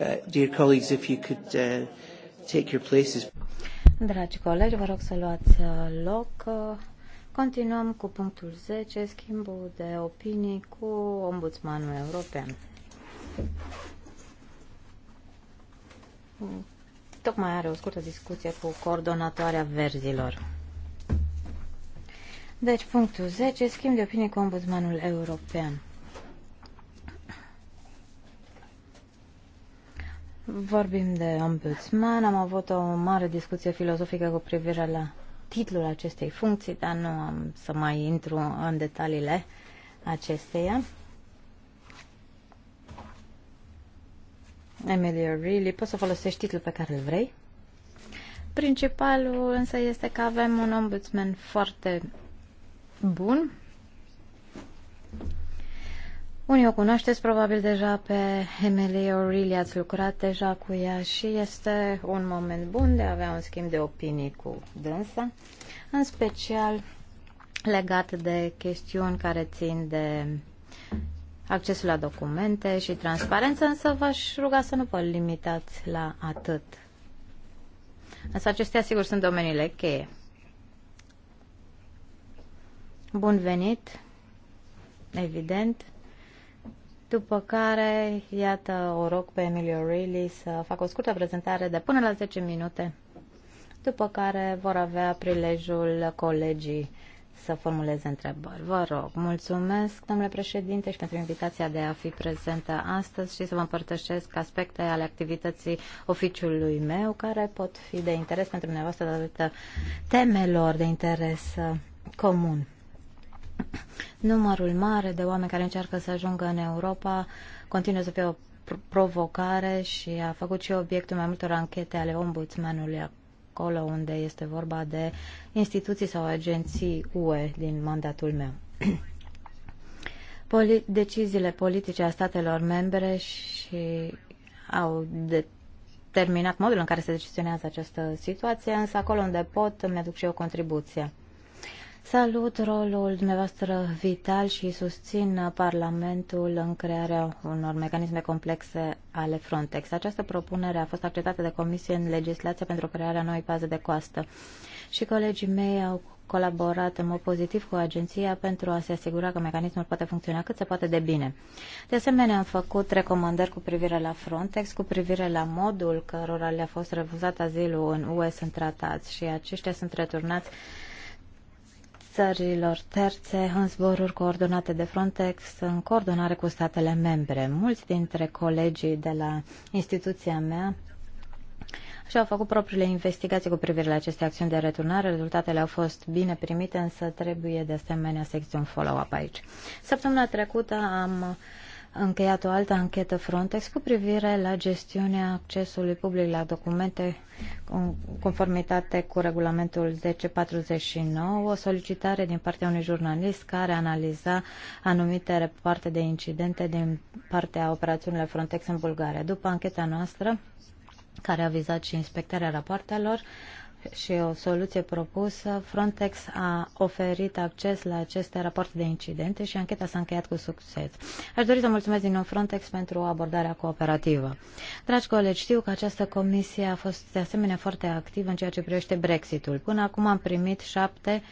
Uh, dear colleagues, if you could uh, take your places. Dragi colegi, vă rog să luați uh, loc. Uh, continuăm cu punctul 10, schimbul de opinii cu Ombudsmanul European. Tocmai are o scurtă discuție cu coordonatoarea verzilor. Deci, punctul 10, schimb de opinie cu Ombudsmanul European. Vorbim de ombudsman, am avut o mare discuție filozofică cu privire la titlul acestei funcții, dar nu am să mai intru în detaliile acesteia. Emilia Really, poți să folosești titlul pe care îl vrei. Principalul însă este că avem un ombudsman foarte bun, unii o cunoașteți probabil deja pe Emily O'Reilly, ați lucrat deja cu ea și este un moment bun de a avea un schimb de opinii cu dânsa, în special legat de chestiuni care țin de accesul la documente și transparență, însă v-aș ruga să nu vă limitați la atât. Însă acestea, sigur, sunt domeniile cheie. Bun venit, evident. După care, iată, o rog pe Emilio Reilly să facă o scurtă prezentare de până la 10 minute, după care vor avea prilejul colegii să formuleze întrebări. Vă rog, mulțumesc, domnule președinte, și pentru invitația de a fi prezentă astăzi și să vă împărtășesc aspecte ale activității oficiului meu care pot fi de interes pentru dumneavoastră datorită temelor de interes uh, comun. Numărul mare de oameni care încearcă să ajungă în Europa continuă să fie o provocare și a făcut și obiectul mai multor anchete ale ombudsmanului acolo unde este vorba de instituții sau agenții UE din mandatul meu. Poli- deciziile politice a statelor membre și au determinat modul în care se decizionează această situație, însă acolo unde pot îmi aduc și eu contribuție. Salut rolul dumneavoastră vital și susțin Parlamentul în crearea unor mecanisme complexe ale Frontex. Această propunere a fost acceptată de Comisie în legislația pentru crearea noii paze de coastă și colegii mei au colaborat în mod pozitiv cu agenția pentru a se asigura că mecanismul poate funcționa cât se poate de bine. De asemenea, am făcut recomandări cu privire la Frontex, cu privire la modul cărora le-a fost refuzat azilul în UE sunt tratați și aceștia sunt returnați țărilor terțe în zboruri coordonate de Frontex în coordonare cu statele membre. Mulți dintre colegii de la instituția mea și au făcut propriile investigații cu privire la aceste acțiuni de returnare. Rezultatele au fost bine primite, însă trebuie de asemenea să follow-up aici. Săptămâna trecută am uh, încheiat o altă anchetă Frontex cu privire la gestiunea accesului public la documente în conformitate cu regulamentul 1049, o solicitare din partea unui jurnalist care analiza anumite reparte de incidente din partea operațiunilor Frontex în Bulgaria. După ancheta noastră, care a vizat și inspectarea rapoartelor, și o soluție propusă, Frontex a oferit acces la aceste rapoarte de incidente și ancheta s-a încheiat cu succes. Aș dori să mulțumesc din nou Frontex pentru abordarea cooperativă. Dragi colegi, știu că această comisie a fost de asemenea foarte activă în ceea ce privește Brexitul. Până acum am primit șapte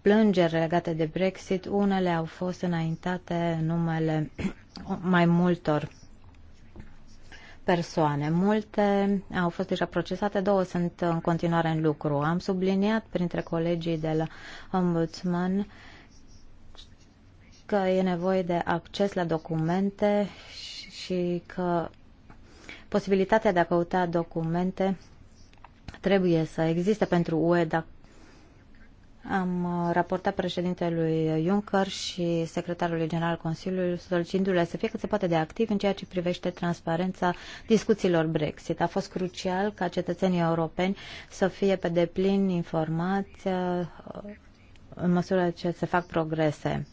plângeri legate de Brexit. Unele au fost înaintate în numele mai multor persoane. Multe au fost deja procesate, două sunt în continuare în lucru. Am subliniat printre colegii de la Ombudsman că e nevoie de acces la documente și că posibilitatea de a căuta documente trebuie să existe pentru UE dacă am uh, raportat președintelui Juncker și secretarului general Consiliului soliciindu-le să fie cât se poate de activ în ceea ce privește transparența discuțiilor Brexit. A fost crucial ca cetățenii europeni să fie pe deplin informați uh, în măsură ce se fac progrese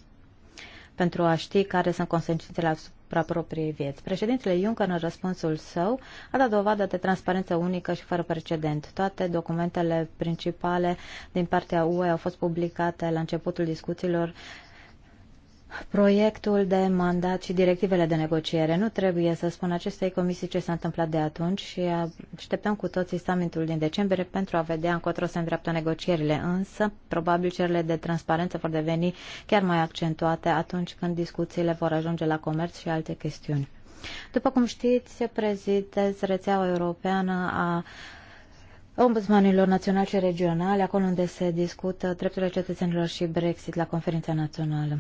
pentru a ști care sunt consecințele propriei vieți. Președintele Juncker, în răspunsul său, a dat dovadă de transparență unică și fără precedent. Toate documentele principale din partea UE au fost publicate la începutul discuțiilor proiectul de mandat și directivele de negociere. Nu trebuie să spun acestei comisii ce s-a întâmplat de atunci și așteptăm cu toții summitul din decembrie pentru a vedea încotro se îndreaptă negocierile, însă probabil cerile de transparență vor deveni chiar mai accentuate atunci când discuțiile vor ajunge la comerț și alte chestiuni. După cum știți, prezidez rețeaua europeană a ombudsmanilor naționali și regionale, acolo unde se discută drepturile cetățenilor și Brexit la conferința națională.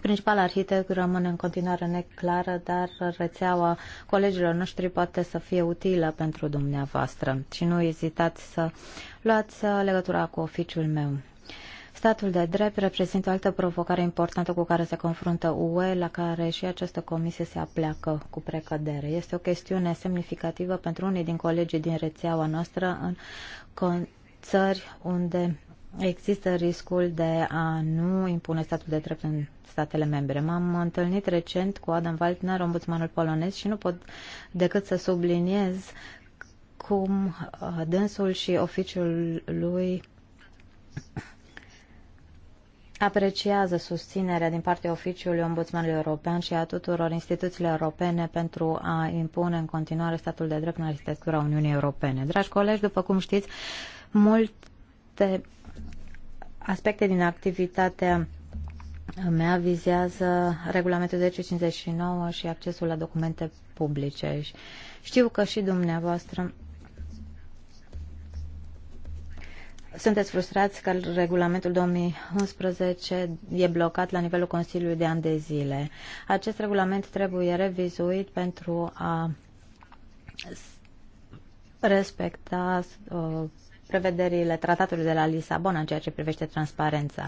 Principala arhitectură rămâne în continuare neclară, dar rețeaua colegilor noștri poate să fie utilă pentru dumneavoastră și nu ezitați să luați legătura cu oficiul meu. Statul de drept reprezintă o altă provocare importantă cu care se confruntă UE, la care și această comisie se apleacă cu precădere. Este o chestiune semnificativă pentru unii din colegii din rețeaua noastră în țări unde există riscul de a nu impune statul de drept în statele membre. M-am întâlnit recent cu Adam Waldner, ombudsmanul polonez, și nu pot decât să subliniez cum uh, dânsul și oficiul lui apreciază susținerea din partea oficiului Ombudsmanului European și a tuturor instituțiilor europene pentru a impune în continuare statul de drept în arhitectura Uniunii Europene. Dragi colegi, după cum știți, multe aspecte din activitatea mea vizează regulamentul 1059 și accesul la documente publice. Știu că și dumneavoastră sunteți frustrați că regulamentul 2011 e blocat la nivelul Consiliului de ani de zile. Acest regulament trebuie revizuit pentru a respecta uh, prevederile tratatului de la Lisabona în ceea ce privește transparența.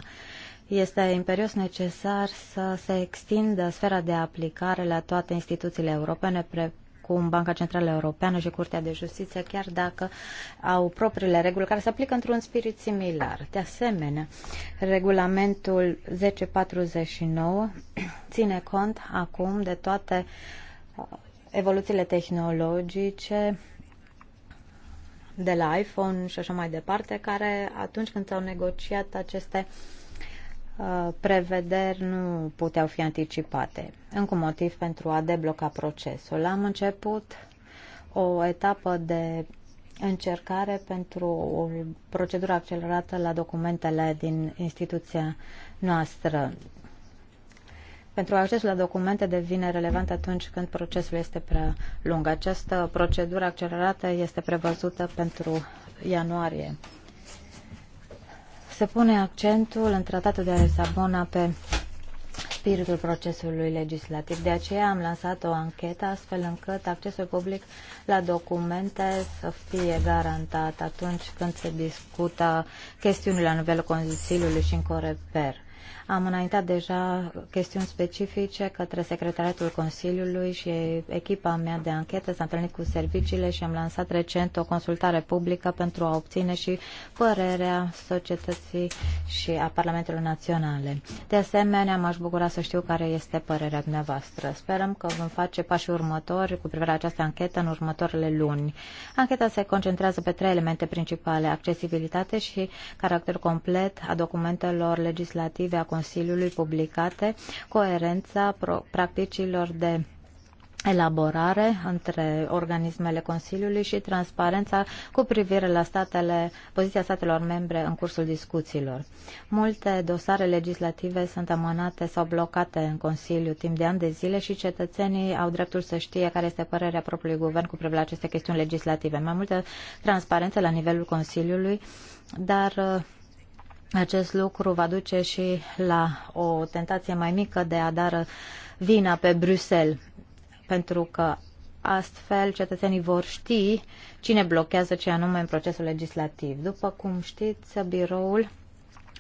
Este imperios necesar să se extindă sfera de aplicare la toate instituțiile europene, precum Banca Centrală Europeană și Curtea de Justiție, chiar dacă au propriile reguli care se aplică într-un spirit similar. De asemenea, regulamentul 1049 ține cont acum de toate uh, evoluțiile tehnologice de la iPhone și așa mai departe, care atunci când s-au negociat aceste uh, prevederi nu puteau fi anticipate. Încă un motiv pentru a debloca procesul. Am început o etapă de încercare pentru o procedură accelerată la documentele din instituția noastră pentru accesul la documente devine relevant atunci când procesul este prea lung. Această procedură accelerată este prevăzută pentru ianuarie. Se pune accentul în tratatul de Lisabona pe spiritul procesului legislativ. De aceea am lansat o anchetă astfel încât accesul public la documente să fie garantat atunci când se discută chestiunile la nivelul Consiliului și în Coreper. Am înaintat deja chestiuni specifice către Secretariatul Consiliului și echipa mea de anchetă s-a întâlnit cu serviciile și am lansat recent o consultare publică pentru a obține și părerea societății și a Parlamentului Naționale. De asemenea, m-aș bucura să știu care este părerea dumneavoastră. Sperăm că vom face pașii următori cu privire la această anchetă în următoarele luni. Ancheta se concentrează pe trei elemente principale, accesibilitate și caracter complet a documentelor legislative, a Consiliului publicate, coerența practicilor de elaborare între organismele Consiliului și transparența cu privire la statele, poziția statelor membre în cursul discuțiilor. Multe dosare legislative sunt amânate sau blocate în Consiliu timp de ani de zile și cetățenii au dreptul să știe care este părerea propriului guvern cu privire la aceste chestiuni legislative. Mai multă transparență la nivelul Consiliului, dar acest lucru va duce și la o tentație mai mică de a da vina pe Bruxelles, pentru că astfel cetățenii vor ști cine blochează ce anume în procesul legislativ. După cum știți, biroul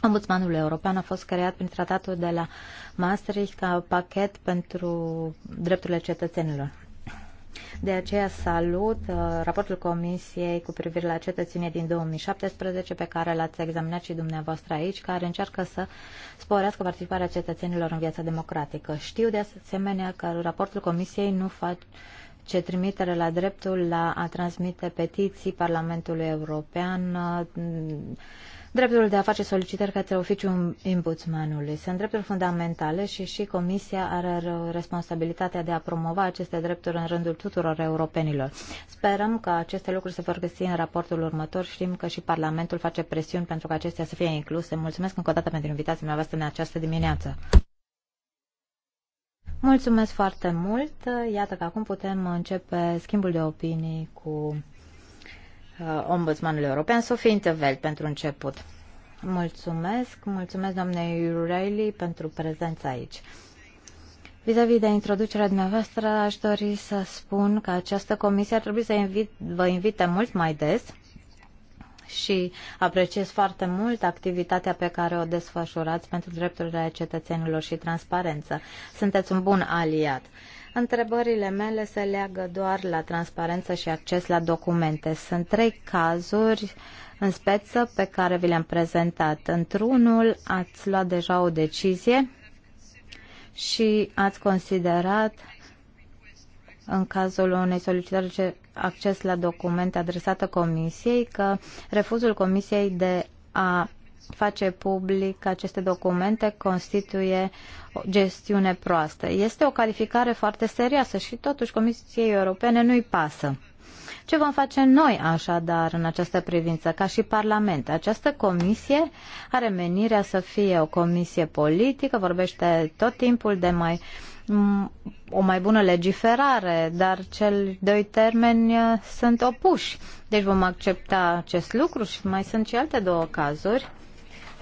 Ombudsmanului European a fost creat prin tratatul de la Maastricht ca pachet pentru drepturile cetățenilor. De aceea salut uh, raportul Comisiei cu privire la cetățenie din 2017 pe care l-ați examinat și dumneavoastră aici, care încearcă să sporească participarea cetățenilor în viața democratică. Știu de asemenea că raportul Comisiei nu face ce trimitere la dreptul la a transmite petiții Parlamentului European uh, dreptul de a face solicitări către oficiul imbuțmanului. Sunt drepturi fundamentale și și Comisia are responsabilitatea de a promova aceste drepturi în rândul tuturor europenilor. Sperăm că aceste lucruri se vor găsi în raportul următor. Știm că și Parlamentul face presiuni pentru că acestea să fie incluse. Mulțumesc încă o dată pentru invitația mea în această dimineață. Mulțumesc foarte mult. Iată că acum putem începe schimbul de opinii cu Uh, Ombudsmanului European, Sofie Intevel, pentru început. Mulțumesc, mulțumesc doamnei Reilly pentru prezența aici. Vis-a-vis -vis de introducerea dumneavoastră, aș dori să spun că această comisie ar trebui să invit, vă invite mult mai des și apreciez foarte mult activitatea pe care o desfășurați pentru drepturile cetățenilor și transparență. Sunteți un bun aliat. Uh, Întrebările mele se leagă doar la transparență și acces la documente. Sunt trei cazuri în speță pe care vi le-am prezentat. Într-unul ați luat deja o decizie și ați considerat în cazul unei solicitări de acces la documente adresată Comisiei că refuzul Comisiei de a face public aceste documente constituie o gestiune proastă. Este o calificare foarte serioasă și totuși Comisiei Europene nu-i pasă. Ce vom face noi așadar în această privință, ca și Parlament? Această comisie are menirea să fie o comisie politică, vorbește tot timpul de mai o mai bună legiferare, dar cel doi termeni uh, sunt opuși. Deci vom accepta acest lucru și mai sunt și alte două cazuri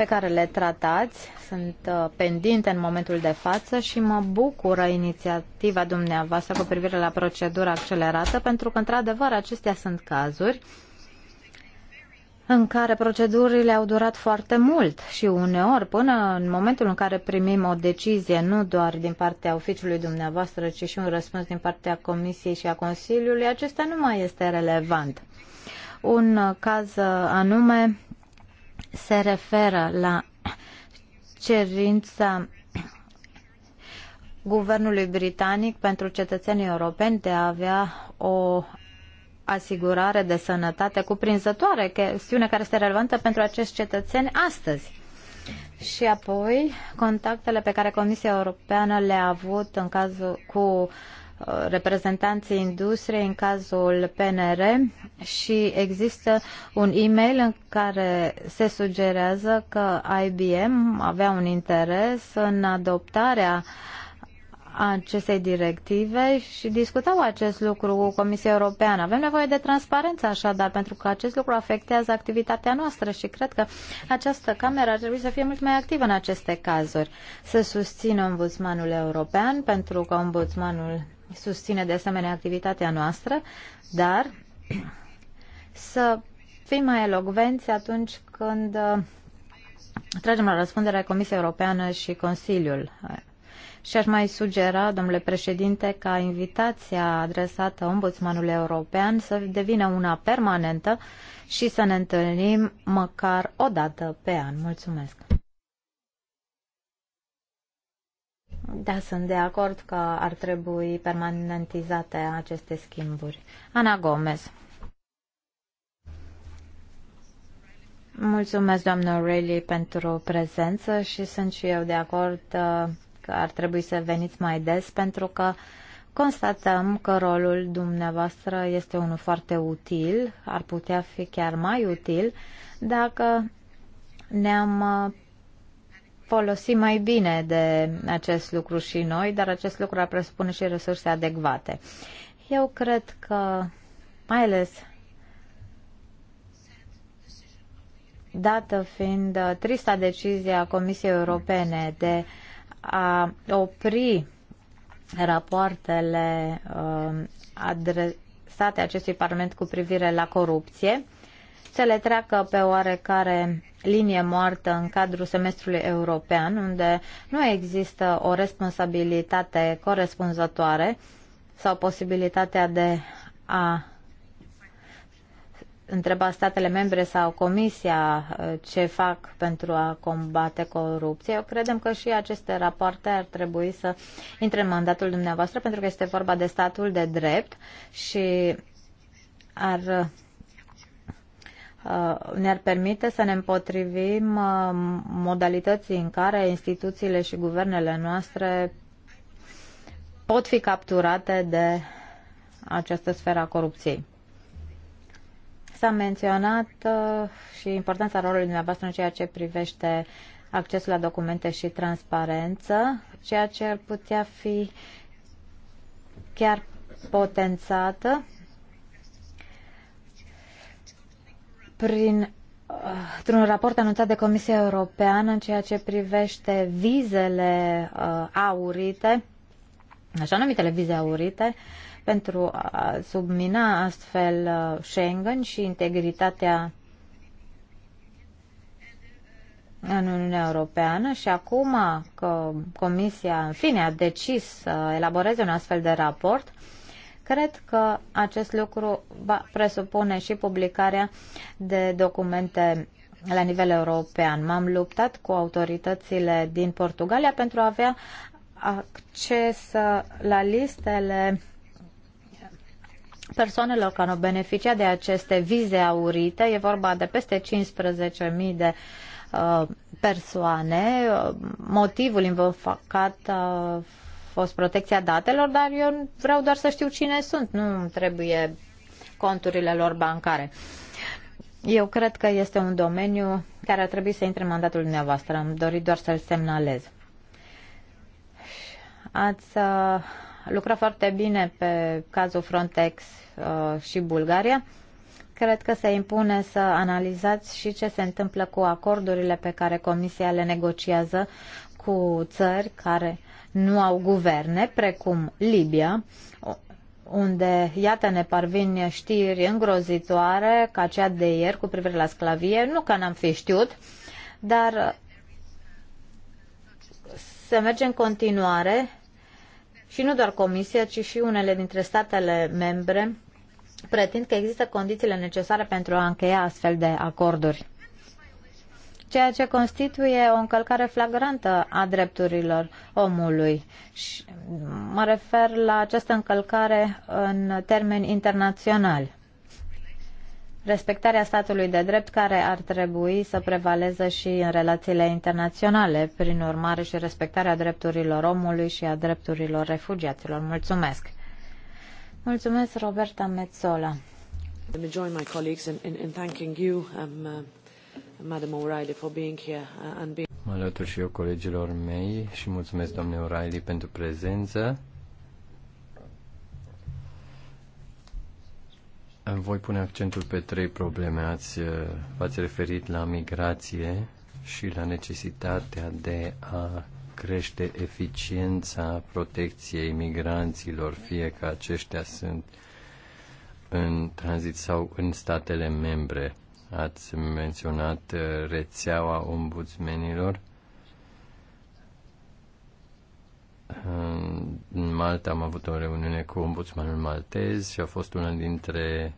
pe care le tratați sunt uh, pendinte în momentul de față și mă bucură inițiativa dumneavoastră cu privire la procedura accelerată, pentru că, într-adevăr, acestea sunt cazuri în care procedurile au durat foarte mult și uneori până în momentul în care primim o decizie nu doar din partea oficiului dumneavoastră, ci și un răspuns din partea Comisiei și a Consiliului, acesta nu mai este relevant. Un uh, caz uh, anume se referă la cerința guvernului britanic pentru cetățenii europeni de a avea o asigurare de sănătate cuprinzătoare, chestiune care este relevantă pentru acești cetățeni astăzi. Și apoi, contactele pe care Comisia Europeană le-a avut în cazul cu reprezentanții industriei în cazul PNR și există un e-mail în care se sugerează că IBM avea un interes în adoptarea acestei directive și discutau acest lucru cu Comisia Europeană. Avem nevoie de transparență așadar, pentru că acest lucru afectează activitatea noastră și cred că această cameră ar trebui să fie mult mai activă în aceste cazuri. Să susțină ombudsmanul european, pentru că ombudsmanul susține de asemenea activitatea noastră, dar să fim mai elogvenți atunci când uh, tragem la răspundere Comisia Europeană și Consiliul. Și aș mai sugera, domnule președinte, ca invitația adresată Ombudsmanului European să devină una permanentă și să ne întâlnim măcar o dată pe an. Mulțumesc! Da, sunt de acord că ar trebui permanentizate aceste schimburi. Ana Gomez. Mulțumesc, doamnă O'Reilly, pentru prezență și sunt și eu de acord uh, că ar trebui să veniți mai des pentru că constatăm că rolul dumneavoastră este unul foarte util, ar putea fi chiar mai util dacă ne-am uh, folosi mai bine de acest lucru și noi, dar acest lucru ar presupune și resurse adecvate. Eu cred că, mai ales dată fiind trista decizia Comisiei Europene de a opri rapoartele um, adresate acestui Parlament cu privire la corupție, să le treacă pe oarecare linie moartă în cadrul semestrului european, unde nu există o responsabilitate corespunzătoare sau posibilitatea de a întreba statele membre sau Comisia uh, ce fac pentru a combate corupție. Eu credem că și aceste rapoarte ar trebui să intre în mandatul dumneavoastră pentru că este vorba de statul de drept și ar Uh, ne-ar permite să ne împotrivim uh, modalității în care instituțiile și guvernele noastre pot fi capturate de această sferă a corupției. S-a menționat uh, și importanța rolului dumneavoastră în ceea ce privește accesul la documente și transparență, ceea ce ar putea fi chiar potențată prin uh, într-un raport anunțat de Comisia Europeană în ceea ce privește vizele uh, aurite, așa numitele vize aurite, pentru a submina astfel uh, Schengen și integritatea în Uniunea Europeană și acum că Comisia, în fine, a decis să elaboreze un astfel de raport, uh, Cred că acest lucru va presupune și publicarea de documente la nivel european. M-am luptat cu autoritățile din Portugalia pentru a avea acces la listele persoanelor care au beneficiat de aceste vize aurite. E vorba de peste 15.000 de uh, persoane. Uh, motivul invocat uh, fost protecția datelor, dar eu vreau doar să știu cine sunt, nu trebuie conturile lor bancare. Eu cred că este un domeniu care ar trebui să intre în mandatul dumneavoastră. Am dorit doar să-l semnalez. Ați uh, lucrat foarte bine pe cazul Frontex uh, și Bulgaria. Cred că se impune să analizați și ce se întâmplă cu acordurile pe care Comisia le negociază cu țări care nu au guverne, precum Libia, unde, iată, ne parvin știri îngrozitoare ca cea de ieri cu privire la sclavie, nu că n-am fi știut, dar se merge în continuare și nu doar Comisia, ci și unele dintre statele membre pretind că există condițiile necesare pentru a încheia astfel de acorduri ceea ce constituie o încălcare flagrantă a drepturilor omului. Și mă refer la această încălcare în termeni internaționali. Respectarea statului de drept care ar trebui să prevaleze și în relațiile internaționale, prin urmare și respectarea drepturilor omului și a drepturilor refugiaților. Mulțumesc! Mulțumesc, Roberta Metzola. Let me my colleagues in, in, in thanking you. Um, uh... Madam O'Reilly for being here uh, and being... Mă alătur și eu colegilor mei și mulțumesc doamne O'Reilly pentru prezență. Voi pune accentul pe trei probleme. Ați, uh, v-ați referit la migrație și la necesitatea de a crește eficiența protecției migranților, fie că aceștia sunt în tranzit sau în statele membre. Ați menționat uh, rețeaua ombudsmenilor. Uh, în Malta am avut o reuniune cu ombudsmanul maltez și a fost una dintre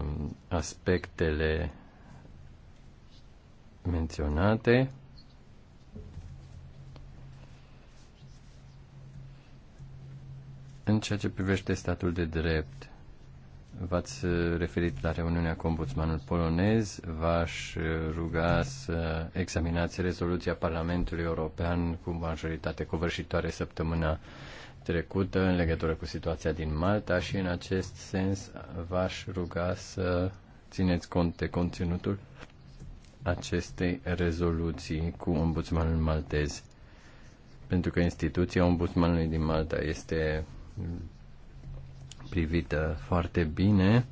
um, aspectele menționate. În ceea ce privește statul de drept, V-ați referit la reuniunea cu ombudsmanul polonez. V-aș ruga să examinați rezoluția Parlamentului European cu majoritate covârșitoare săptămâna trecută în legătură cu situația din Malta și în acest sens v-aș ruga să țineți cont de conținutul acestei rezoluții cu ombudsmanul maltez. Pentru că instituția ombudsmanului din Malta este privită foarte bine.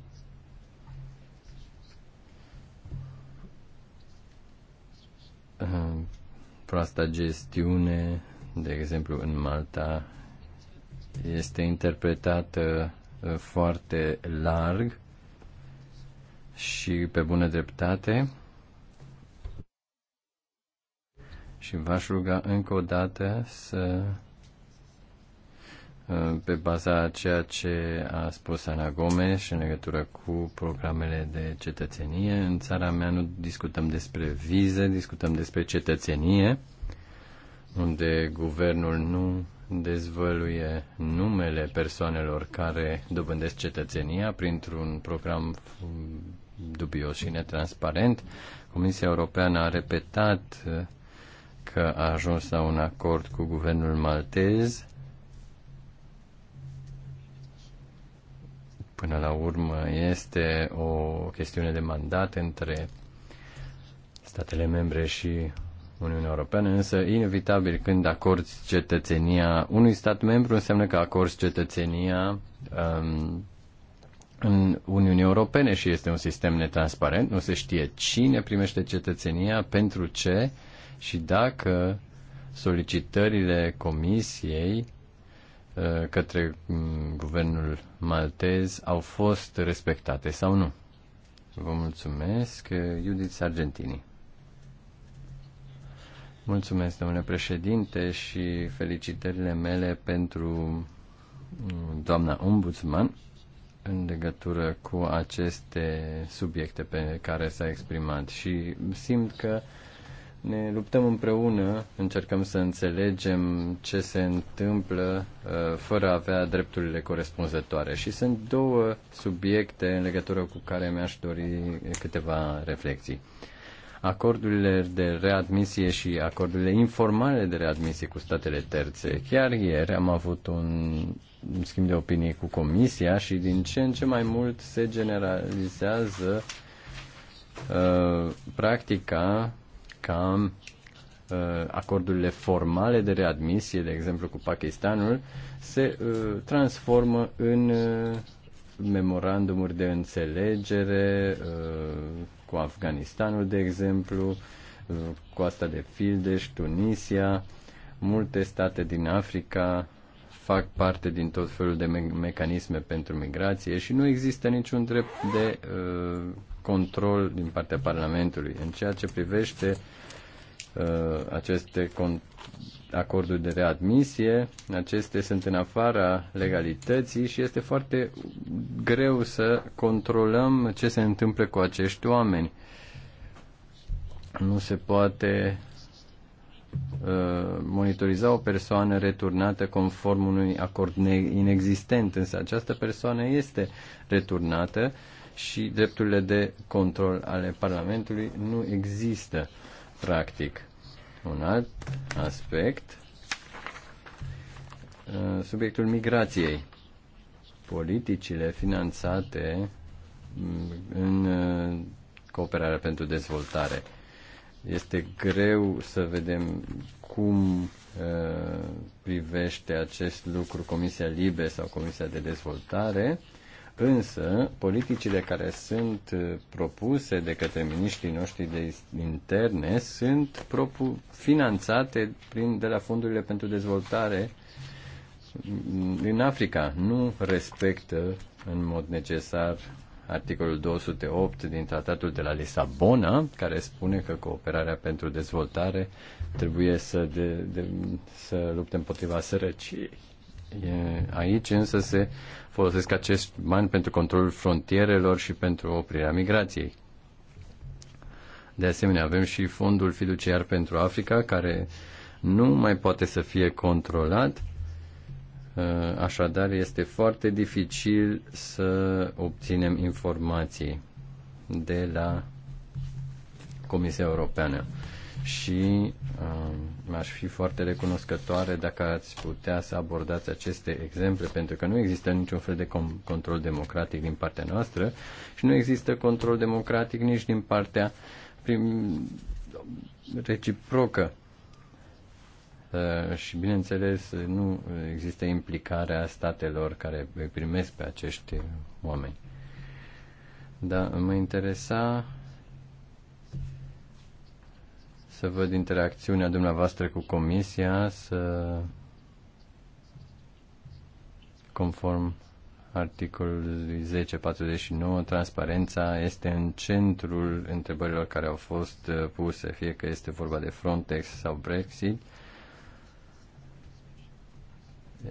Proasta gestiune, de exemplu, în Malta, este interpretată ă, foarte larg și pe bună dreptate. Și v-aș ruga încă o dată să Uh, pe baza a ceea ce a spus Ana Gomes în legătură cu programele de cetățenie. În țara mea nu discutăm despre vize, discutăm despre cetățenie, unde guvernul nu dezvăluie numele persoanelor care dobândesc cetățenia printr-un program dubios și netransparent. Comisia Europeană a repetat uh, că a ajuns la un acord cu guvernul maltez Până la urmă este o chestiune de mandat între statele membre și Uniunea Europeană, însă inevitabil când acorzi cetățenia unui stat membru înseamnă că acorzi cetățenia um, în Uniunea Europene și este un sistem netransparent, nu se știe cine primește cetățenia, pentru ce și dacă solicitările comisiei Uh, către mm, guvernul maltez au fost respectate sau nu. Vă mulțumesc, uh, Judith Sargentini. Mulțumesc, domnule președinte, și felicitările mele pentru mm, doamna ombudsman în legătură cu aceste subiecte pe care s-a exprimat și simt că uh, ne luptăm împreună, încercăm să înțelegem ce se întâmplă uh, fără a avea drepturile corespunzătoare. Și sunt două subiecte în legătură cu care mi-aș dori câteva reflexii. Acordurile de readmisie și acordurile informale de readmisie cu statele terțe. Chiar ieri am avut un schimb de opinie cu Comisia și din ce în ce mai mult se generalizează uh, practica ca uh, acordurile formale de readmisie, de exemplu cu Pakistanul, se uh, transformă în uh, memorandumuri de înțelegere uh, cu Afganistanul, de exemplu, uh, coasta de Fildeș, Tunisia, multe state din Africa fac parte din tot felul de me- mecanisme pentru migrație și nu există niciun drept de uh, control din partea Parlamentului. În ceea ce privește uh, aceste acorduri de readmisie, acestea sunt în afara legalității și este foarte greu să controlăm ce se întâmplă cu acești oameni. Nu se poate uh, monitoriza o persoană returnată conform unui acord inexistent, însă această persoană este returnată și drepturile de control ale Parlamentului nu există, practic. Un alt aspect, uh, subiectul migrației. Politicile finanțate mm, în uh, cooperarea pentru dezvoltare. Este greu să vedem cum uh, privește acest lucru Comisia Libe sau Comisia de Dezvoltare Însă, politicile care sunt uh, propuse de către miniștrii noștri de interne sunt propu- finanțate prin, de la fondurile pentru dezvoltare din Africa. Nu respectă în mod necesar articolul 208 din Tratatul de la Lisabona, care spune că cooperarea pentru dezvoltare trebuie să, de, de, să lupte împotriva sărăciei Aici însă se folosesc acești bani pentru controlul frontierelor și pentru oprirea migrației. De asemenea, avem și fondul fiduciar pentru Africa, care nu mai poate să fie controlat, uh, așadar este foarte dificil să obținem informații de la Comisia Europeană și uh, mi-aș fi foarte recunoscătoare dacă ați putea să abordați aceste exemple, pentru că nu există niciun fel de control democratic din partea noastră și nu există control democratic nici din partea prim, reciprocă. Uh, și, bineînțeles, nu există implicarea statelor care îi primesc pe acești oameni. Da, mă interesa să văd interacțiunea dumneavoastră cu comisia, să conform articolului 1049, transparența este în centrul întrebărilor care au fost uh, puse, fie că este vorba de Frontex sau Brexit.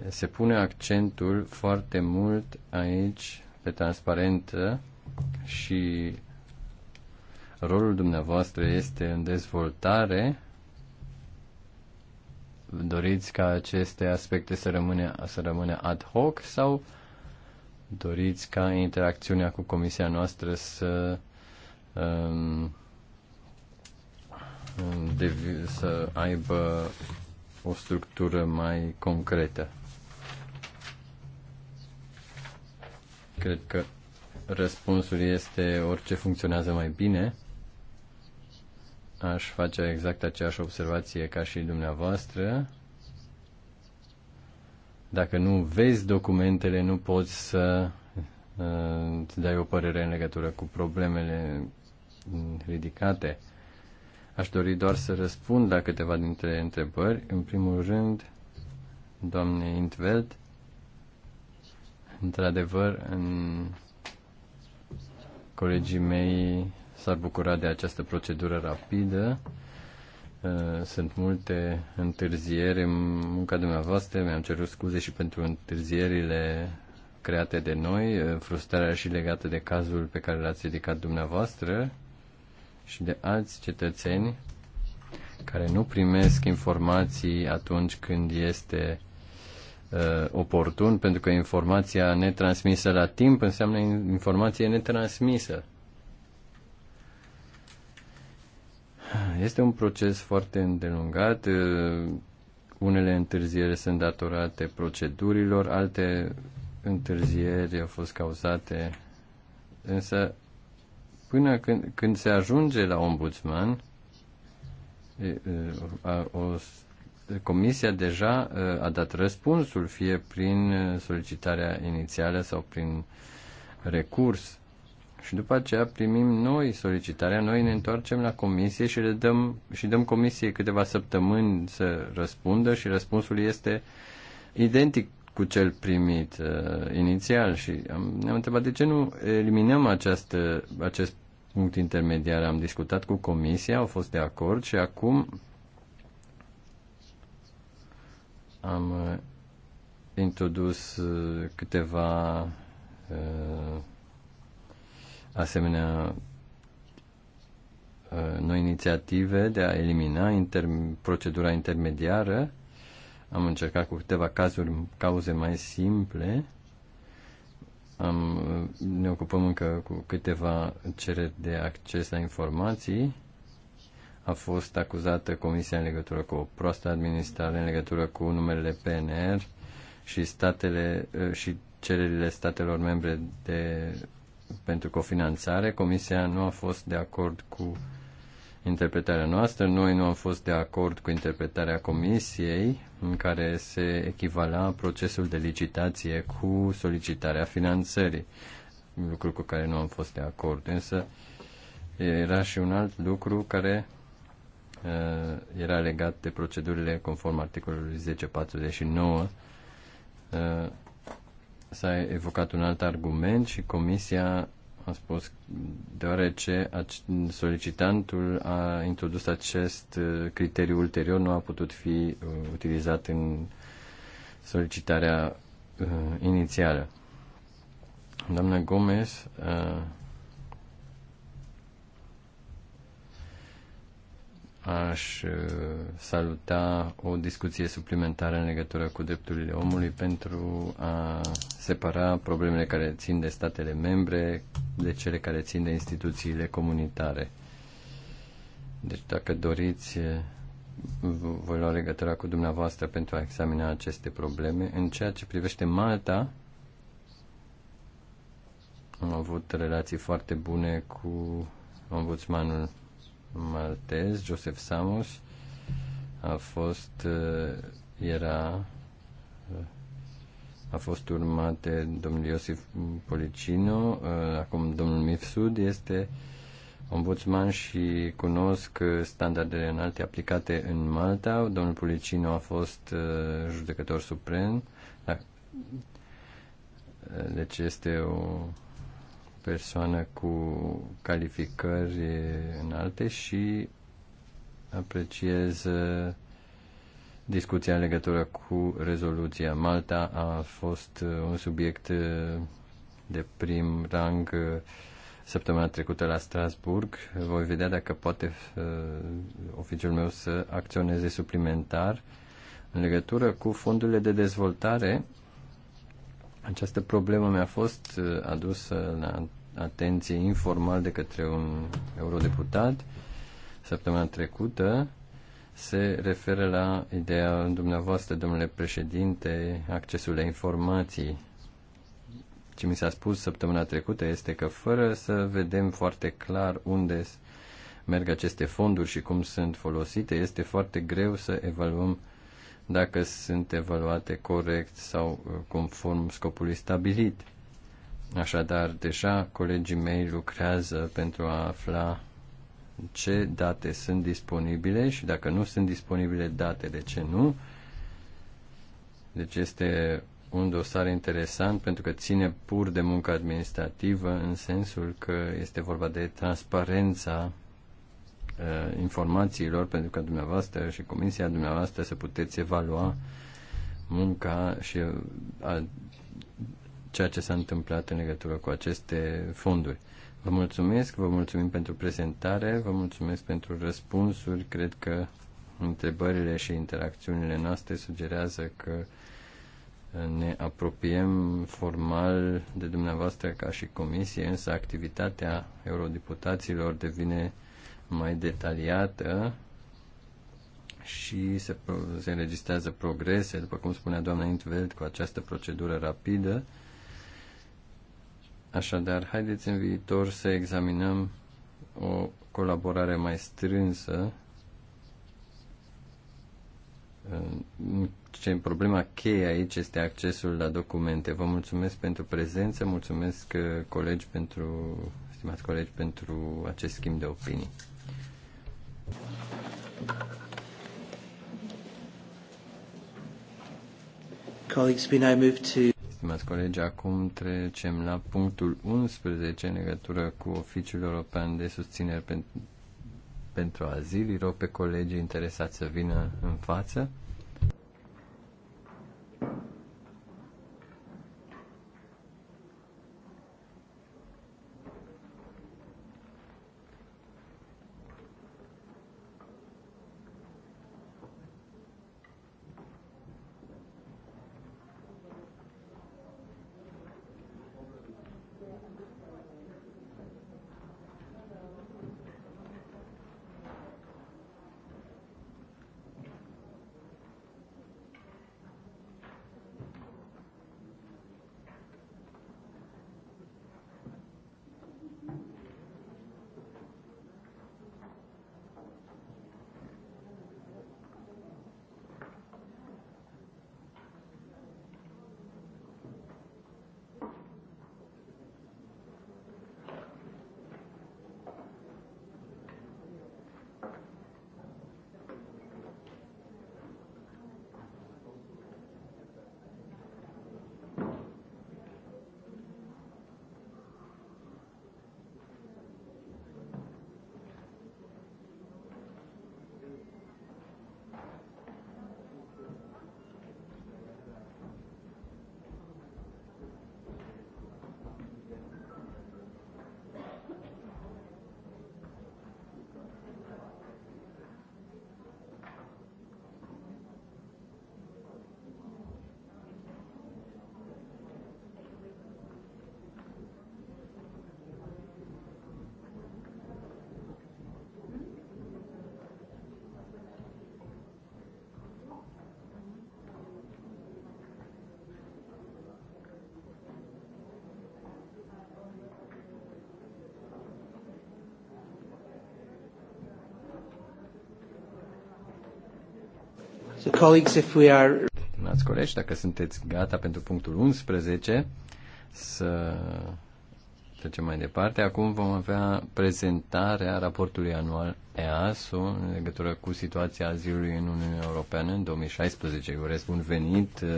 Se pune accentul foarte mult aici pe transparență și rolul dumneavoastră este în dezvoltare, doriți ca aceste aspecte să rămână, să rămână ad hoc sau doriți ca interacțiunea cu comisia noastră să um, um, devi, să aibă o structură mai concretă. Cred că răspunsul este orice funcționează mai bine aș face exact aceeași observație ca și dumneavoastră. Dacă nu vezi documentele, nu poți să uh, îți dai o părere în legătură cu problemele ridicate. Aș dori doar să răspund la câteva dintre întrebări. În primul rând, doamne Intveld, într-adevăr, în colegii mei s-ar bucura de această procedură rapidă. Uh, sunt multe întârzieri în munca dumneavoastră. Mi-am cerut scuze și pentru întârzierile create de noi, uh, frustrarea și legată de cazul pe care l-ați ridicat dumneavoastră și de alți cetățeni care nu primesc informații atunci când este uh, oportun, pentru că informația netransmisă la timp înseamnă informație netransmisă. Este un proces foarte îndelungat. Unele întârzieri sunt datorate procedurilor, alte întârzieri au fost cauzate. Însă, până când, când se ajunge la ombudsman, o Comisia deja a dat răspunsul, fie prin solicitarea inițială sau prin recurs și după aceea primim noi solicitarea, noi ne întoarcem la comisie și le dăm, și dăm comisiei câteva săptămâni să răspundă și răspunsul este identic cu cel primit uh, inițial și am, ne-am întrebat de ce nu eliminăm această, uh, acest punct intermediar. Am discutat cu comisia, au fost de acord și acum am uh, introdus uh, câteva uh, asemenea uh, noi inițiative de a elimina inter- procedura intermediară. Am încercat cu câteva cazuri, cauze mai simple. Am, uh, ne ocupăm încă cu câteva cereri de acces la informații. A fost acuzată Comisia în legătură cu o proastă administrare, în legătură cu numerele PNR și statele uh, și cererile statelor membre de pentru cofinanțare. Comisia nu a fost de acord cu interpretarea noastră. Noi nu am fost de acord cu interpretarea comisiei în care se echivala procesul de licitație cu solicitarea finanțării, lucru cu care nu am fost de acord. Însă era și un alt lucru care uh, era legat de procedurile conform articolului 1049 uh, S-a evocat un alt argument și comisia a spus, deoarece solicitantul a introdus acest uh, criteriu ulterior, nu a putut fi uh, utilizat în solicitarea uh, inițială. Doamna Gomez aș uh, saluta o discuție suplimentară în legătură cu drepturile omului pentru a separa problemele care țin de statele membre de cele care țin de instituțiile comunitare. Deci dacă doriți, uh, voi lua legătura cu dumneavoastră pentru a examina aceste probleme. În ceea ce privește Malta, am avut relații foarte bune cu ombudsmanul maltez, Joseph Samos, a fost, uh, era, uh, a fost urmat de domnul Iosif Policino, uh, acum domnul Mifsud este ombudsman și cunosc standardele înalte aplicate în Malta. Domnul Policino a fost judecător suprem, da. deci este o persoană cu calificări înalte și apreciez uh, discuția în legătură cu rezoluția. Malta a fost uh, un subiect uh, de prim rang săptămâna trecută la Strasburg. Voi vedea dacă poate oficiul meu să acționeze suplimentar în legătură cu fondurile de dezvoltare. Această problemă mi-a fost uh, adusă la atenție informal de către un eurodeputat săptămâna trecută. Se referă la ideea dumneavoastră, domnule președinte, accesul la informații. Ce mi s-a spus săptămâna trecută este că fără să vedem foarte clar unde merg aceste fonduri și cum sunt folosite, este foarte greu să evaluăm uh, dacă sunt evaluate corect sau uh, conform scopului stabilit. Așadar, deja colegii mei lucrează pentru a afla ce date sunt disponibile și dacă nu sunt disponibile date, de ce nu. Deci este un dosar interesant pentru că ține pur de muncă administrativă în sensul că este vorba de transparența uh, informațiilor pentru ca dumneavoastră și comisia dumneavoastră să puteți evalua munca și uh, a, ceea ce s-a întâmplat în legătură cu aceste fonduri. Vă mulțumesc, vă mulțumim pentru prezentare, vă mulțumesc pentru răspunsuri. Cred că întrebările și interacțiunile noastre sugerează că uh, ne apropiem formal de dumneavoastră ca și comisie, însă activitatea eurodiputaților devine mai detaliată și se, se înregistrează progrese, după cum spunea doamna Intveld, cu această procedură rapidă. Așadar, haideți în viitor să examinăm o colaborare mai strânsă ce problema cheie aici este accesul la documente. Vă mulțumesc pentru prezență, mulțumesc uh, colegi pentru, stimați colegi pentru acest schimb de opinii. Stimați colegi, acum trecem la punctul 11 în legătură cu Oficiul European de Susținere pentru, pentru Azil. Îi rog pe colegii interesați să vină în față. So, colleagues, if we are... Stimați colegi, dacă sunteți gata pentru punctul 11, să trecem mai departe. Acum vom avea prezentarea raportului anual EASO în legătură cu situația azilului în Uniunea Europeană în 2016. Eu urez bun venit uh,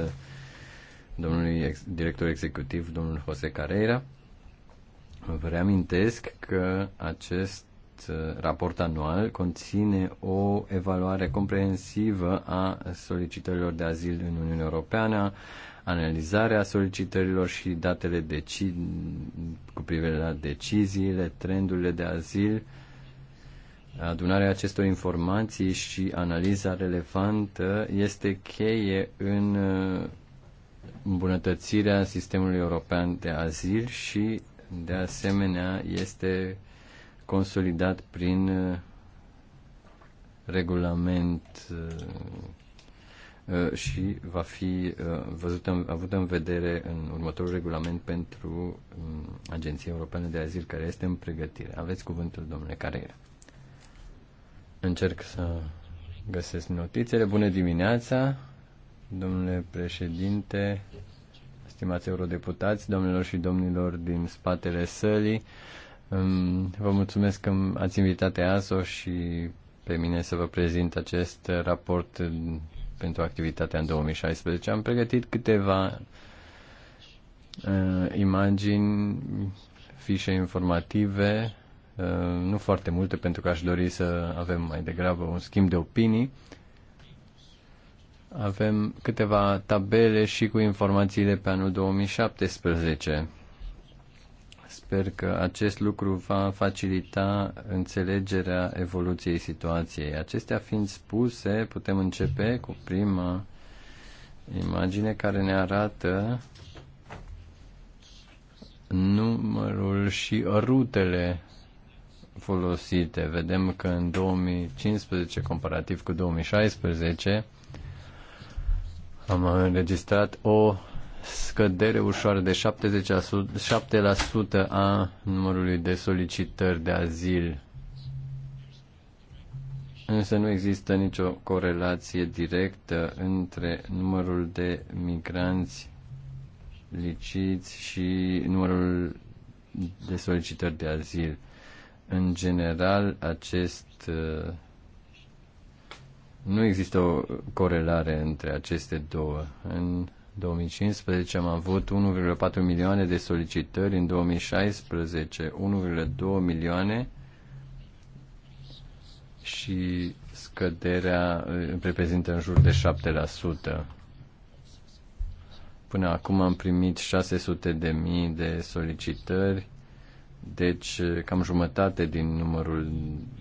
domnului director executiv, domnul Jose Carreira. Vă reamintesc că acest Uh, raport anual conține o evaluare comprehensivă a solicitărilor de azil în Uniunea Europeană, analizarea solicitărilor și datele deci- cu privire la deciziile, trendurile de azil, Adunarea acestor informații și analiza relevantă este cheie în uh, îmbunătățirea sistemului european de azil și, de asemenea, este consolidat prin uh, regulament uh, uh, și va fi văzut, avut în vedere în următorul regulament pentru um, Agenția Europeană de Azil, care este în pregătire. Aveți cuvântul, domnule Carreira. Încerc să găsesc notițele. Bună dimineața, domnule președinte, stimați eurodeputați, domnilor și domnilor din spatele sălii. Vă mulțumesc că ați invitat EASO și pe mine să vă prezint acest raport pentru activitatea în 2016. Am pregătit câteva uh, imagini, fișe informative, uh, nu foarte multe pentru că aș dori să avem mai degrabă un schimb de opinii. Avem câteva tabele și cu informațiile pe anul 2017 Sper că acest lucru va facilita înțelegerea evoluției situației. Acestea fiind spuse, putem începe cu prima imagine care ne arată numărul și rutele folosite. Vedem că în 2015, comparativ cu 2016, am înregistrat o scădere ușoară de 70%, 7% a numărului de solicitări de azil. Însă nu există nicio corelație directă între numărul de migranți liciți și numărul de solicitări de azil. În general, acest nu există o corelare între aceste două. În 2015 am avut 1,4 milioane de solicitări, în 2016 1,2 milioane și scăderea reprezintă în jur de 7%. Până acum am primit 600 de mii de solicitări, deci cam jumătate din numărul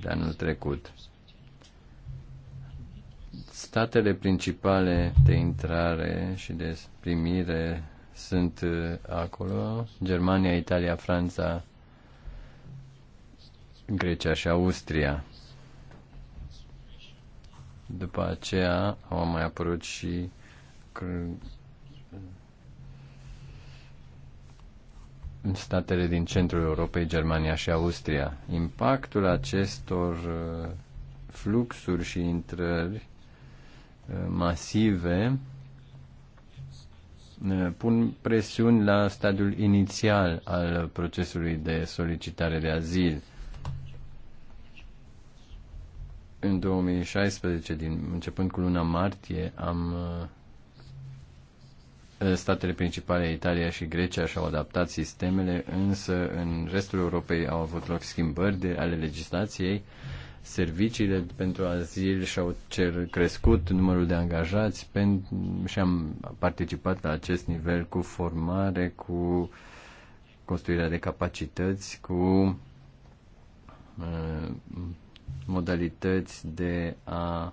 de anul trecut statele principale de intrare și de primire sunt uh, acolo, Germania, Italia, Franța, Grecia și Austria. După aceea au mai apărut și statele din centrul Europei, Germania și Austria. Impactul acestor uh, fluxuri și intrări masive uh, pun presiuni la stadiul inițial al procesului de solicitare de azil. În 2016, din, începând cu luna martie, am uh, statele principale, Italia și Grecia, și-au adaptat sistemele, însă în restul Europei au avut loc schimbări de, ale legislației serviciile pentru azil și-au crescut numărul de angajați și am participat la acest nivel cu formare, cu construirea de capacități, cu uh, modalități de a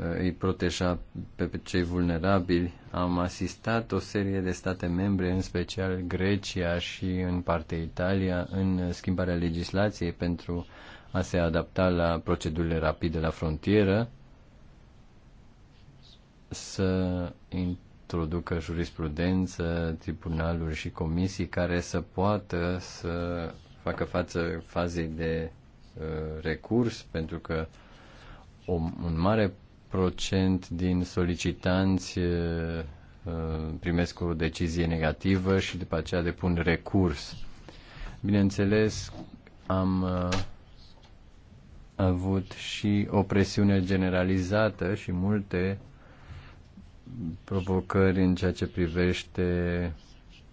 uh, îi proteja pe cei vulnerabili. Am asistat o serie de state membre, în special Grecia și în parte Italia, în schimbarea legislației pentru uh, a se adapta la procedurile rapide la frontieră, să introducă jurisprudență, tribunaluri și comisii care să poată să facă față fazei de uh, recurs, pentru că o, un mare procent din solicitanți uh, primesc o decizie negativă și după aceea depun recurs. Bineînțeles, am uh, avut și o presiune generalizată și multe provocări în ceea ce privește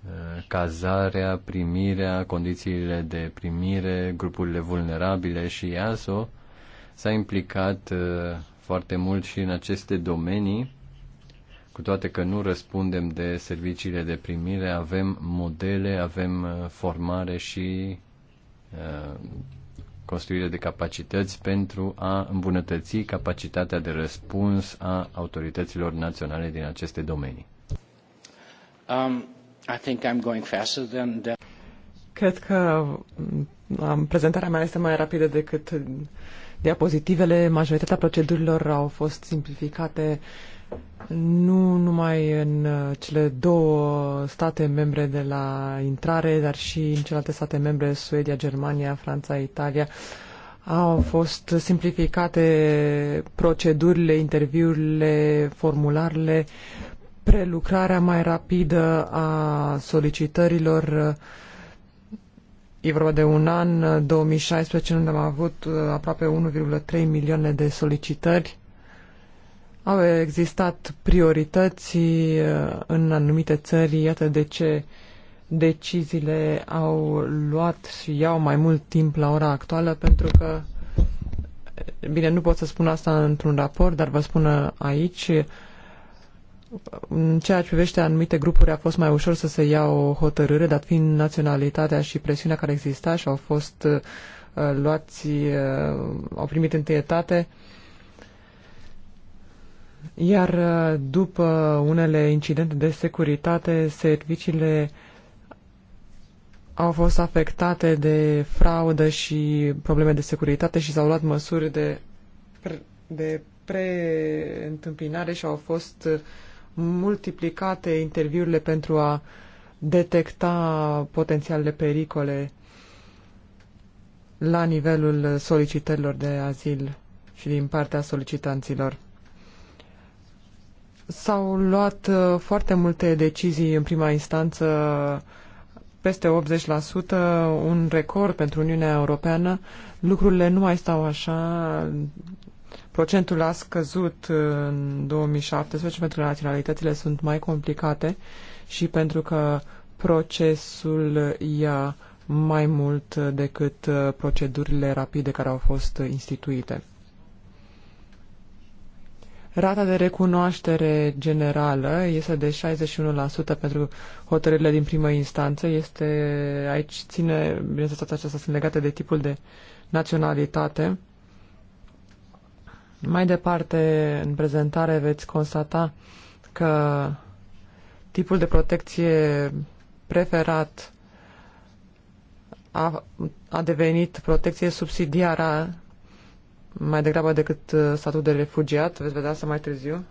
uh, cazarea, primirea, condițiile de primire, grupurile vulnerabile și IASO s-a implicat uh, foarte mult și în aceste domenii, cu toate că nu răspundem de serviciile de primire, avem modele, avem uh, formare și construire de capacități pentru a îmbunătăți capacitatea de răspuns a autorităților naționale din aceste domenii. Um, I think I'm going faster than the... Cred că um, prezentarea mea este mai rapidă decât diapozitivele. Majoritatea procedurilor au fost simplificate uh, nu numai în uh, cele două state membre de la intrare, dar și în celelalte state membre, Suedia, Germania, Franța, Italia, au fost simplificate procedurile, interviurile, formularele, prelucrarea mai rapidă a solicitărilor. E vorba de un an, 2016, unde am avut uh, aproape 1,3 milioane de solicitări au existat priorități uh, în anumite țări, iată de ce deciziile au luat și iau mai mult timp la ora actuală, pentru că, bine, nu pot să spun asta într-un raport, dar vă spun uh, aici, în ceea ce privește anumite grupuri a fost mai ușor să se ia o hotărâre, dat fiind naționalitatea și presiunea care exista și au fost uh, luați, uh, au primit întâietate. Uh, iar uh, după unele incidente de securitate, serviciile au fost afectate de fraudă și probleme de securitate și s-au luat măsuri de, pre, de preîntâmpinare și au fost uh, multiplicate interviurile pentru a detecta potențialele pericole la nivelul solicitărilor de azil și din partea solicitanților. S-au luat uh, foarte multe decizii în prima instanță, peste 80%, un record pentru Uniunea Europeană. Lucrurile nu mai stau așa. Procentul a scăzut uh, în 2017 pentru că naționalitățile sunt mai complicate și pentru că procesul ia mai mult decât uh, procedurile rapide care au fost instituite. Rata de recunoaștere generală este de 61% pentru hotărârile din primă instanță. Este, aici ține, bineînțeles, toate acestea sunt legate de tipul de naționalitate. Mai departe, în prezentare veți constata că tipul de protecție preferat a, a devenit protecție subsidiară mai degrabă decât uh, statul de refugiat, veți vedea asta mai târziu.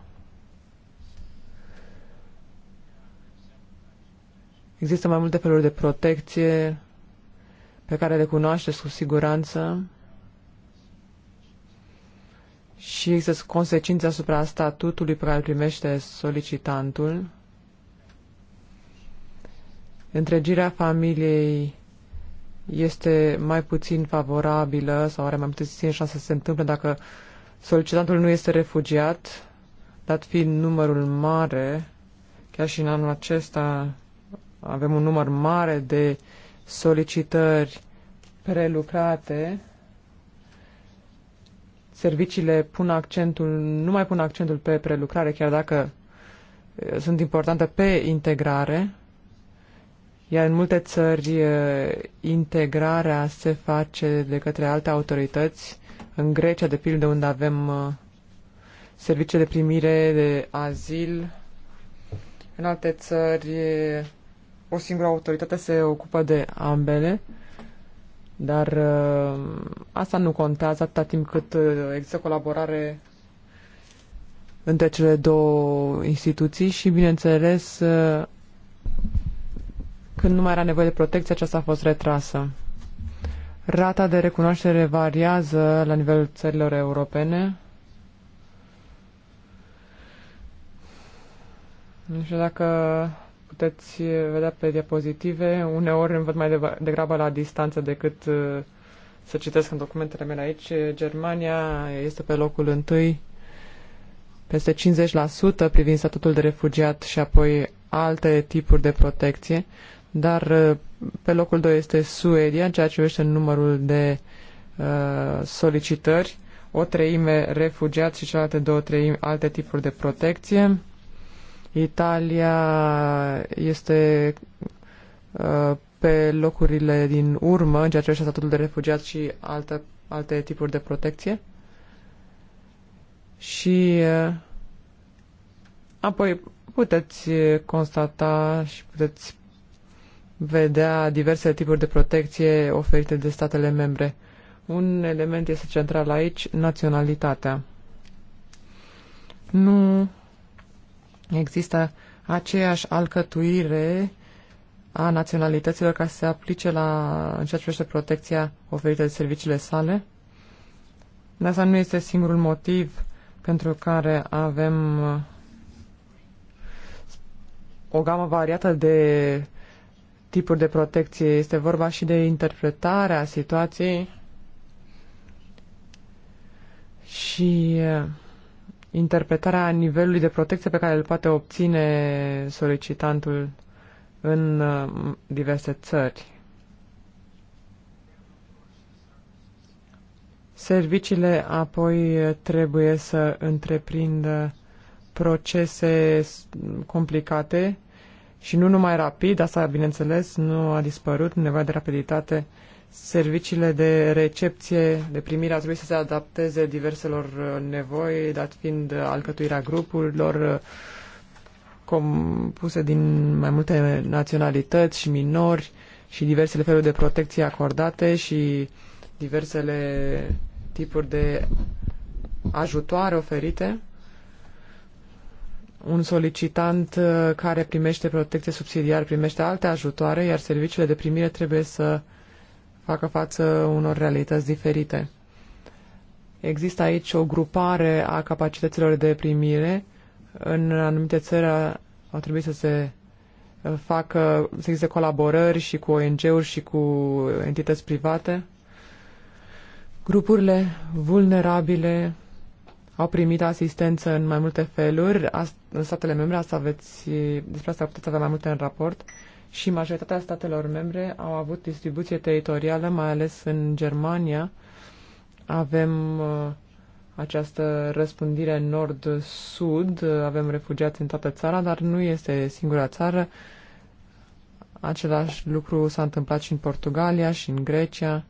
Există mai multe feluri de protecție pe care le cunoașteți cu siguranță și există consecințe asupra statutului pe care îl primește solicitantul. Întregirea familiei este mai puțin favorabilă sau are mai puțin șanse să se întâmple dacă solicitantul nu este refugiat, dat fiind numărul mare, chiar și în anul acesta avem un număr mare de solicitări prelucrate, serviciile pun accentul, nu mai pun accentul pe prelucrare, chiar dacă eh, sunt importante pe integrare, iar în multe țări integrarea se face de către alte autorități. În Grecia, de pildă, unde avem servicii de primire, de azil. În alte țări o singură autoritate se ocupă de ambele. Dar asta nu contează atâta timp cât există colaborare între cele două instituții și, bineînțeles, când nu mai era nevoie de protecție, aceasta a fost retrasă. Rata de recunoaștere variază la nivelul țărilor europene. Nu știu dacă puteți vedea pe diapozitive. Uneori îmi văd mai degrabă la distanță decât uh, să citesc în documentele mele aici. Germania este pe locul întâi, peste 50% privind statutul de refugiat și apoi alte tipuri de protecție dar uh, pe locul 2 este Suedia în ceea ce privește numărul de uh, solicitări, o treime refugiați și celelalte două treimi alte tipuri de protecție. Italia este uh, pe locurile din urmă în ceea ce privește statutul de refugiat și alte, alte tipuri de protecție. Și uh, apoi puteți constata și puteți vedea diverse tipuri de protecție oferite de statele membre. Un element este central aici, naționalitatea. Nu există aceeași alcătuire a naționalităților ca să se aplice la, în ceea ce privește protecția oferită de serviciile sale. Dar asta nu este singurul motiv pentru care avem uh, o gamă variată de tipuri de protecție. Este vorba și de interpretarea situației și interpretarea nivelului de protecție pe care îl poate obține solicitantul în diverse țări. Serviciile apoi trebuie să întreprindă procese complicate și nu numai rapid, asta bineînțeles nu a dispărut, nevoia de rapiditate. Serviciile de recepție, de primire a trebuit să se adapteze diverselor uh, nevoi, dat fiind uh, alcătuirea grupurilor uh, compuse din mai multe naționalități și minori și diversele feluri de protecție acordate și diversele tipuri de ajutoare oferite un solicitant uh, care primește protecție subsidiar primește alte ajutoare, iar serviciile de primire trebuie să facă față unor realități diferite. Există aici o grupare a capacităților de primire. În anumite țări au trebuit să se uh, facă, să existe colaborări și cu ONG-uri și cu entități private. Grupurile vulnerabile au primit asistență în mai multe feluri în statele membre, asta aveți, despre asta puteți avea mai multe în raport, și majoritatea statelor membre au avut distribuție teritorială, mai ales în Germania. Avem uh, această răspândire nord-sud, avem refugiați în toată țara, dar nu este singura țară. Același lucru s-a întâmplat și în Portugalia și în Grecia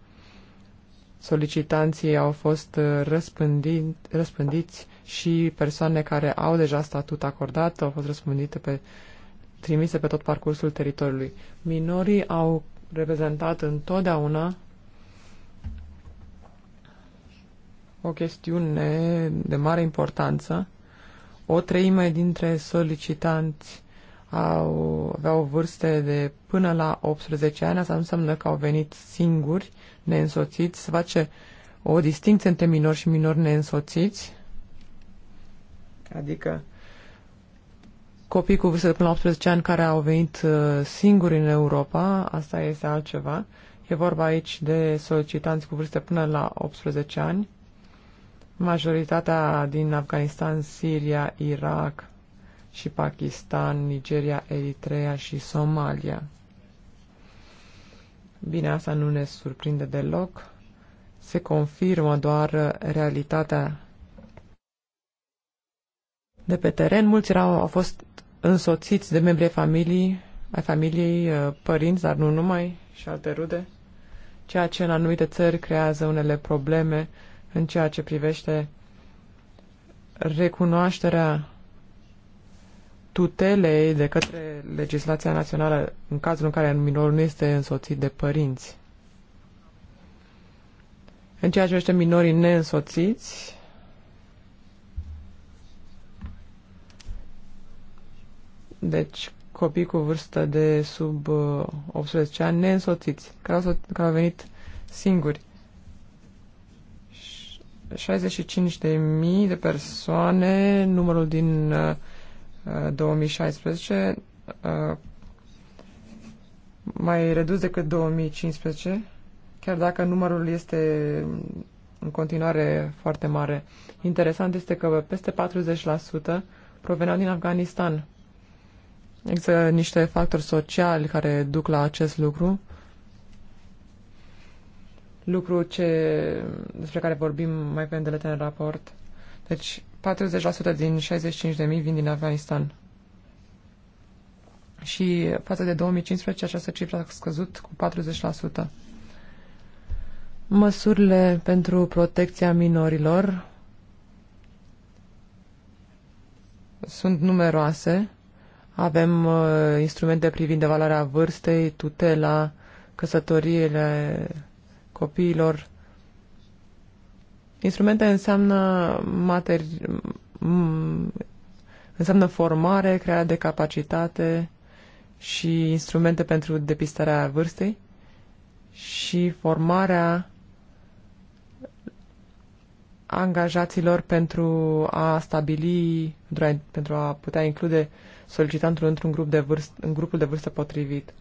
solicitanții au fost uh, răspândi, răspândiți și persoane care au deja statut acordat au fost răspândite pe, trimise pe tot parcursul teritoriului. Minorii au reprezentat întotdeauna o chestiune de mare importanță. O treime dintre solicitanți au, aveau vârste de până la 18 ani, asta înseamnă că au venit singuri neînsoțiți, se face o distinție între minori și minori neînsoțiți, adică copii cu vârstă de până la 18 ani care au venit uh, singuri în Europa, asta este altceva. E vorba aici de solicitanți cu vârste până la 18 ani, majoritatea din Afganistan, Siria, Irak și Pakistan, Nigeria, Eritrea și Somalia. Bine, asta nu ne surprinde deloc. Se confirmă doar realitatea de pe teren. Mulți erau, au fost însoțiți de membrii familiei, ai familiei, uh, părinți, dar nu numai, și alte rude, ceea ce în anumite țări creează unele probleme în ceea ce privește recunoașterea tutelei de către legislația națională în cazul în care minorul nu este însoțit de părinți. În ceea ce privește minorii neînsoțiți, deci copii cu vârstă de sub 18 uh, ani neînsoțiți, care au, care au venit singuri. 65.000 de persoane, numărul din uh, 2016, uh, mai redus decât 2015, chiar dacă numărul este în continuare foarte mare. Interesant este că peste 40% proveneau din Afganistan. Există niște factori sociali care duc la acest lucru, lucru ce, despre care vorbim mai pe îndelete în raport. Deci, 40% din 65.000 vin din Afganistan. Și față de 2015 această cifră a scăzut cu 40%. Măsurile pentru protecția minorilor sunt numeroase. Avem uh, instrumente privind evaluarea vârstei, tutela, căsătoriile copiilor, Instrumente înseamnă materi... înseamnă formare, crearea de capacitate și instrumente pentru depistarea vârstei și formarea angajaților pentru a stabili, pentru a, pentru a putea include solicitantul într-un grup de vârstă, în grupul de vârstă potrivit.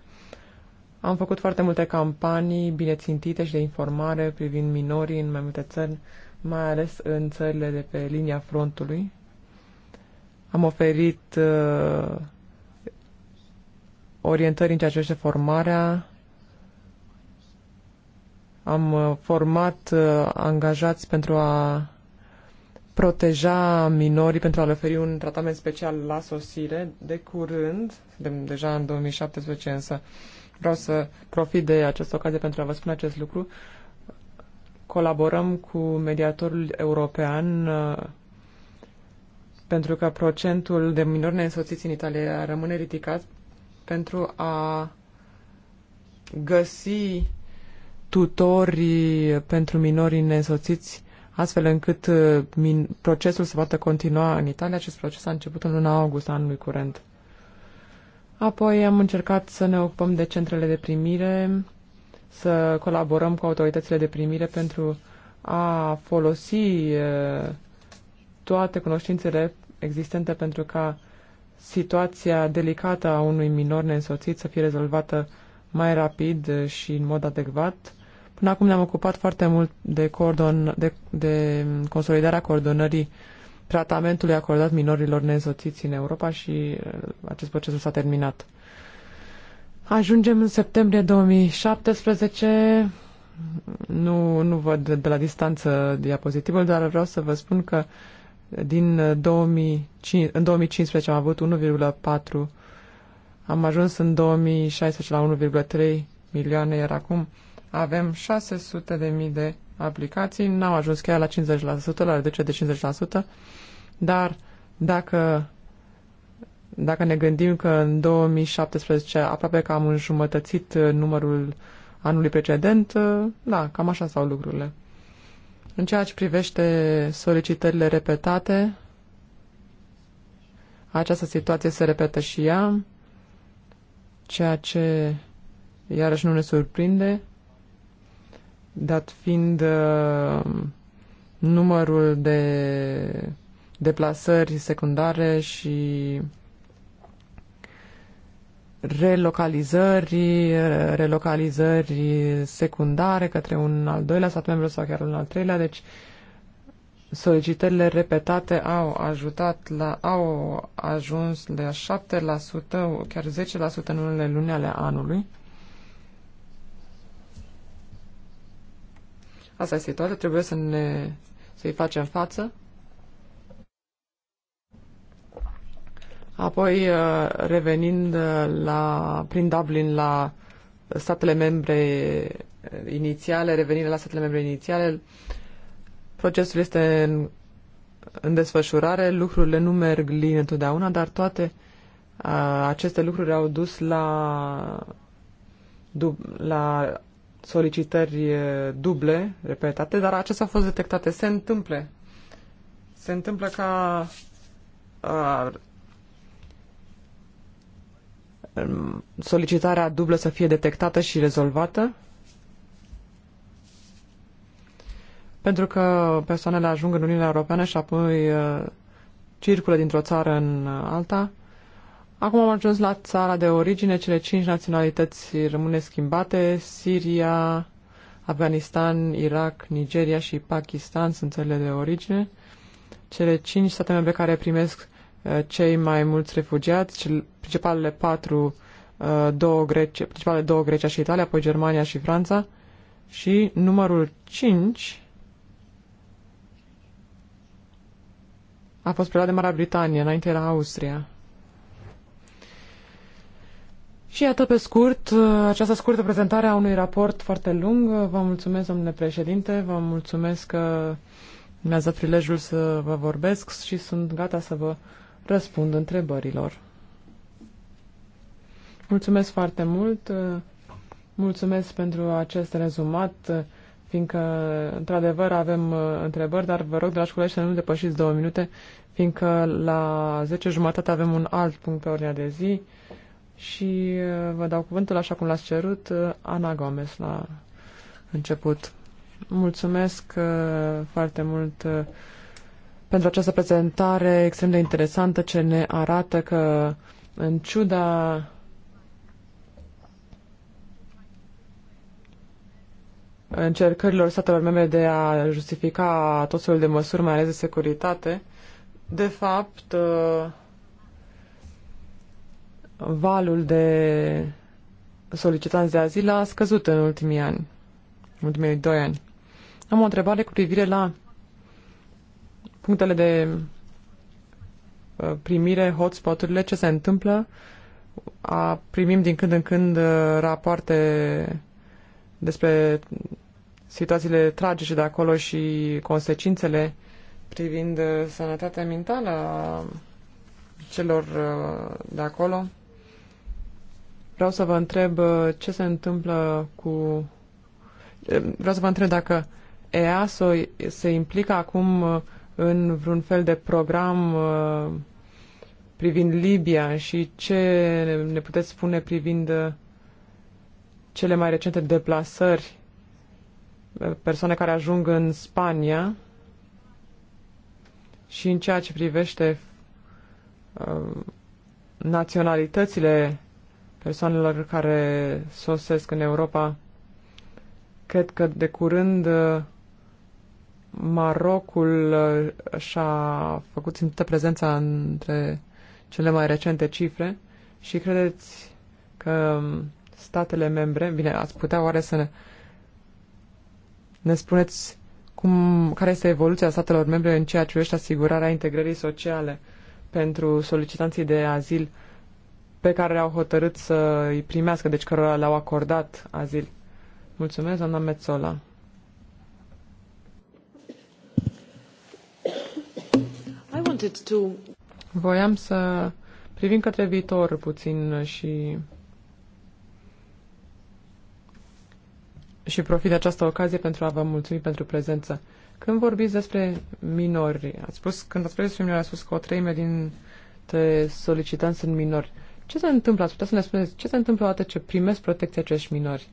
Am făcut foarte multe campanii bine țintite și de informare privind minorii în mai multe țări mai ales în țările de pe linia frontului. Am oferit uh, orientări în ceea ce este formarea. Am uh, format uh, angajați pentru a proteja minorii, pentru a le oferi un tratament special la sosire. De curând, de, deja în 2017 însă, vreau să profit de această ocazie pentru a vă spune acest lucru colaborăm cu mediatorul european uh, pentru că procentul de minori neînsoțiți în Italia rămâne ridicat pentru a găsi tutorii pentru minorii neînsoțiți astfel încât uh, procesul să poată continua în Italia. Acest proces a început în luna august anului curent. Apoi am încercat să ne ocupăm de centrele de primire, să colaborăm cu autoritățile de primire pentru a folosi toate cunoștințele existente pentru ca situația delicată a unui minor neînsoțit să fie rezolvată mai rapid și în mod adecvat. Până acum ne-am ocupat foarte mult de, cordon, de, de consolidarea coordonării tratamentului acordat minorilor neînsoțiți în Europa și acest proces s-a terminat. Ajungem în septembrie 2017. Nu, nu văd de la distanță diapozitivul, dar vreau să vă spun că din 2005, în 2015 am avut 1,4, am ajuns în 2016 la 1,3 milioane, iar acum avem 600 de mii de aplicații, n-am ajuns chiar la 50%, la reducere de 50%, dar dacă dacă ne gândim că în 2017 aproape că am înjumătățit uh, numărul anului precedent, uh, da, cam așa stau lucrurile. În ceea ce privește solicitările repetate, această situație se repetă și ea, ceea ce iarăși nu ne surprinde, dat fiind uh, numărul de deplasări secundare și relocalizări, relocalizări secundare către un al doilea stat membru sau chiar un al treilea, deci solicitările repetate au ajutat la, au ajuns la 7%, chiar 10% în unele luni ale anului. Asta este toată, trebuie să ne să-i facem față. Apoi, uh, revenind uh, la, prin Dublin la statele membre inițiale, revenind la statele membre inițiale, procesul este în, în desfășurare, lucrurile nu merg lin întotdeauna, dar toate a, uh, aceste lucruri au dus la, dub, la solicitări duble, repetate, dar acestea au fost detectate. Se întâmplă. Se întâmplă ca a, solicitarea dublă să fie detectată și rezolvată? Pentru că persoanele ajung în Uniunea Europeană și apoi uh, circulă dintr-o țară în alta. Acum am ajuns la țara de origine, cele cinci naționalități rămâne schimbate, Siria, Afganistan, Irak, Nigeria și Pakistan sunt țările de origine. Cele cinci state membre care primesc Eh, cei mai mulți refugiați, principalele patru, eh, două Grece, principalele două Grecia și Italia, apoi Germania și Franța și numărul 5 a fost preluat de Marea Britanie, înainte era Austria. Și iată pe scurt, eh, această scurtă prezentare a unui raport foarte lung. Vă mulțumesc, domnule președinte, vă mulțumesc că mi-ați dat prilejul să vă vorbesc și sunt gata să vă răspund întrebărilor. Mulțumesc foarte mult, mulțumesc pentru acest rezumat, fiindcă, într-adevăr, avem uh, întrebări, dar vă rog, dragi colegi, să nu depășiți două minute, fiindcă la 10 jumătate avem un alt punct pe ordinea de zi și uh, vă dau cuvântul, așa cum l-ați cerut, uh, Ana Gomez la început. Mulțumesc foarte mult pentru această prezentare extrem de interesantă ce ne arată că în ciuda încercărilor statelor membre de a justifica tot felul de măsuri, mai ales de securitate, de fapt, valul de solicitanți de azil a scăzut în ultimii ani, în ultimii doi ani. Am o întrebare cu privire la punctele de uh, primire, hotspoturile, ce se întâmplă. A, primim din când în când uh, rapoarte despre situațiile tragice de acolo și consecințele privind uh, sănătatea mentală a celor de acolo. Vreau să vă întreb ce se întâmplă cu... Vreau să vă întreb dacă EASO se implică acum în vreun fel de program uh, privind Libia și ce ne puteți spune privind uh, cele mai recente deplasări, uh, persoane care ajung în Spania și în ceea ce privește naționalitățile persoanelor care sosesc în Europa, cred că de curând Marocul uh, și-a făcut simțită prezența între cele mai recente cifre și credeți că um, statele membre, bine, ați putea oare să ne, ne spuneți cum, care este evoluția statelor membre în ceea ce privește asigurarea integrării sociale pentru solicitanții de azil pe care au hotărât să îi primească, deci cărora le-au acordat azil. Mulțumesc, doamna Metzola. to... Voiam să privim către viitor puțin și și profit de această ocazie pentru a vă mulțumi pentru prezență. Când vorbiți despre minori, ați spus, când ați spus despre minori, ați spus că o treime din solicitanți sunt minori. Ce se întâmplă? Ați putea să ne spuneți ce se întâmplă odată ce primesc protecție acești minori?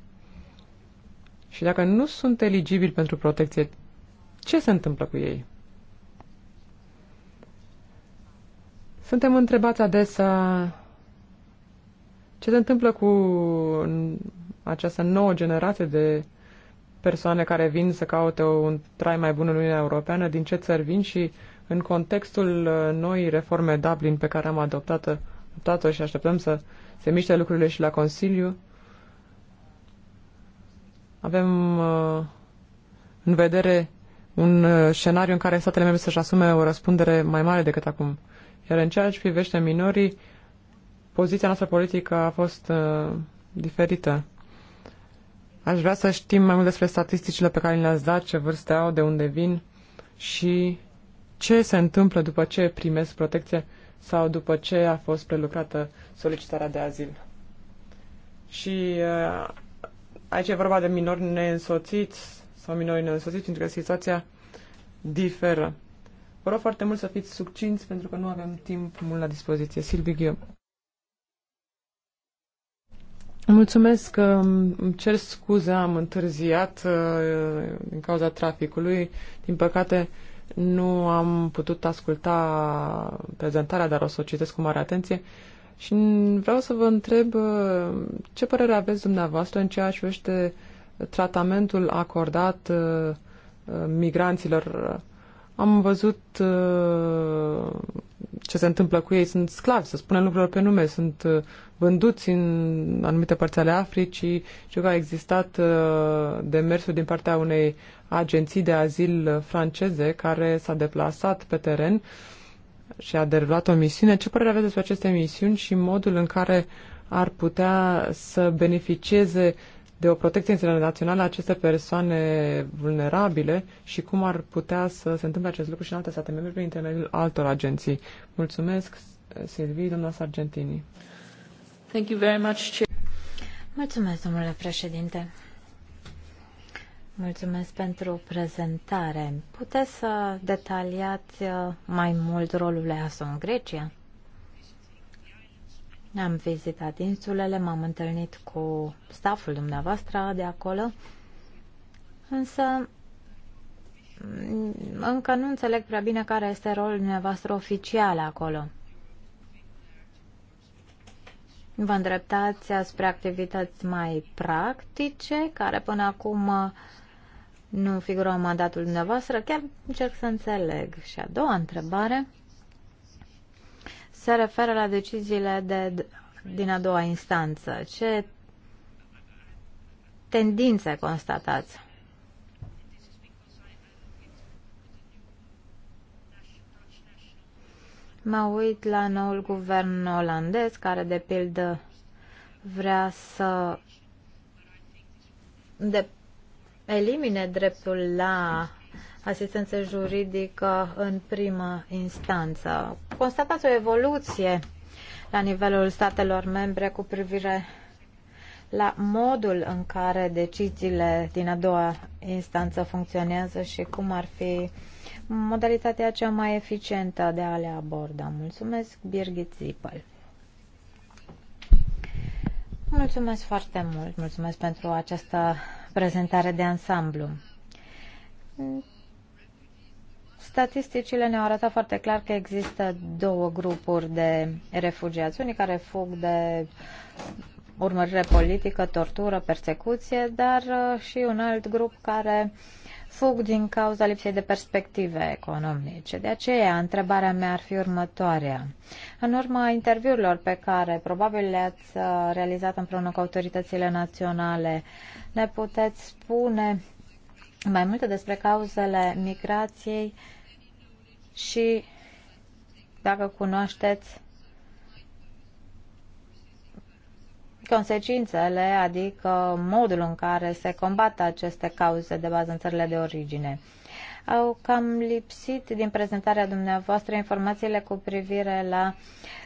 Și dacă nu sunt eligibili pentru protecție, ce se întâmplă cu ei? Suntem întrebați adesea ce se întâmplă cu această nouă generație de persoane care vin să caute un trai mai bun în Uniunea Europeană, din ce țări vin și în contextul uh, noii reforme Dublin pe care am adoptat-o și așteptăm să se miște lucrurile și la Consiliu, avem uh, în vedere un uh, scenariu în care statele membre să-și asume o răspundere mai mare decât acum. Iar în ceea ce privește minorii, poziția noastră politică a fost uh, diferită. Aș vrea să știm mai mult despre statisticile pe care le-ați dat, ce vârste au, de unde vin și ce se întâmplă după ce primesc protecție sau după ce a fost prelucrată solicitarea de azil. Și uh, aici e vorba de minori neînsoțiți sau minori neînsoțiți, pentru că situația diferă. Vă rog foarte mult să fiți succinți pentru că nu avem timp mult la dispoziție. Silvi Ghiu. Mulțumesc, îmi cer scuze, am întârziat uh, din cauza traficului. Din păcate, nu am putut asculta prezentarea, dar o să o citesc cu mare atenție. Și vreau să vă întreb uh, ce părere aveți dumneavoastră în ceea ce privește tratamentul acordat uh, migranților am văzut uh, ce se întâmplă cu ei. Sunt sclavi, să spunem lucrurile pe nume. Sunt uh, vânduți în anumite părți ale Africii. Știu că a existat uh, demersul din partea unei agenții de azil franceze care s-a deplasat pe teren și a derulat o misiune. Ce părere aveți despre aceste misiuni și modul în care ar putea să beneficieze uh, de o protecție internațională a aceste persoane vulnerabile și cum ar putea să se întâmple acest lucru și în alte state membre prin intermediul altor agenții. Mulțumesc, Silvii, doamna Sargentini. Thank you very much, Mulțumesc, domnule președinte. Mulțumesc pentru prezentare. Puteți să detaliați uh, mai mult rolul EASO în Grecia? Am vizitat insulele, m-am întâlnit cu staful dumneavoastră de acolo, însă mm, încă nu înțeleg prea bine care este rolul dumneavoastră oficial acolo. Vă îndreptați spre activități mai practice, care până acum uh, nu figurau mandatul dumneavoastră, chiar încerc să înțeleg. Și a doua întrebare se referă la deciziile de, din a doua instanță. Ce tendințe constatați? Mă uit la noul guvern olandez, care, de pildă, vrea să de elimine dreptul la asistență juridică în primă instanță. Constatați o evoluție la nivelul statelor membre cu privire la modul în care deciziile din a doua instanță funcționează și cum ar fi modalitatea cea mai eficientă de a le aborda. Mulțumesc, Birgit Zipăl. Mulțumesc foarte mult, mulțumesc pentru această prezentare de ansamblu. Statisticile ne-au arătat foarte clar că există două grupuri de refugiați, unii care fug de urmărire politică, tortură, persecuție, dar uh, și un alt grup care fug din cauza lipsei de perspective economice. De aceea, întrebarea mea ar fi următoarea. În urma interviurilor pe care probabil le-ați uh, realizat împreună cu autoritățile naționale, ne puteți spune mai multe despre cauzele migrației și dacă cunoașteți consecințele, adică modul în care se combat aceste cauze de bază în țările de origine. Au cam lipsit din prezentarea dumneavoastră informațiile cu privire la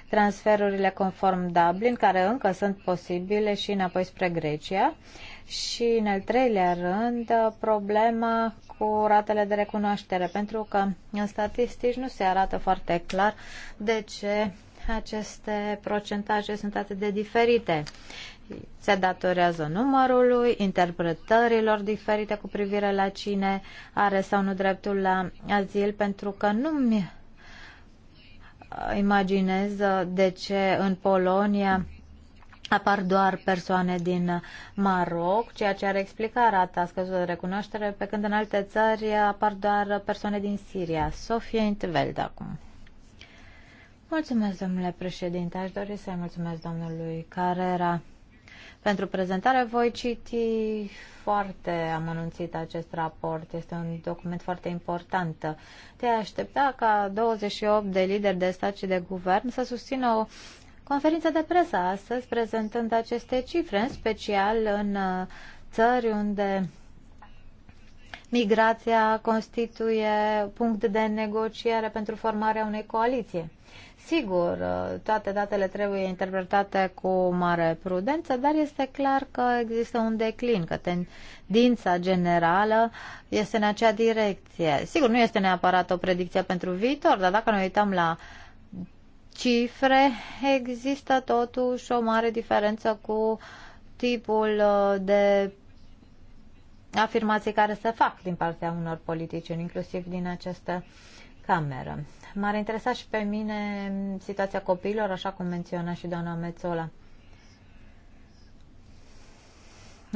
transferurile conform Dublin, care încă sunt posibile și înapoi spre Grecia și, în al treilea rând, problema cu ratele de recunoaștere, pentru că în statistici nu se arată foarte clar de ce aceste procentaje sunt atât de diferite. Se datorează numărului, interpretărilor diferite cu privire la cine are sau nu dreptul la azil, pentru că nu-mi imaginez de ce în Polonia apar doar persoane din Maroc, ceea ce ar explica rata scăzută de recunoaștere, pe când în alte țări apar doar persoane din Siria. Sofia Intveld acum. Mulțumesc, domnule președinte. Aș dori să-i mulțumesc domnului Carrera pentru prezentare. Voi citi foarte amănunțit acest raport. Este un document foarte important. Te aștepta ca 28 de lideri de stat și de guvern să susțină o conferință de presă astăzi prezentând aceste cifre, în special în uh, țări unde migrația constituie punct de negociere pentru formarea unei coaliții. Sigur, uh, toate datele trebuie interpretate cu mare prudență, dar este clar că există un declin, că tendința generală este în acea direcție. Sigur, nu este neapărat o predicție pentru viitor, dar dacă ne uităm la uh, cifre, există totuși o mare diferență cu tipul uh, de afirmații care se fac din partea unor politicieni, inclusiv din această cameră. M-ar interesa și pe mine situația copiilor, așa cum menționa și doamna Mețola.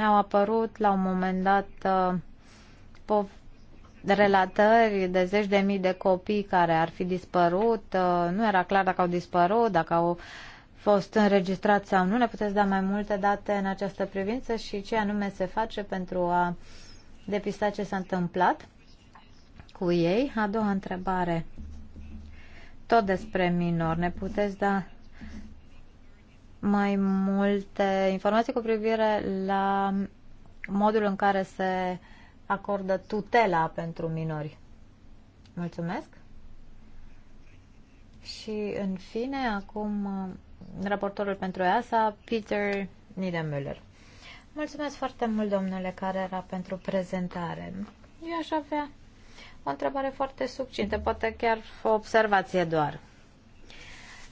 Au apărut la un moment dat uh, relatări de zeci de mii de copii care ar fi dispărut. Uh, nu era clar dacă au dispărut, dacă au fost înregistrați sau nu. Ne puteți da mai multe date în această privință și ce anume se face pentru a depista ce s-a întâmplat cu ei? A doua întrebare, tot despre minor. Ne puteți da mai multe informații cu privire la modul în care se uh, acordă tutela pentru minori. Mulțumesc! Și, în fine, acum uh, raportorul pentru EASA, Peter Niedermüller. Mulțumesc foarte mult, domnule era pentru prezentare. Eu aș avea o întrebare foarte succintă, poate chiar o observație doar.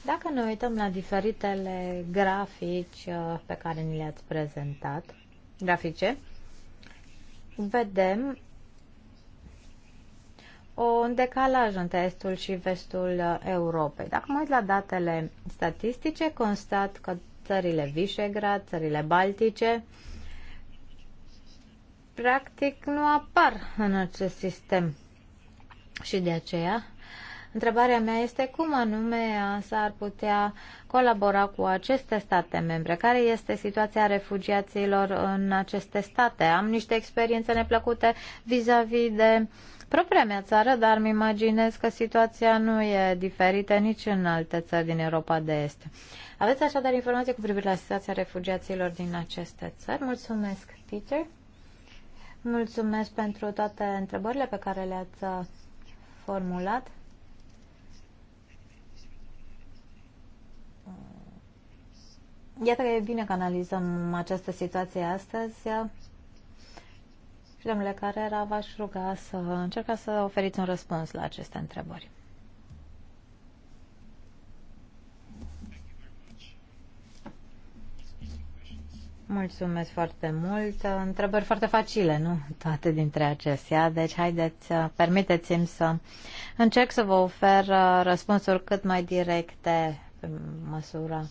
Dacă ne uităm la diferitele grafici uh, pe care ni le-ați prezentat, grafice, vedem un decalaj între estul și vestul uh, Europei. Dacă mă uit la datele statistice, constat că țările Visegrad, țările Baltice, practic nu apar în acest sistem. Și de aceea Întrebarea mea este cum anume s-ar putea colabora cu aceste state membre? Care este situația refugiaților în aceste state? Am niște experiențe neplăcute vis-a-vis -vis de propria mea țară, dar îmi imaginez că situația nu e diferită nici în alte țări din Europa de Est. Aveți așadar informații cu privire la situația refugiaților din aceste țări? Mulțumesc, Peter! Mulțumesc pentru toate întrebările pe care le-ați formulat. Iată că e bine că analizăm această situație astăzi. Și domnule Carrera, v-aș ruga să încercați să oferiți un răspuns la aceste întrebări. Mulțumesc foarte mult. Întrebări foarte facile, nu? Toate dintre acestea. Deci, haideți, permiteți-mi să încerc să vă ofer uh, răspunsuri cât mai directe pe măsură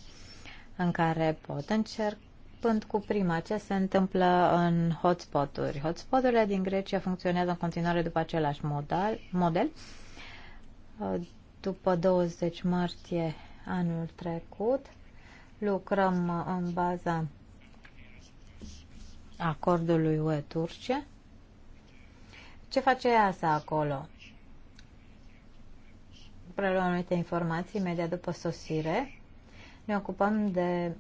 în care pot încerc Pând cu prima, ce se întâmplă în hotspoturi? Hotspoturile din Grecia funcționează în continuare după același model. model. După 20 martie anul trecut, lucrăm în baza acordului UE-Turcia. Ce face asta acolo? Preluăm anumite informații imediat după sosire ne ocupăm de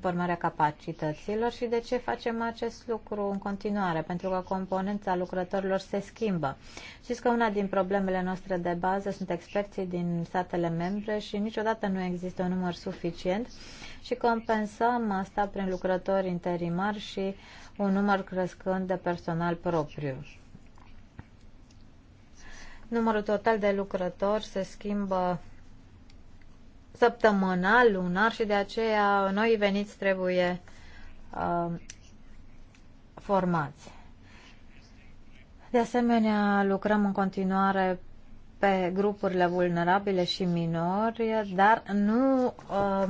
formarea capacităților și de ce facem acest lucru în continuare, pentru că componența lucrătorilor se schimbă. Știți că una din problemele noastre de bază sunt experții din statele membre și niciodată nu există un număr suficient și compensăm asta prin lucrători interimari și un număr crescând de personal propriu. Numărul total de lucrători se schimbă săptămânal, lunar și de aceea noi veniți trebuie uh, formați. De asemenea, lucrăm în continuare pe grupurile vulnerabile și minori, dar nu uh,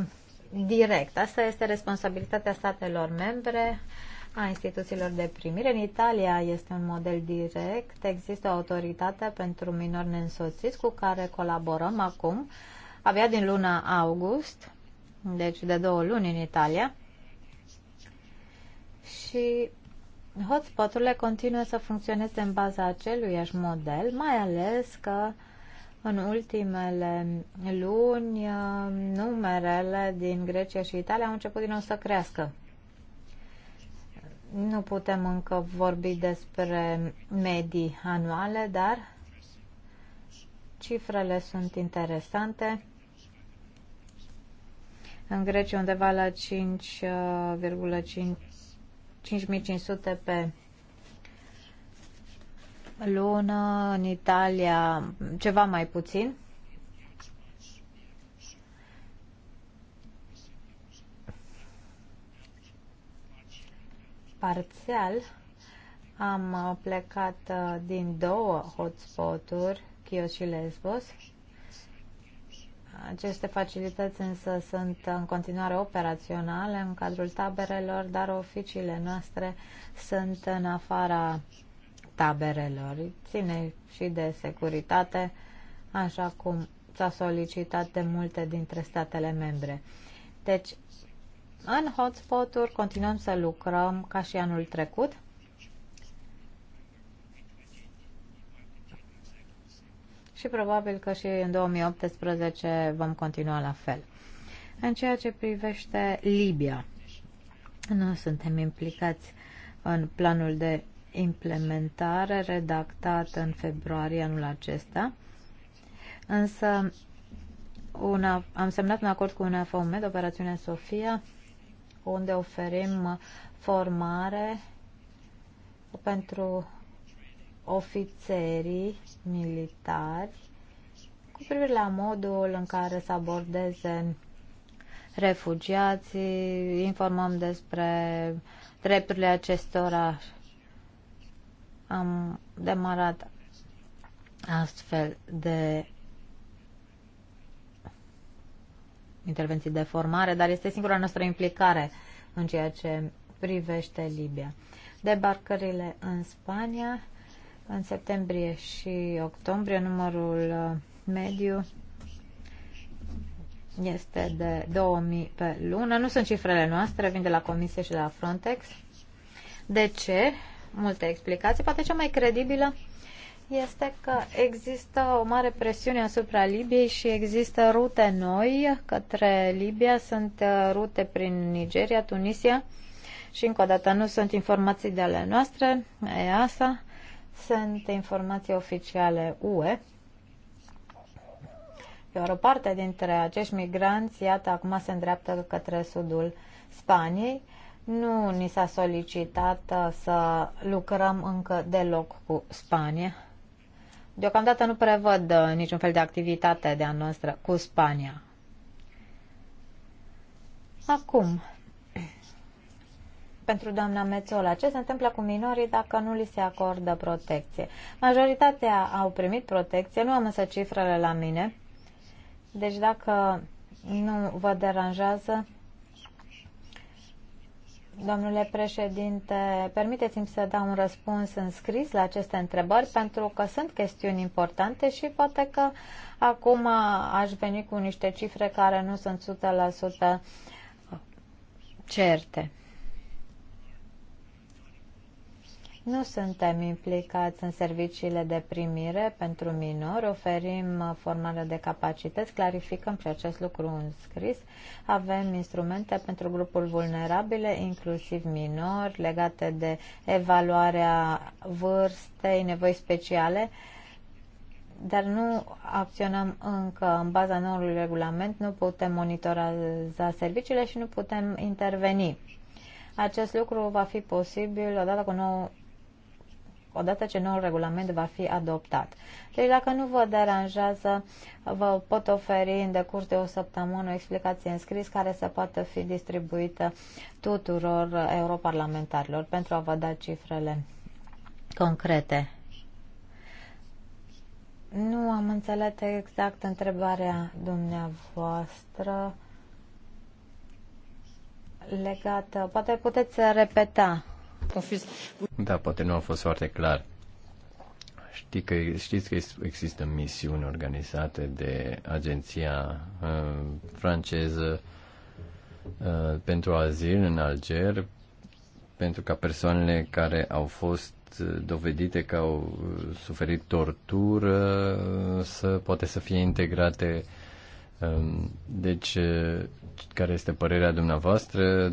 direct. Asta este responsabilitatea statelor membre a instituțiilor de primire. În Italia este un model direct. Există o autoritate pentru minori neînsoțiți cu care colaborăm acum. Uh, abia din luna august, deci de două luni în Italia. Și hotspoturile continuă să funcționeze în baza aceluiași model, mai ales că în ultimele luni uh, numerele din Grecia și Italia au început din nou să crească. Nu putem încă vorbi despre medii anuale, dar cifrele sunt interesante în Grecia undeva la 5500 uh, pe lună, în Italia ceva mai puțin. Parțial am plecat uh, din două hotspoturi, Chios și Lesbos. Aceste facilități însă sunt în continuare operaționale în cadrul taberelor, dar oficiile noastre sunt în afara taberelor. Ține și de securitate, așa cum s-a solicitat de multe dintre statele membre. Deci, în hotspot-uri continuăm să lucrăm ca și anul trecut și probabil că și în 2018 vom continua la fel. În ceea ce privește Libia, nu suntem implicați în planul de implementare redactat în februarie anul acesta, însă una, am semnat un acord cu UNAFOM FOMED, operațiunea Sofia, unde oferim formare pentru ofițerii militari cu privire la modul în care să abordeze refugiații, informăm despre drepturile acestora. Am demarat astfel de intervenții de formare, dar este singura noastră implicare în ceea ce privește Libia. Debarcările în Spania în septembrie și octombrie numărul uh, mediu este de 2000 pe lună. Nu sunt cifrele noastre, vin de la Comisie și de la Frontex. De ce? Multe explicații. Poate cea mai credibilă este că există o mare presiune asupra Libiei și există rute noi către Libia, sunt uh, rute prin Nigeria, Tunisia și încă o dată nu sunt informații de ale noastre, EASA, sunt informații oficiale UE, iar o parte dintre acești migranți, iată, acum se îndreaptă către sudul Spaniei. Nu ni s-a solicitat uh, să lucrăm încă deloc cu Spania. Deocamdată nu prevăd uh, niciun fel de activitate de a noastră cu Spania. Acum, pentru doamna Mețola. Ce se întâmplă cu minorii dacă nu li se acordă protecție? Majoritatea au primit protecție, nu am însă cifrele la mine. Deci dacă nu vă deranjează, Domnule președinte, permiteți-mi să dau un răspuns în scris la aceste întrebări, pentru că sunt chestiuni importante și poate că acum aș veni cu niște cifre care nu sunt 100% certe. Nu suntem implicați în serviciile de primire pentru minori, oferim formare de capacități, clarificăm și acest lucru în scris. Avem instrumente pentru grupuri vulnerabile, inclusiv minori, legate de evaluarea vârstei, nevoi speciale, dar nu acționăm încă în baza noului regulament, nu putem monitoriza serviciile și nu putem interveni. Acest lucru va fi posibil odată cu nou odată ce noul regulament va fi adoptat. Deci dacă nu vă deranjează, vă pot oferi în decurs de o săptămână o explicație în scris care să poată fi distribuită tuturor europarlamentarilor pentru a vă da cifrele concrete. Nu am înțeles exact întrebarea dumneavoastră legată. Poate puteți repeta Confuz. Da, poate nu a fost foarte clar. Știi că, știți că există misiuni organizate de agenția uh, franceză uh, pentru azil în Alger pentru ca persoanele care au fost uh, dovedite că au uh, suferit tortură uh, să poate să fie integrate. Um, deci, care este părerea dumneavoastră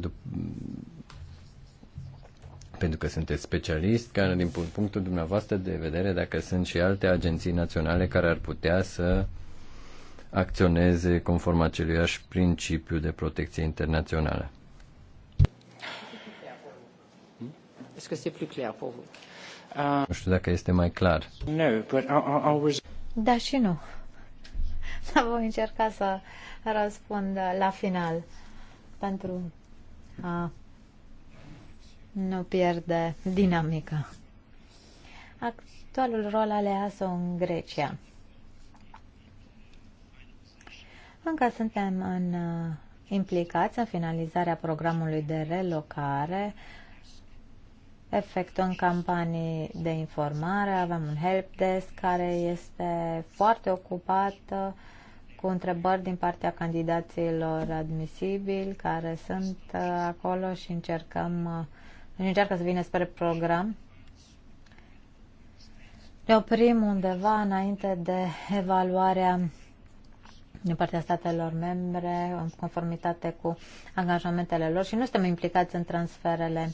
pentru că sunteți specialist, care din punctul dumneavoastră de vedere, dacă sunt și alte agenții naționale care ar putea să acționeze conform aceluiași principiu de protecție internațională. Hmm? Nu știu dacă este mai clar. Da și nu. Dar voi încerca să răspund la final pentru a nu pierde dinamica. Actualul rol al EASO în Grecia. Încă suntem în, uh, implicați în finalizarea programului de relocare, efectuăm campanii de informare, avem un helpdesk care este foarte ocupat uh, cu întrebări din partea candidaților admisibili care sunt uh, acolo și încercăm uh, deci încearcă să vină spre program, ne oprim undeva înainte de evaluarea din partea statelor membre, în conformitate cu angajamentele lor și nu suntem implicați în transferele,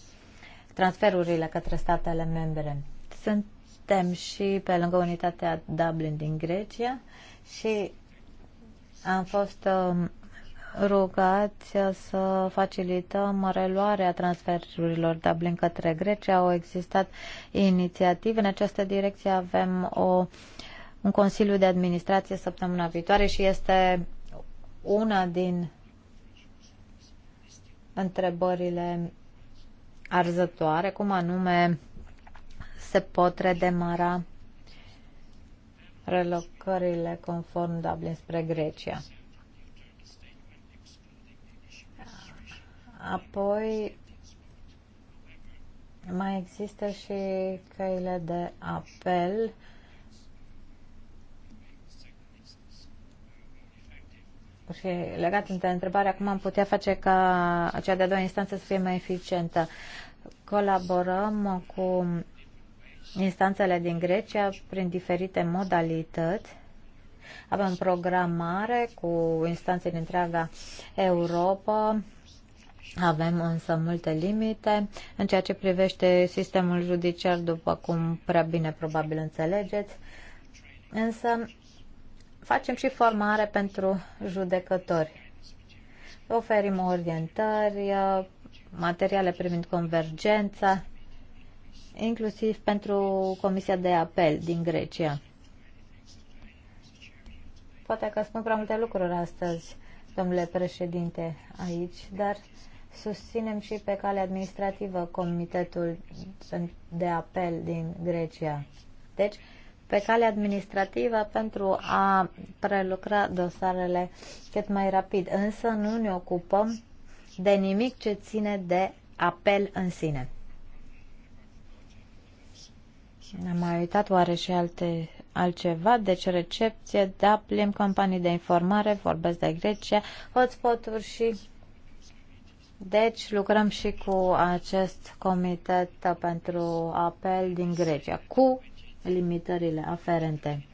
transferurile către statele membre. Suntem și pe lângă unitatea Dublin din Grecia și am fost um, rugați să facilităm reluarea transferurilor Dublin către Grecia. Au existat inițiative în această direcție. Avem o, un Consiliu de Administrație săptămâna viitoare și este una din întrebările arzătoare, cum anume se pot redemara relocările conform Dublin spre Grecia. Apoi mai există și căile de apel și legat de întrebarea cum am putea face ca cea de-a doua instanță să fie mai eficientă. Colaborăm cu instanțele din Grecia prin diferite modalități. Avem programare cu instanțe din întreaga Europa, avem însă multe limite în ceea ce privește sistemul judiciar, după cum prea bine probabil înțelegeți, însă facem și formare pentru judecători. Oferim orientări, materiale privind convergența, inclusiv pentru Comisia de Apel din Grecia. Poate că spun prea multe lucruri astăzi, domnule președinte, aici, dar susținem și pe cale administrativă Comitetul de Apel din Grecia. Deci, pe cale administrativă pentru a prelucra dosarele cât mai rapid. Însă nu ne ocupăm de nimic ce ține de apel în sine. Am mai uitat oare și alte, altceva, deci recepție, da, plim companii de informare, vorbesc de Grecia, hotspot-uri și deci lucrăm și cu acest comitet pentru apel din Grecia, cu limitările aferente.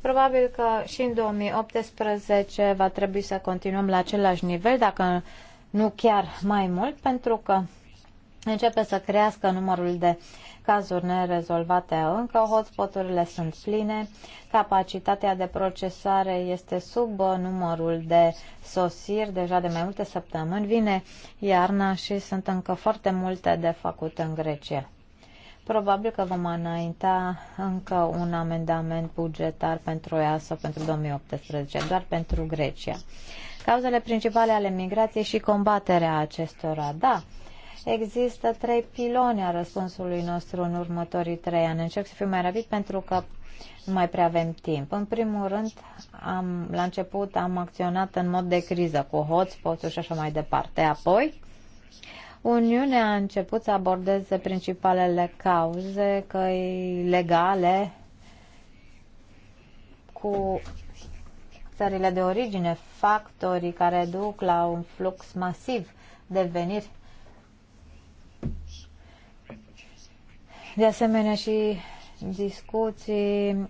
Probabil că și în 2018 va trebui să continuăm la același nivel, dacă nu chiar mai mult, pentru că începe să crească numărul de cazuri nerezolvate încă, hotspoturile sunt pline, capacitatea de procesare este sub numărul de sosiri deja de mai multe săptămâni, vine iarna și sunt încă foarte multe de făcut în Grecia. Probabil că vom înainta încă un amendament bugetar pentru EASO pentru 2018, doar pentru Grecia. Cauzele principale ale migrației și combaterea acestora, da, Există trei piloni a răspunsului nostru în următorii trei ani. Încerc să fiu mai rapid pentru că nu mai prea avem timp. În primul rând, am, la început am acționat în mod de criză cu hotspot-uri și așa mai departe. Apoi, Uniunea a început să abordeze principalele cauze, căi legale cu țările de origine, factorii care duc la un flux masiv de veniri de asemenea și discuții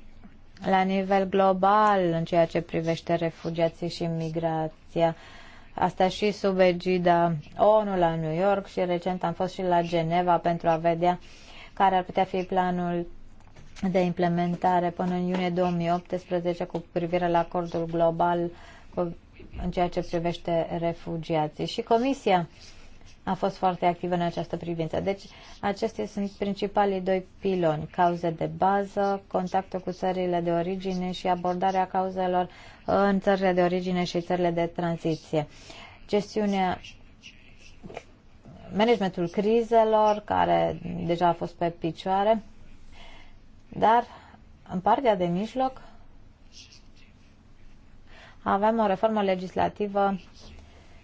la nivel global în ceea ce privește refugiații și migrația. Asta și sub egida ONU la New York și recent am fost și la Geneva pentru a vedea care ar putea fi planul de implementare până în iunie 2018 cu privire la acordul global cu, în ceea ce privește refugiații. Și Comisia uh, a fost foarte activă în această privință. Deci, acestea sunt principalii doi piloni, cauze de bază, contactul cu țările de origine și abordarea cauzelor în țările de origine și țările de tranziție. Gestiunea managementul crizelor, care deja a fost pe picioare, dar în partea de mijloc avem o reformă legislativă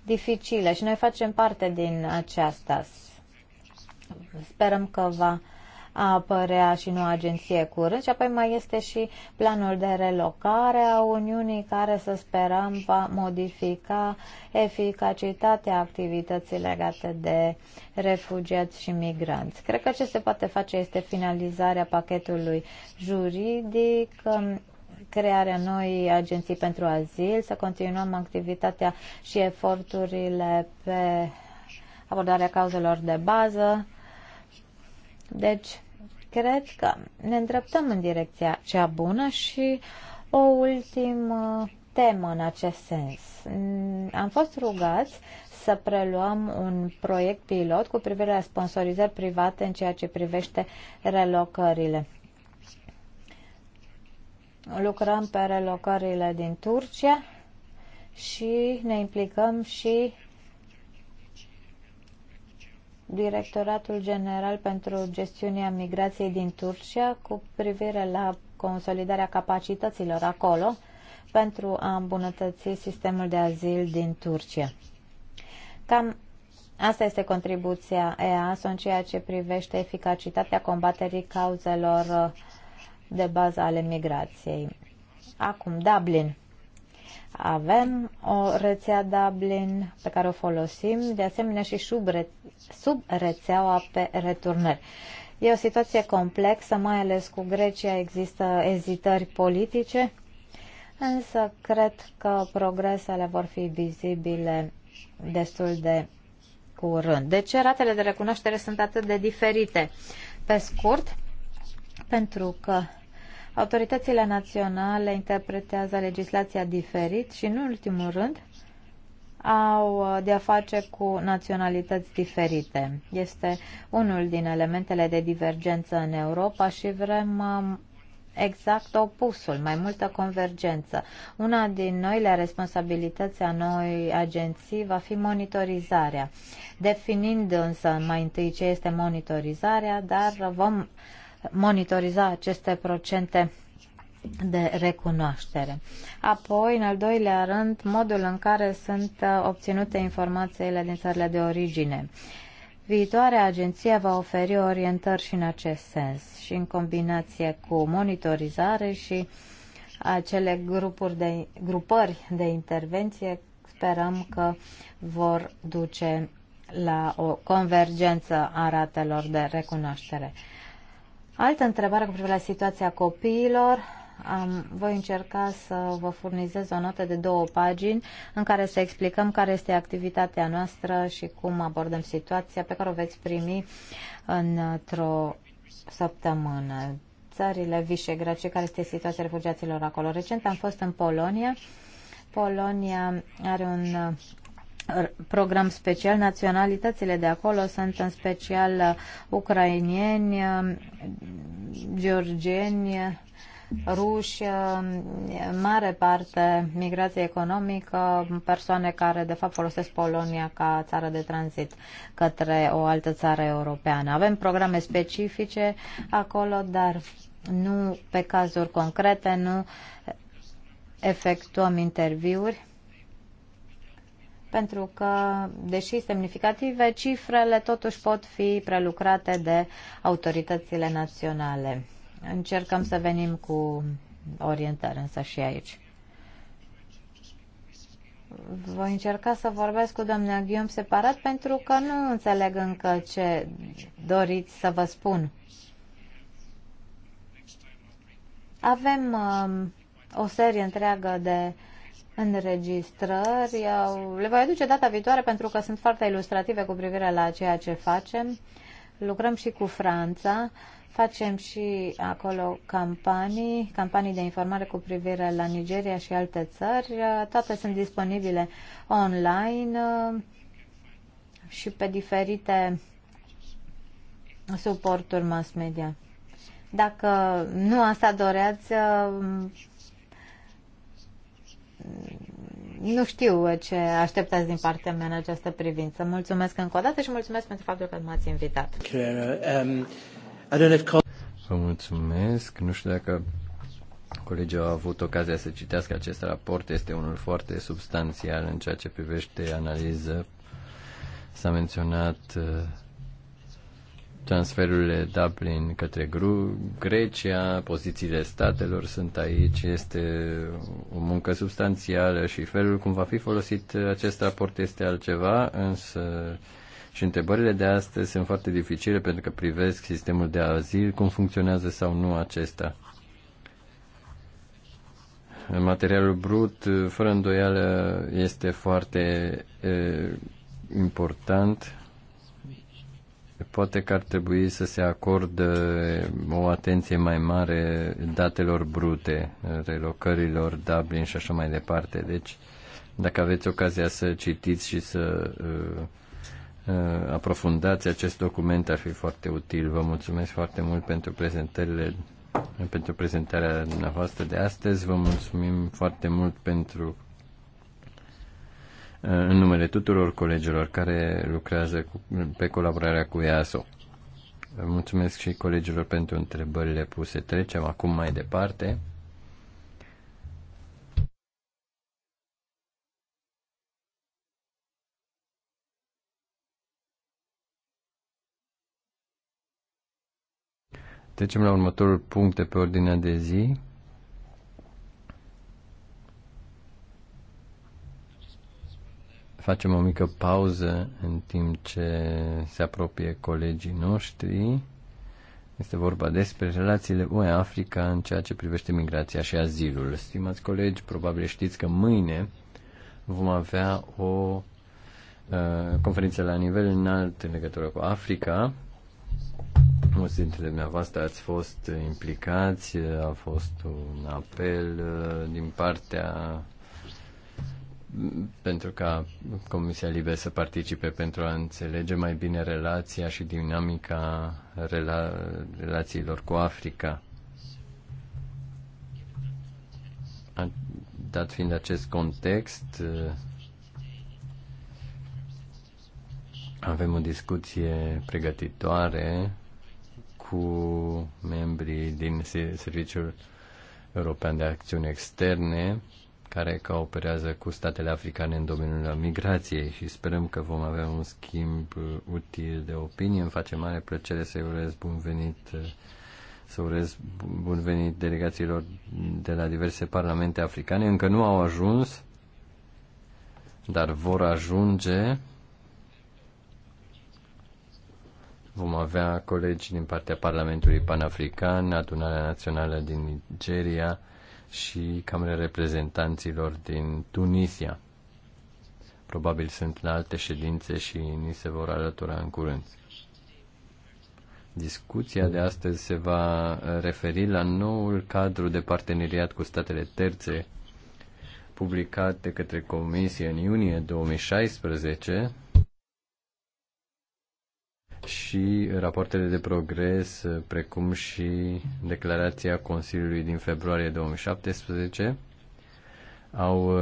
dificile și noi facem parte din aceasta. Sperăm că va apărea și noua agenție curând și apoi mai este și planul de relocare a Uniunii care să sperăm va modifica eficacitatea activității legate de refugiați și migranți. Cred că ce se poate face este finalizarea pachetului juridic crearea noii agenții pentru azil, să continuăm activitatea și eforturile pe abordarea cauzelor de bază. Deci, cred că ne îndreptăm în direcția cea bună și o ultimă temă în acest sens. Am fost rugați să preluăm un proiect pilot cu privire la sponsorizări private în ceea ce privește relocările lucrăm pe relocările din Turcia și ne implicăm și Directoratul General pentru Gestiunea Migrației din Turcia cu privire la consolidarea capacităților acolo pentru a îmbunătăți sistemul de azil din Turcia. Cam asta este contribuția EAS în ceea ce privește eficacitatea combaterii cauzelor uh, de bază ale migrației. Acum, Dublin. Avem o rețea Dublin pe care o folosim, de asemenea și sub, re- sub rețeaua pe returnări. E o situație complexă, mai ales cu Grecia există ezitări politice, însă cred că progresele vor fi vizibile destul de curând. De deci, ce ratele de recunoaștere sunt atât de diferite? Pe scurt, pentru că autoritățile naționale interpretează legislația diferit și, în ultimul rând, au de-a face cu naționalități diferite. Este unul din elementele de divergență în Europa și vrem um, exact opusul, mai multă convergență. Una din noile responsabilități a noi agenții va fi monitorizarea, definind însă mai întâi ce este monitorizarea, dar vom monitoriza aceste procente de recunoaștere. Apoi, în al doilea rând, modul în care sunt uh, obținute informațiile din țările de origine. Viitoarea agenție va oferi orientări și în acest sens și în combinație cu monitorizare și acele grupuri de, grupări de intervenție sperăm că vor duce la o convergență a ratelor de recunoaștere. Altă întrebare cu privire la situația copiilor. Am, voi încerca să vă furnizez o notă de două pagini în care să explicăm care este activitatea noastră și cum abordăm situația pe care o veți primi într-o săptămână. Țările Visegrad și care este situația refugiaților acolo. Recent am fost în Polonia. Polonia are un program special. Naționalitățile de acolo sunt în special uh, ucrainieni, uh, georgieni, ruși, uh, mare parte migrație economică, persoane care de fapt folosesc Polonia ca țară de tranzit către o altă țară europeană. Avem programe specifice acolo, dar nu pe cazuri concrete, nu efectuăm interviuri pentru că, deși semnificative, cifrele totuși pot fi prelucrate de autoritățile naționale. Încercăm să venim cu orientări însă și aici. Voi încerca să vorbesc cu domnul Ghiom separat pentru că nu înțeleg încă ce doriți să vă spun. Avem um, o serie întreagă de uh, înregistrări. Le voi aduce data viitoare pentru că sunt foarte ilustrative cu privire la ceea ce facem. Lucrăm și cu Franța, facem și acolo campanii, campanii de informare cu privire la Nigeria și alte țări. Toate sunt disponibile online uh, și pe diferite suporturi mass media. Dacă nu asta doreați, uh, nu știu ce așteptați din partea mea în această privință. Mulțumesc încă o dată și mulțumesc pentru faptul că m-ați invitat. Vă mulțumesc. Nu știu dacă colegii au avut ocazia să citească acest raport. Este unul foarte substanțial în ceea ce privește analiză. S-a menționat uh, transferurile Dublin către Grecia, pozițiile statelor sunt aici, este o muncă substanțială și felul cum va fi folosit acest raport este altceva, însă și întrebările de astăzi sunt foarte dificile pentru că privesc sistemul de azil, cum funcționează sau nu acesta. Materialul brut, fără îndoială, este foarte e, important Poate că ar trebui să se acordă o atenție mai mare datelor brute, relocărilor, Dublin și așa mai departe. Deci, dacă aveți ocazia să citiți și să uh, uh, aprofundați acest document, ar fi foarte util. Vă mulțumesc foarte mult pentru prezentările pentru prezentarea dumneavoastră de astăzi. Vă mulțumim foarte mult pentru Uh, în numele tuturor colegilor care lucrează cu, pe colaborarea cu EASO. Mulțumesc și colegilor pentru întrebările puse. Trecem acum mai departe. Trecem la următorul punct de pe ordinea de zi. Facem o mică pauză în timp ce se apropie colegii noștri. Este vorba despre relațiile UE-Africa în ceea ce privește migrația și azilul. Stimați colegi, probabil știți că mâine vom avea o uh, conferință la nivel înalt în legătură cu Africa. Mulți dintre dumneavoastră ați fost implicați, a fost un apel uh, din partea pentru ca Comisia Libe să participe pentru a înțelege mai bine relația și dinamica rela- relațiilor cu Africa. Dat fiind acest context, avem o discuție pregătitoare cu membrii din Serviciul European de Acțiuni Externe care cooperează cu statele africane în domeniul migrației și sperăm că vom avea un schimb uh, util de opinie. Îmi face mare plăcere să-i urez bun venit uh, să urez bun venit delegațiilor de la diverse parlamente africane. Încă nu au ajuns, dar vor ajunge. Vom avea colegi din partea Parlamentului Panafrican, Adunarea Națională din Nigeria, și Camera Reprezentanților din Tunisia. Probabil sunt în alte ședințe și ni se vor alătura în curând. Discuția de astăzi se va uh, referi la noul cadru de parteneriat cu statele terțe publicat de către Comisie în iunie 2016 și rapoartele de progres, precum și declarația Consiliului din februarie 2017, au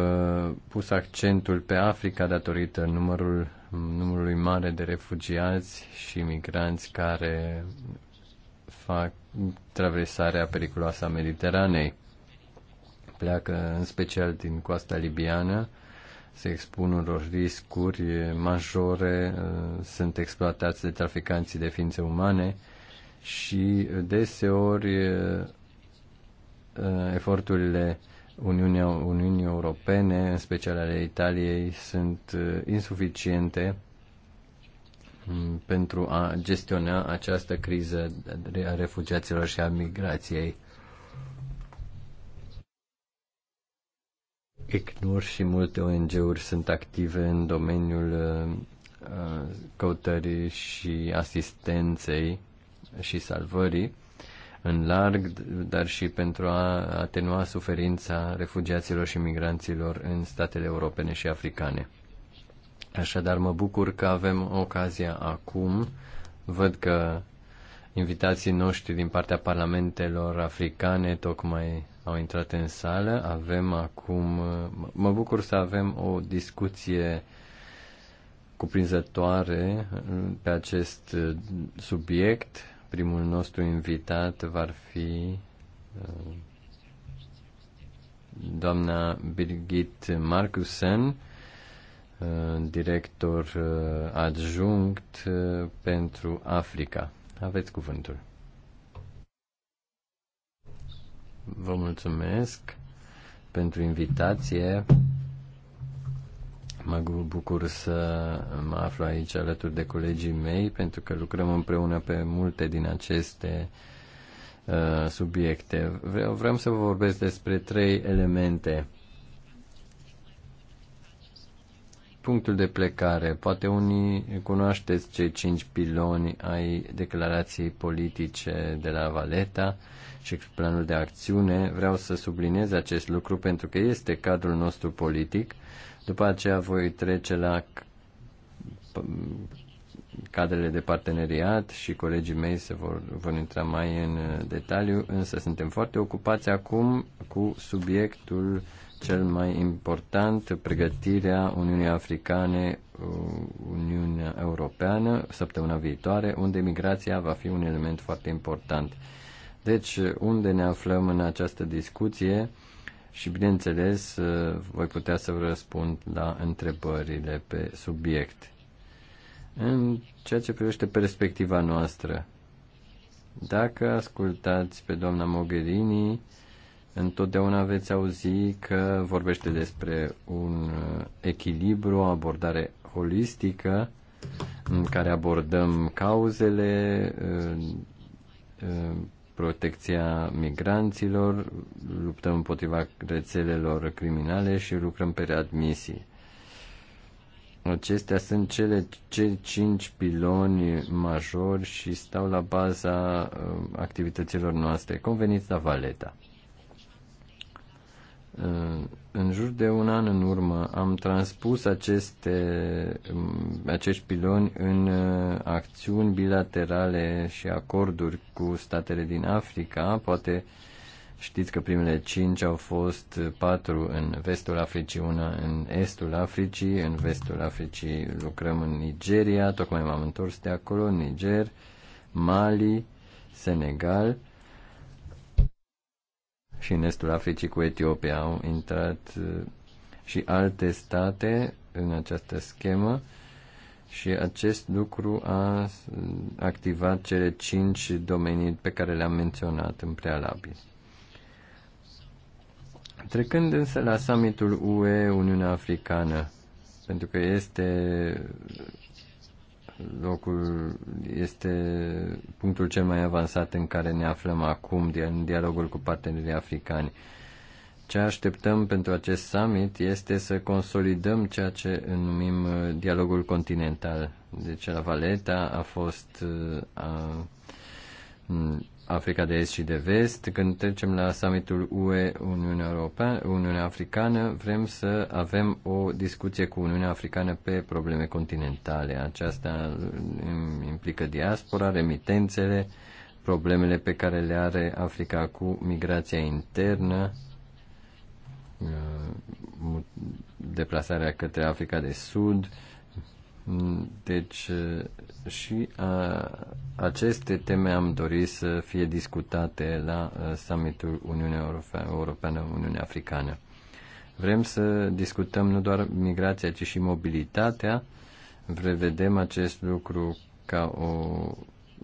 uh, pus accentul pe Africa datorită numărul, numărului mare de refugiați și migranți care fac traversarea periculoasă a Mediteranei. Pleacă în special din coasta libiană, se expun unor riscuri majore, uh, sunt exploatați de traficanții de ființe umane și uh, deseori uh, eforturile Uniunii, Uniunii Europene, în special ale Italiei, sunt insuficiente mm, pentru a gestiona această criză a refugiaților și a migrației. ECNUR și multe ONG-uri sunt active în domeniul uh, căutării și asistenței și salvării în larg, dar și pentru a atenua suferința refugiaților și migranților în statele europene și africane. Așadar, mă bucur că avem ocazia acum. Văd că invitații noștri din partea parlamentelor africane tocmai au intrat în sală. Avem acum, mă bucur să avem o discuție cuprinzătoare pe acest subiect. Primul nostru invitat va fi uh, doamna Birgit Markusen, uh, director uh, adjunct pentru Africa. Aveți cuvântul. Vă mulțumesc pentru invitație. Mă bucur să mă aflu aici alături de colegii mei pentru că lucrăm împreună pe multe din aceste uh, subiecte. Vreau, vreau să vă vorbesc despre trei elemente. Punctul de plecare. Poate unii cunoașteți cei cinci piloni ai declarației politice de la Valeta. Uh, și planul de acțiune, vreau să subliniez acest lucru pentru că este cadrul nostru politic. După aceea voi trece la cadrele de parteneriat și colegii mei se vor, vor intra mai în uh, detaliu, însă suntem foarte ocupați acum cu subiectul cel mai important, pregătirea Uniunii Africane, uh, Uniunea Europeană, săptămâna viitoare, unde migrația va fi un element foarte important. Deci, unde ne aflăm în această discuție și, bineînțeles, uh, voi putea să vă răspund la întrebările pe subiect. În ceea ce privește perspectiva noastră, dacă ascultați pe doamna Mogherini, întotdeauna veți auzi că vorbește despre un uh, echilibru, o abordare holistică în care abordăm cauzele, uh, protecția migranților, luptăm împotriva rețelelor criminale și lucrăm pe readmisii. Acestea sunt cele, cele cinci piloni majori și stau la baza uh, activităților noastre, conveniți la Valeta. Uh, în jur de un an în urmă am transpus aceste, mm, acești piloni în uh, acțiuni bilaterale și acorduri cu statele din Africa. Poate știți că primele cinci au fost patru în vestul Africii, una în estul Africii. În vestul Africii lucrăm în Nigeria, tocmai m-am întors de acolo, Niger, Mali, Senegal și în estul Africii cu Etiopia au intrat uh, și alte state în această schemă și acest lucru a uh, activat cele cinci domenii pe care le-am menționat în prealabil. Trecând însă la summitul UE-Uniunea Africană, pentru că este locul este punctul cel mai avansat în care ne aflăm acum în dialogul cu partenerii africani. Ce așteptăm pentru acest summit este să consolidăm ceea ce numim uh, dialogul continental. Deci la Valeta a fost uh, a, Africa de Est și de Vest, când trecem la summitul UE Uniunea Europeană, Uniunea Africană, vrem să avem o discuție cu Uniunea Africană pe probleme continentale. Aceasta implică diaspora, remitențele, problemele pe care le are Africa cu migrația internă, uh, deplasarea către Africa de Sud, deci și a, aceste teme am dorit să fie discutate la summitul Uniunea Europeană-Uniunea Africană. Vrem să discutăm nu doar migrația, ci și mobilitatea. Vrevedem acest lucru ca o,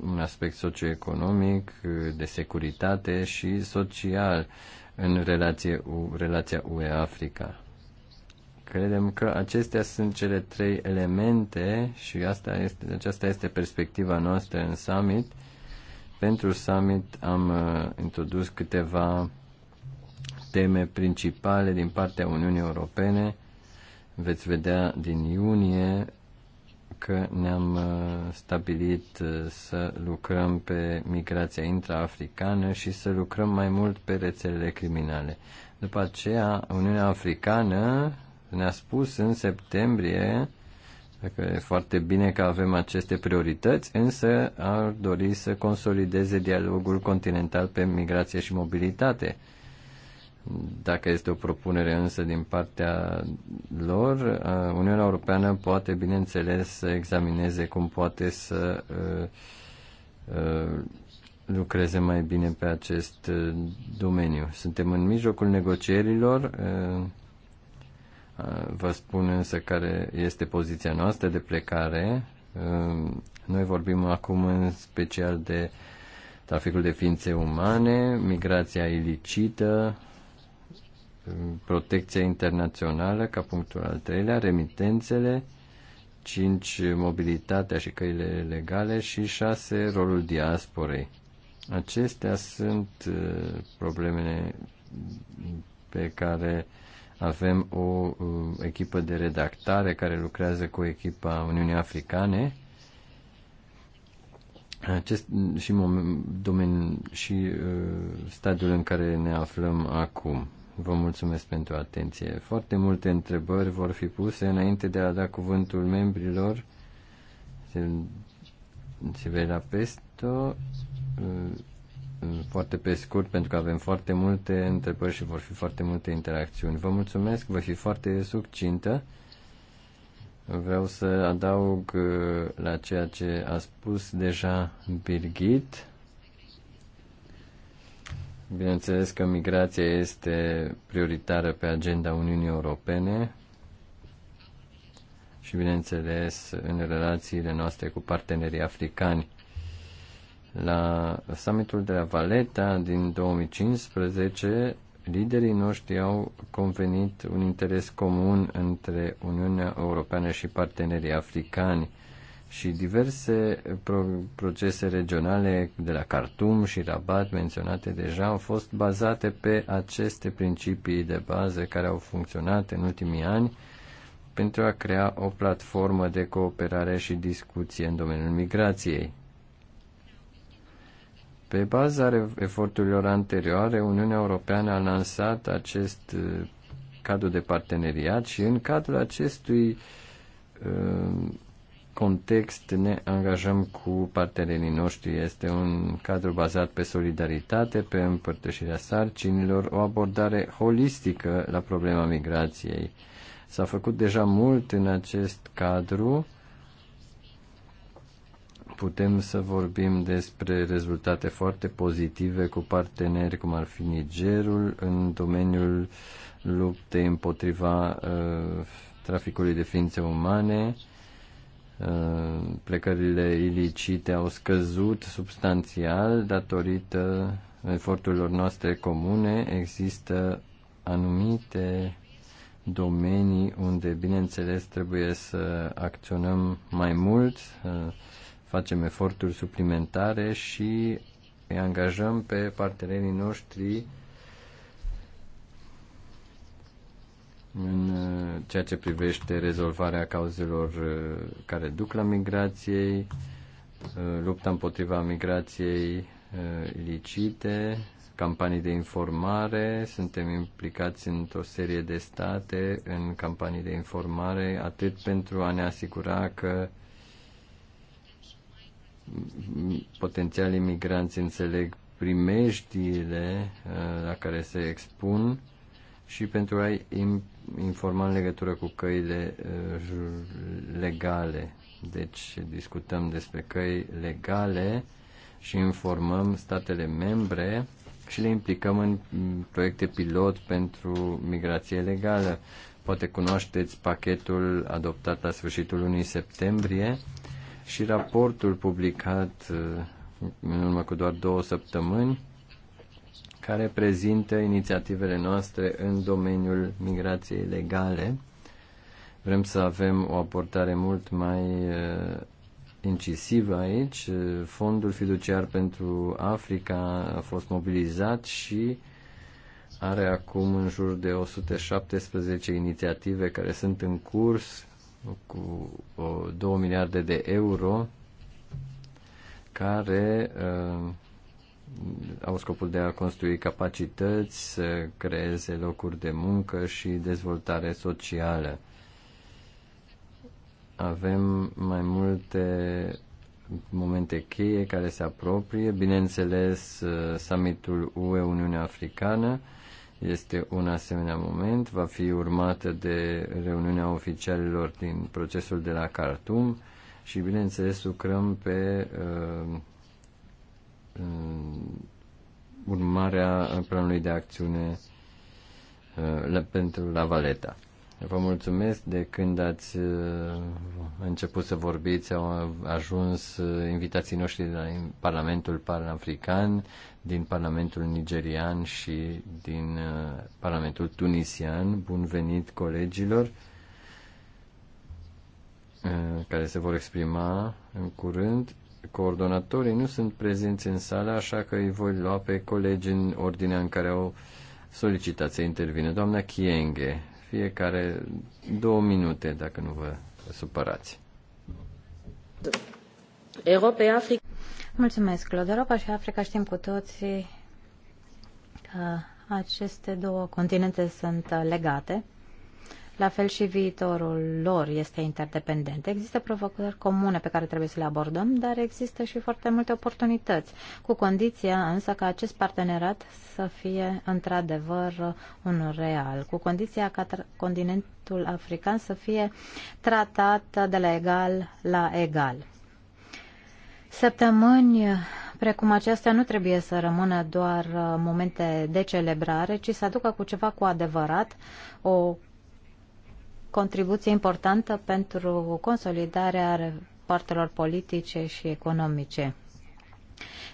un aspect socioeconomic, de securitate și social în relație, relația UE-Africa Credem că acestea sunt cele trei elemente și asta este, aceasta este perspectiva noastră în summit. Pentru summit am uh, introdus câteva teme principale din partea Uniunii Europene. Veți vedea din iunie că ne-am uh, stabilit uh, să lucrăm pe migrația intraafricană și să lucrăm mai mult pe rețelele criminale. După aceea, Uniunea Africană ne-a spus în septembrie că e foarte bine că avem aceste priorități, însă ar dori să consolideze dialogul continental pe migrație și mobilitate. Dacă este o propunere însă din partea lor, uh, Uniunea Europeană poate, bineînțeles, să examineze cum poate să uh, uh, lucreze mai bine pe acest domeniu. Suntem în mijlocul negocierilor Vă spun însă care este poziția noastră de plecare. Noi vorbim acum în special de traficul de ființe umane, migrația ilicită, protecția internațională ca punctul al treilea, remitențele, 5 mobilitatea și căile legale și 6 rolul diasporei. Acestea sunt uh, problemele pe care avem o echipă de redactare care lucrează cu echipa Uniunii Africane acest și domeniu și uh, stadiul în care ne aflăm acum. Vă mulțumesc pentru atenție. Foarte multe întrebări vor fi puse înainte de a da cuvântul membrilor. la da Pesto, uh, foarte pe scurt, pentru că avem foarte multe întrebări și vor fi foarte multe interacțiuni. Vă mulțumesc, voi fi foarte succintă. Vreau să adaug uh, la ceea ce a spus deja Birgit. Bineînțeles că migrația este prioritară pe agenda Uniunii Europene și, bineînțeles, în relațiile noastre cu partenerii africani. La summitul de la Valeta din 2015, liderii noștri au convenit un interes comun între Uniunea Europeană și partenerii africani și diverse pro- procese regionale de la Khartoum și Rabat menționate deja au fost bazate pe aceste principii de bază care au funcționat în ultimii ani pentru a crea o platformă de cooperare și discuție în domeniul migrației. Pe baza eforturilor anterioare, Uniunea Europeană a lansat acest uh, cadru de parteneriat și în cadrul acestui uh, context ne angajăm cu partenerii noștri. Este un cadru bazat pe solidaritate, pe împărtășirea sarcinilor, o abordare holistică la problema migrației. S-a făcut deja mult în acest cadru putem să vorbim despre rezultate foarte pozitive cu parteneri cum ar fi Nigerul în domeniul luptei împotriva uh, traficului de ființe umane. Uh, plecările ilicite au scăzut substanțial datorită eforturilor noastre comune. Există anumite domenii unde, bineînțeles, trebuie să acționăm mai mult. Uh, facem eforturi suplimentare și îi angajăm pe partenerii noștri în uh, ceea ce privește rezolvarea cauzelor uh, care duc la migrației, uh, lupta împotriva migrației ilicite, campanii de informare, suntem implicați într-o serie de state în campanii de informare, atât pentru a ne asigura că potențiali migranți înțeleg primejdiile uh, la care se expun și pentru a-i informa în legătură cu căile uh, legale. Deci discutăm despre căi legale și informăm statele membre și le implicăm în mm, proiecte pilot pentru migrație legală. Poate cunoașteți pachetul adoptat la sfârșitul lunii septembrie și raportul publicat uh, în urmă cu doar două săptămâni, care prezintă inițiativele noastre în domeniul migrației legale. Vrem să avem o aportare mult mai uh, incisivă aici. Fondul fiduciar pentru Africa a fost mobilizat și are acum în jur de 117 inițiative care sunt în curs cu 2 miliarde de euro care uh, au scopul de a construi capacități, să creeze locuri de muncă și dezvoltare socială. Avem mai multe momente cheie care se apropie, bineînțeles uh, summitul UE-Uniunea Africană, uh, este un asemenea moment, va fi urmată de reuniunea oficialilor din procesul de la Khartoum și, bineînțeles, lucrăm pe uh, urmarea planului de acțiune uh, pentru la Valeta. Vă mulțumesc de când ați uh, început să vorbiți, au ajuns uh, invitații noștri din Parlamentul Panafrican, din Parlamentul Nigerian și din uh, Parlamentul Tunisian. Bun venit colegilor care se vor exprima în curând. Coordonatorii nu sunt prezenți în sală, așa că îi voi lua pe colegi în ordinea în care au solicitat să intervină. Doamna Chienghe, fiecare două minute, dacă nu vă supărați. Europa și Africa. Mulțumesc, Claude. Europa și Africa știm cu toții că aceste două continente sunt legate la fel și viitorul lor este interdependent. Există provocări comune pe care trebuie să le abordăm, dar există și foarte multe oportunități, cu condiția însă ca acest partenerat să fie într-adevăr un real, cu condiția ca continentul african să fie tratat de la egal la egal. Săptămâni precum acestea nu trebuie să rămână doar momente de celebrare, ci să aducă cu ceva cu adevărat o contribuție importantă pentru consolidarea partelor politice și economice.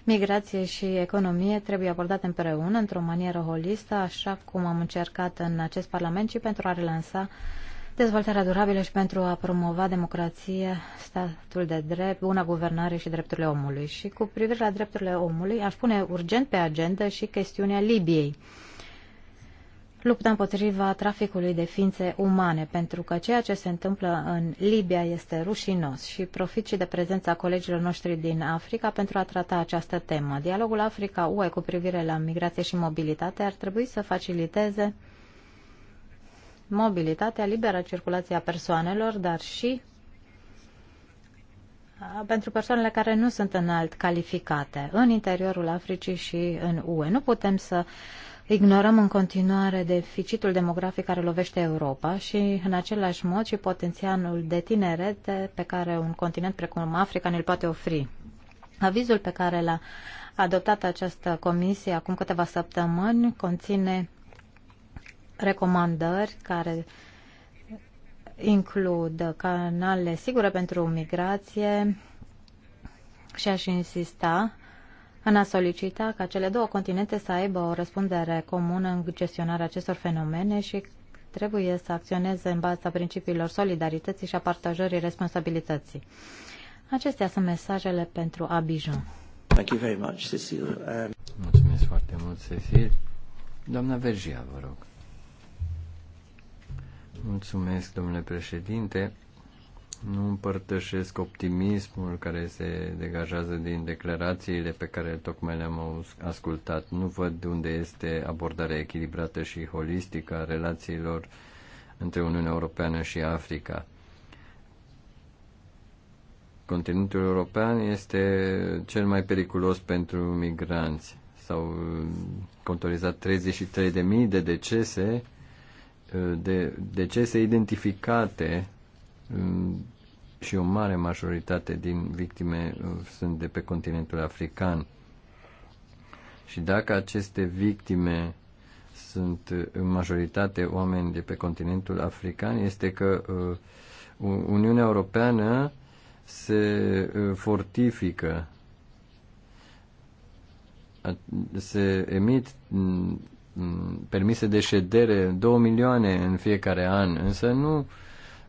Migrație și economie trebuie abordate împreună, într-o manieră holistă, așa cum am încercat în acest Parlament și pentru a relansa dezvoltarea durabilă și pentru a promova democrație, statul de drept, bună guvernare și drepturile omului. Și cu privire la drepturile omului, aș pune urgent pe agenda și chestiunea Libiei lupta împotriva traficului de ființe umane, pentru că ceea ce se întâmplă în Libia este rușinos și profit și de prezența colegilor noștri din Africa pentru a trata această temă. Dialogul Africa-UE cu privire la migrație și mobilitate ar trebui să faciliteze mobilitatea, libera circulație a persoanelor, dar și pentru persoanele care nu sunt înalt calificate în interiorul Africii și în UE. Nu putem să ignorăm în continuare deficitul demografic care lovește Europa și în același mod și potențialul de tinerete pe care un continent precum Africa ne-l poate ofri. Avizul pe care l-a adoptat această comisie acum câteva săptămâni conține recomandări care includ canale sigure pentru migrație și aș insista în a solicita ca cele două continente să aibă o răspundere comună în gestionarea acestor fenomene și trebuie să acționeze în baza principiilor solidarității și a partajării responsabilității. Acestea sunt mesajele pentru Abidjan. Thank you very much, um, Mulțumesc foarte mult, Cecil. Doamna Vergia, vă rog. Mulțumesc, domnule președinte. Nu împărtășesc optimismul care se degajează din declarațiile pe care tocmai le-am ascultat. Nu văd unde este abordarea echilibrată și holistică a relațiilor între Uniunea Europeană și Africa. Continentul european este cel mai periculos pentru migranți. S-au contorizat 33.000 de decese de decese identificate mm, și o mare majoritate din victime mm, sunt de pe continentul african. Și dacă aceste victime sunt mm, în majoritate oameni de pe continentul african, este că Uniunea Europeană se fortifică, se emit permise de ședere 2 milioane în fiecare an, însă nu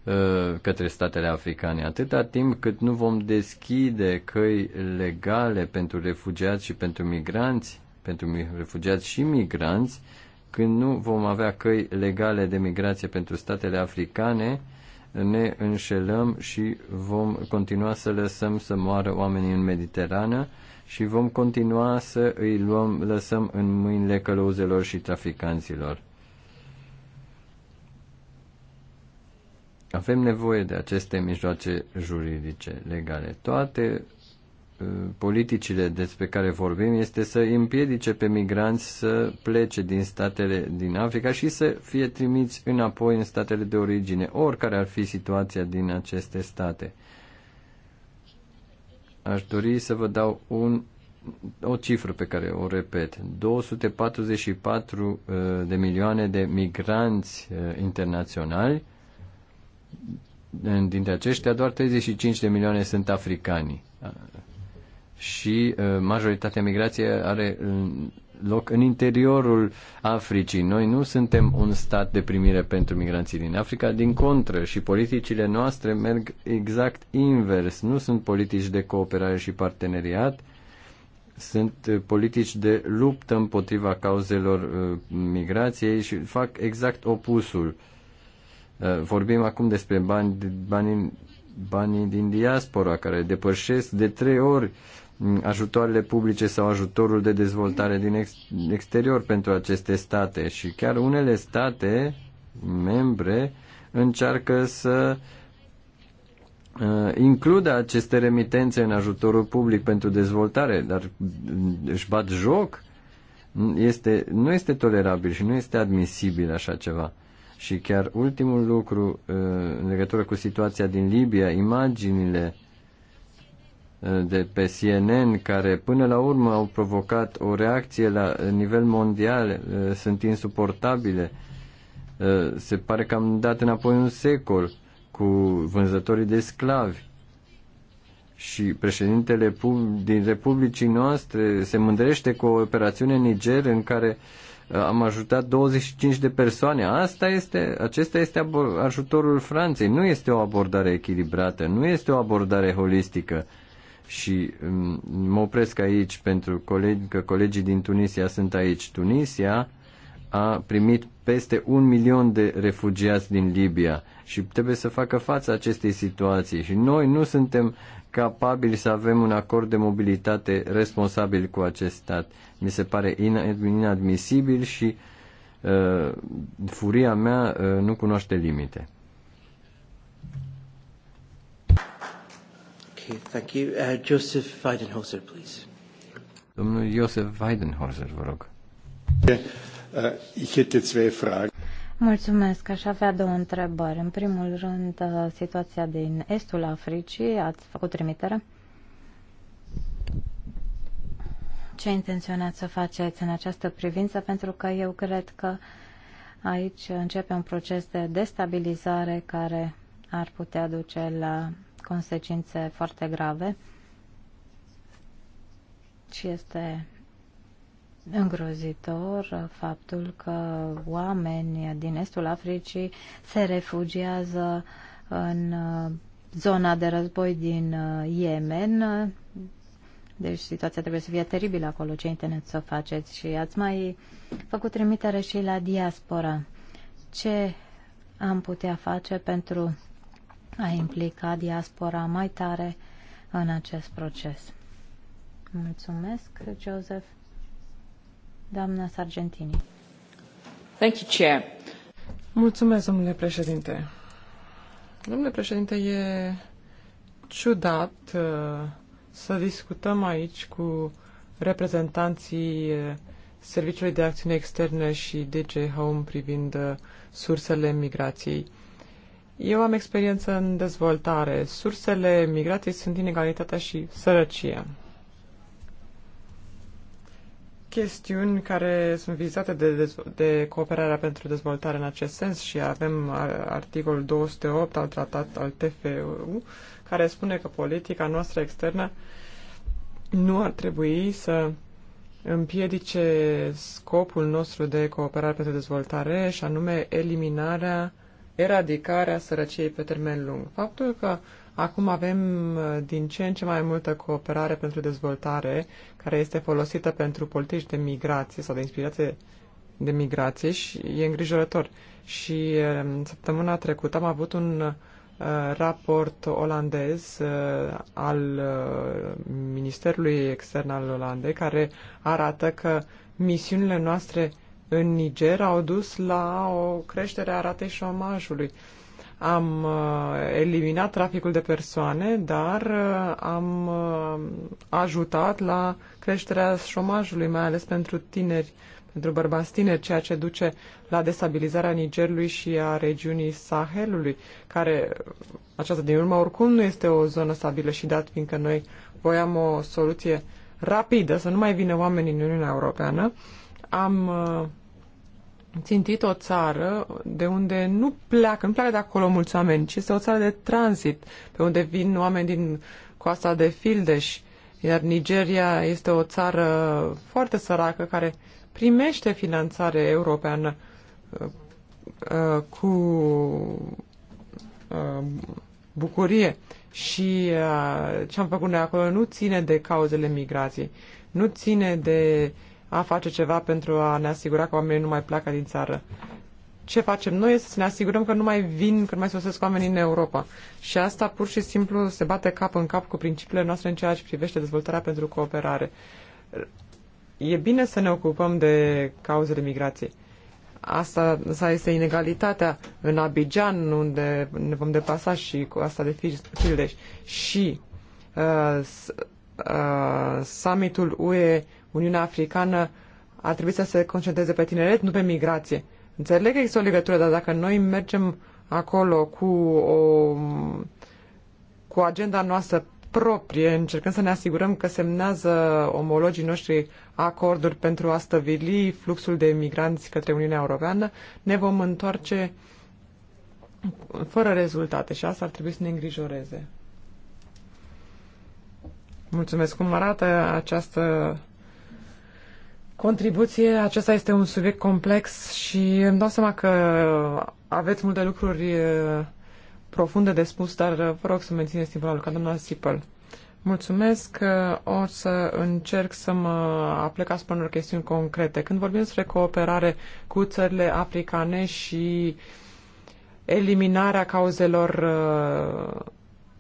uh, către statele africane. Atâta timp cât nu vom deschide căi legale pentru refugiați și pentru migranți, pentru refugiați și migranți, când nu vom avea căi legale de migrație pentru statele africane, ne înșelăm și vom continua să lăsăm să moară oamenii în Mediterană și vom continua să îi luăm, lăsăm în mâinile călăuzelor și traficanților. Avem nevoie de aceste mijloace juridice legale. Toate uh, politicile despre care vorbim este să împiedice pe migranți să plece din statele din Africa și să fie trimiți înapoi în statele de origine, oricare ar fi situația din aceste state. Aș dori să vă dau un, o cifră pe care o repet. 244 uh, de milioane de migranți uh, internaționali. Dintre aceștia, doar 35 de milioane sunt africani. Uh, și majoritatea migrației are loc în interiorul Africii. Noi nu suntem un stat de primire pentru migranții din Africa, din contră, și politicile noastre merg exact invers. Nu sunt politici de cooperare și parteneriat, sunt uh, politici de luptă împotriva cauzelor uh, migrației și fac exact opusul. Uh, vorbim acum despre bani, banii, banii din diaspora care depășesc de trei ori ajutoarele publice sau ajutorul de dezvoltare din ex- exterior pentru aceste state și chiar unele state membre încearcă să uh, includă aceste remitențe în ajutorul public pentru dezvoltare, dar își bat joc. Este, nu este tolerabil și nu este admisibil așa ceva. Și chiar ultimul lucru uh, în legătură cu situația din Libia, imaginile uh, de pe CNN, care până la urmă au provocat o reacție la nivel mondial, uh, sunt insuportabile. Uh, se pare că am dat înapoi un secol cu vânzătorii de sclavi. Și președintele din Republicii noastre se mândrește cu o operațiune în Niger în care uh, am ajutat 25 de persoane. Asta este, acesta este ajutorul Franței. Nu este o abordare echilibrată, nu este o abordare holistică și mm, mă opresc aici pentru colegi, că colegii din Tunisia sunt aici. Tunisia a primit peste un milion de refugiați din Libia și trebuie să facă față acestei situații și noi nu suntem capabili să avem un acord de mobilitate responsabil cu acest stat. Mi se pare inadmisibil și uh, furia mea uh, nu cunoaște limite. Okay, thank you. Uh, Joseph Weidenholzer, please. Domnul Joseph vă rog. Uh, Mulțumesc. Aș avea două întrebări. În primul rând, uh, situația din estul Africii. Ați făcut trimitere? Ce intenționați să faceți în această privință? Pentru că eu cred că aici începe un proces de destabilizare care ar putea duce la consecințe foarte grave și este îngrozitor faptul că oameni din estul Africii se refugiază în uh, zona de război din uh, Yemen. Deci situația trebuie să fie teribilă acolo, ce intenționați să faceți? Și ați mai făcut trimitere și la diaspora. Ce am putea face pentru a implica diaspora mai tare în acest proces. Mulțumesc, Joseph. Doamna Sargentini. Thank you, Chair. Mulțumesc, domnule președinte. Domnule președinte, e ciudat uh, să discutăm aici cu reprezentanții uh, Serviciului de Acțiune Externă și DG Home privind uh, sursele migrației. Eu am experiență în dezvoltare. Sursele migrației sunt inegalitatea și sărăcia. Chestiuni care sunt vizate de, de cooperarea pentru dezvoltare în acest sens și avem articolul 208 al tratat al TFU care spune că politica noastră externă nu ar trebui să împiedice scopul nostru de cooperare pentru dezvoltare și anume eliminarea uh, eradicarea sărăciei pe termen lung. Faptul că acum avem uh, din ce în ce mai multă cooperare pentru dezvoltare, care este folosită pentru politici de migrație sau de inspirație de migrație și e îngrijorător. Și uh, săptămâna trecută am avut un uh, raport olandez al Ministerului Extern al Olandei care arată că misiunile noastre în Niger au dus la o creștere a ratei șomajului. Am uh, eliminat traficul de persoane, dar uh, am uh, ajutat la creșterea șomajului, mai ales pentru tineri, pentru bărbați tineri, ceea ce duce la destabilizarea Nigerului și a regiunii Sahelului, care aceasta din urmă oricum nu este o zonă stabilă și dat fiindcă noi voiam o soluție rapidă, să nu mai vină oameni în Uniunea Europeană, am uh, țintit o țară de unde nu pleacă, nu pleacă de acolo mulți oameni, ci este o țară de tranzit, pe unde vin oameni din coasta de Fildeș, iar Nigeria este o țară foarte săracă care primește finanțare europeană uh, uh, cu bucurie și ce am făcut noi acolo nu ține de cauzele migrației, nu ține de uh, a face ceva pentru a ne asigura că oamenii nu mai pleacă din țară. Ce facem noi este să ne asigurăm că nu mai vin, că nu mai sosesc oamenii în Europa. Și asta pur și simplu se bate cap în cap cu principiile noastre în ceea ce privește dezvoltarea pentru cooperare. E bine să ne ocupăm de cauzele migrației. Asta, asta este inegalitatea în Abidjan, unde ne vom depasa și cu asta de Fildeș. Și uh, uh, summitul UE Uniunea Africană ar trebui să se concentreze pe tineret, nu pe migrație. Înțeleg că există o legătură, dar dacă noi mergem acolo cu, o, cu agenda noastră proprie, încercând să ne asigurăm că semnează omologii noștri acorduri pentru a stăvili fluxul de migranți către Uniunea Europeană, ne vom întoarce fără rezultate și asta ar trebui să ne îngrijoreze. Mulțumesc. Cum arată această contribuție. Acesta este un subiect complex și îmi dau seama că aveți multe lucruri profunde de spus, dar vă rog să mențineți timpul alocat, doamna Sipăl. Mulțumesc. O să încerc să mă aplec asupra unor chestiuni concrete. Când vorbim despre cooperare cu țările africane și eliminarea cauzelor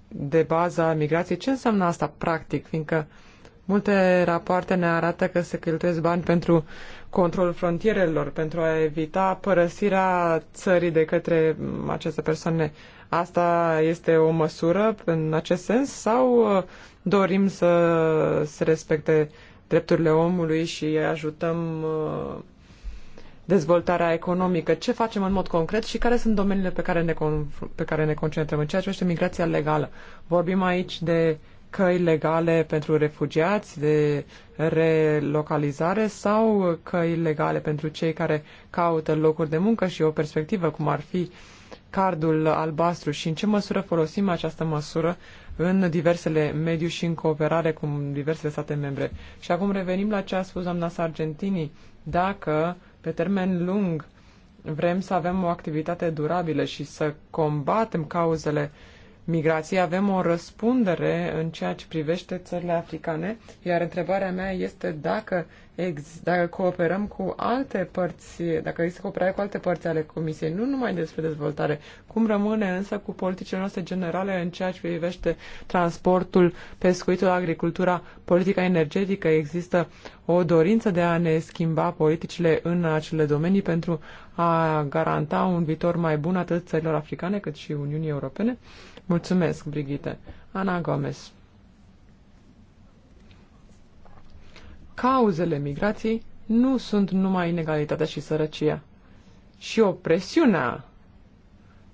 de bază a migrației, ce înseamnă asta practic? Fiindcă uh, Multe rapoarte ne arată că se cheltuiesc bani pentru controlul frontierelor, pentru a evita părăsirea țării de către aceste persoane. Asta este o măsură în acest sens sau uh, dorim să se respecte drepturile omului și ajutăm uh, dezvoltarea economică? Ce facem în mod concret și care sunt domeniile pe care ne, pe care ne concentrăm? În ceea ce este migrația legală, vorbim aici de căi legale pentru refugiați de relocalizare sau căi legale pentru cei care caută locuri de muncă și o perspectivă, cum ar fi cardul albastru și în ce măsură folosim această măsură în diversele mediu și în cooperare cu diversele state membre. Și acum revenim la ce a spus doamna Sargentini. Dacă pe termen lung vrem să avem o activitate durabilă și să combatem cauzele uh, migrației, avem o răspundere în ceea ce privește țările africane, iar întrebarea mea este dacă, ex, dacă cooperăm cu alte părți, dacă există cooperare cu alte părți ale Comisiei, nu numai despre dezvoltare, cum rămâne însă cu politicile noastre generale în ceea ce privește transportul, pescuitul, agricultura, politica energetică, există o dorință de a ne schimba politicile în acele domenii pentru a garanta un viitor mai bun atât țărilor africane cât și Uniunii Europene. Mulțumesc, Brigitte. Ana Gomez. Cauzele migrației nu sunt numai inegalitatea și sărăcia. Și opresiunea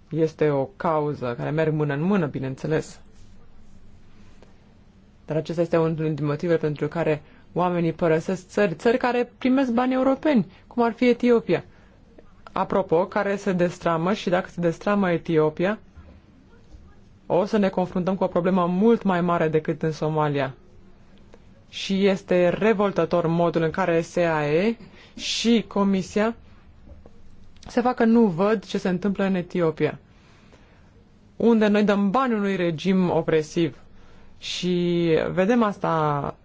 este o cauză care merg mână în mână, bineînțeles. Dar acesta este unul din motivele pentru care oamenii părăsesc țări, țări care primesc bani europeni, cum ar fi Etiopia. Apropo, care se destramă și dacă se destramă Etiopia, o să ne confruntăm cu o problemă mult mai mare decât în Somalia. Și este revoltător modul în care SAE și Comisia se facă nu văd ce se întâmplă în Etiopia, unde noi dăm bani unui regim opresiv. Și vedem asta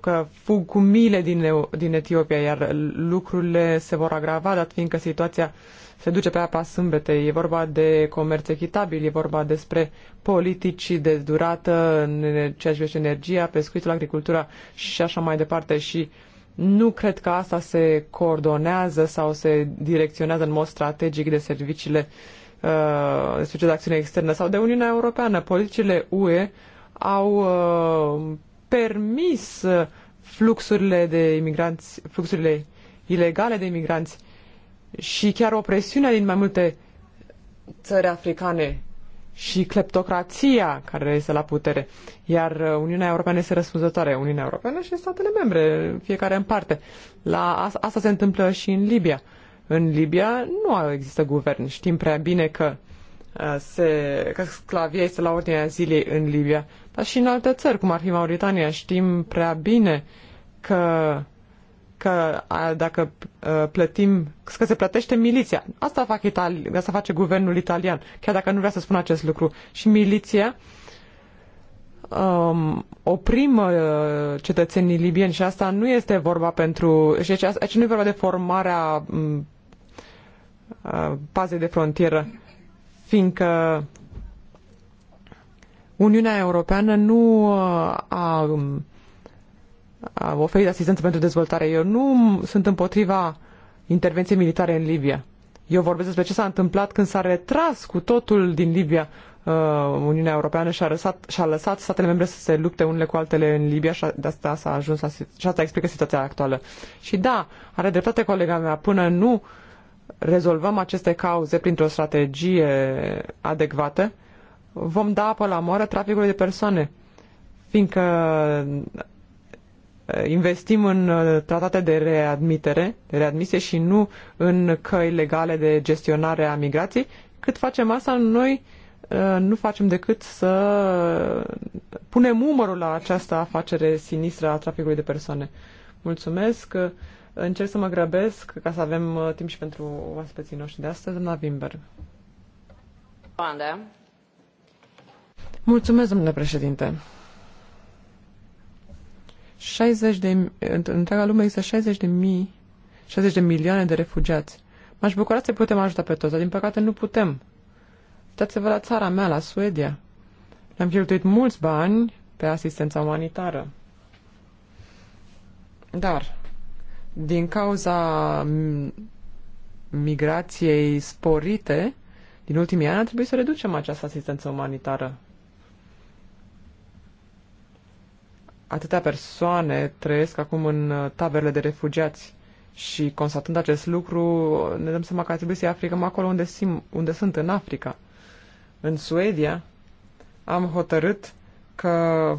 că fug cu mile din, din Etiopia, iar lucrurile se vor agrava, dat fiindcă situația uh, se duce pe apa sâmbetei. E vorba de comerț echitabil, e vorba despre politici de durată în ceea ce privește energia, pescuitul, agricultura și așa mai departe. Și nu cred că asta se coordonează sau se direcționează în mod strategic de serviciile uh, de acțiune externă sau de Uniunea Europeană. Politicile UE au uh, permis uh, fluxurile de imigranți, fluxurile ilegale de imigranți uh, și chiar opresiunea din mai multe țări africane și cleptocrația care este la putere, iar uh, Uniunea Europeană este răspunzătoare, Uniunea Europeană și statele membre, fiecare în parte. La asta se întâmplă și în Libia. În Libia nu există guvern. Știm prea bine că, uh, se, că sclavia este la ordinea zilei în Libia, dar și în alte țări, cum ar fi Mauritania. Știm prea bine că că dacă ă, plătim, că se plătește miliția. Asta, fac Italia, asta face guvernul italian, chiar dacă nu vrea să spună acest lucru. Și miliția um, oprimă ă, cetățenii libieni și asta nu este vorba pentru... Și aici, aici nu e vorba de formarea um, pazei de frontieră, fiindcă Uniunea Europeană nu a... Um, oferit asistență pentru dezvoltare. Eu nu sunt împotriva intervenției militare în Libia. Eu vorbesc despre ce s-a întâmplat când s-a retras cu totul din Libia uh, Uniunea Europeană și-a, răsat, și-a lăsat statele membre să se lupte unele cu altele în Libia și de asta s-a ajuns la, și asta explică situația actuală. Și da, are dreptate colega mea, până nu rezolvăm aceste cauze printr-o strategie adecvată, vom da apă la moară traficului de persoane, fiindcă Eh, investim în eh, tratate de readmitere, de readmisie și nu în căi legale de gestionare a migrației, cât facem asta, noi eh, nu facem decât să punem umărul la această afacere sinistră a traficului de persoane. Mulțumesc! Încerc să mă grăbesc ca să avem timp și pentru oaspeții noștri de astăzi, doamna Wimberg. Mulțumesc, domnule președinte! 60 de, în întreaga lume există 60 de mii, 60 de milioane de refugiați. M-aș bucura să putem ajuta pe toți, dar din păcate nu putem. Uitați-vă la țara mea, la Suedia. Ne-am cheltuit mulți bani pe asistența umanitară. Dar, din cauza migrației sporite din ultimii ani, a trebuit să reducem această asistență umanitară. atâtea persoane trăiesc acum în uh, taberele de refugiați și constatând acest lucru ne dăm seama că ar trebui să-i africăm acolo unde, sim, unde sunt, în Africa. În Suedia am hotărât că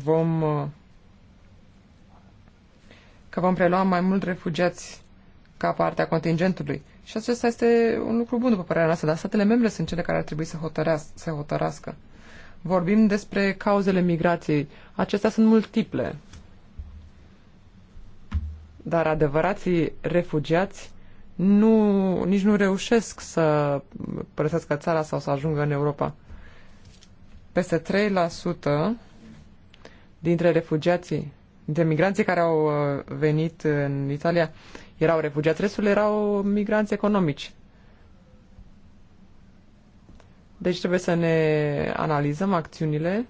vom uh, că vom prelua mai mult refugiați ca parte a contingentului. Și acesta este un lucru bun, după părerea noastră, dar statele membre sunt cele care ar trebui să, hotărească, să hotărască. Vorbim despre cauzele migrației. Acestea sunt multiple. Dar adevărații refugiați nu, nici nu reușesc să părăsească țara sau să ajungă în Europa. Peste 3% dintre refugiații, dintre migranții care au uh, venit în Italia, erau refugiați, restul erau migranți economici. Deci trebuie să ne analizăm acțiunile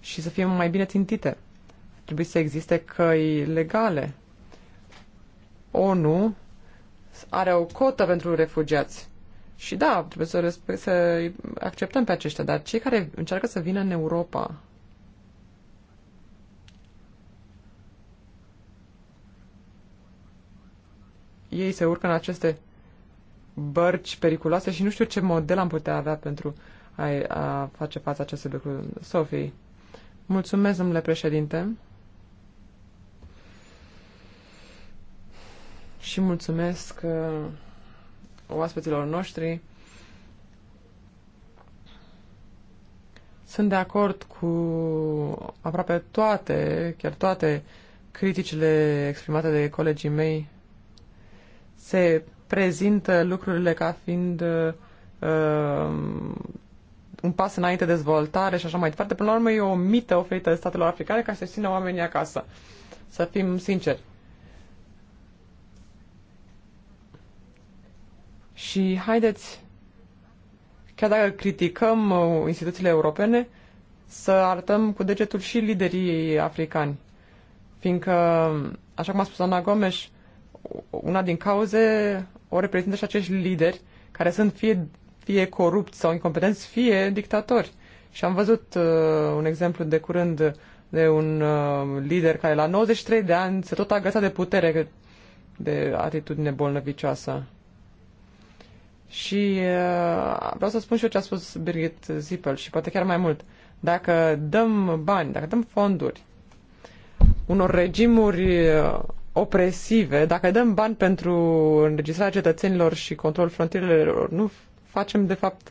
și să fim mai bine țintite. Trebuie să existe căi legale. ONU are o cotă pentru refugiați. Și da, trebuie să, respect, să acceptăm pe aceștia, dar cei care încearcă să vină în Europa ei se urcă în aceste bărci periculoase și nu știu ce model am putea avea pentru a, a face față acestui lucru. Sofie, mulțumesc, domnule președinte. Și mulțumesc uh, oaspeților noștri. Sunt de acord cu aproape toate, chiar toate criticile exprimate de colegii mei. Se prezintă lucrurile ca fiind uh, un pas înainte dezvoltare și așa mai departe. Până la urmă e o mită oferită de statelor africane ca să țină oamenii acasă. Să fim sinceri. Și haideți, chiar dacă criticăm uh, instituțiile europene, să arătăm cu degetul și liderii africani. Fiindcă, așa cum a spus Ana Gomes, una din cauze o reprezintă și acești lideri care sunt fie, fie corupți sau incompetenți, fie dictatori. Și am văzut uh, un exemplu de curând de un uh, lider care la 93 de ani se tot agăța de putere, de atitudine bolnăvicioasă. Și uh, vreau să spun și eu ce a spus Birgit Zippel și poate chiar mai mult. Dacă dăm bani, dacă dăm fonduri unor regimuri uh, opresive, dacă dăm bani pentru înregistrarea cetățenilor și controlul frontierelor, nu facem de fapt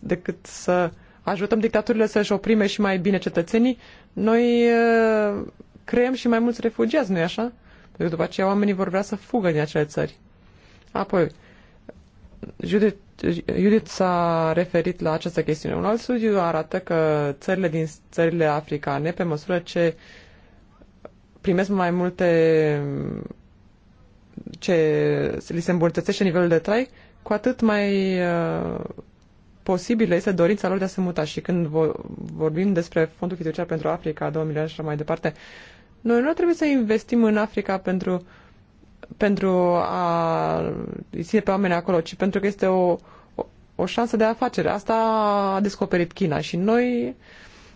decât să ajutăm dictaturile să-și oprime și mai bine cetățenii, noi uh, creăm și mai mulți refugiați, nu-i așa? Pentru că după aceea oamenii vor vrea să fugă din acele țări. Apoi, Judith, Judith s-a referit la această chestiune. Un alt studiu arată că țările din țările africane, pe măsură ce primesc mai multe ce li se îmbunătățește nivelul de trai, cu atât mai uh, posibilă este dorința lor de a se muta. Și când vorbim despre Fondul Fiduciar pentru Africa, 2 milioane și așa mai departe, noi nu trebuie să investim în Africa pentru, pentru a ține pe oameni acolo, ci pentru că este o, o, o șansă de afacere. Asta a descoperit China și noi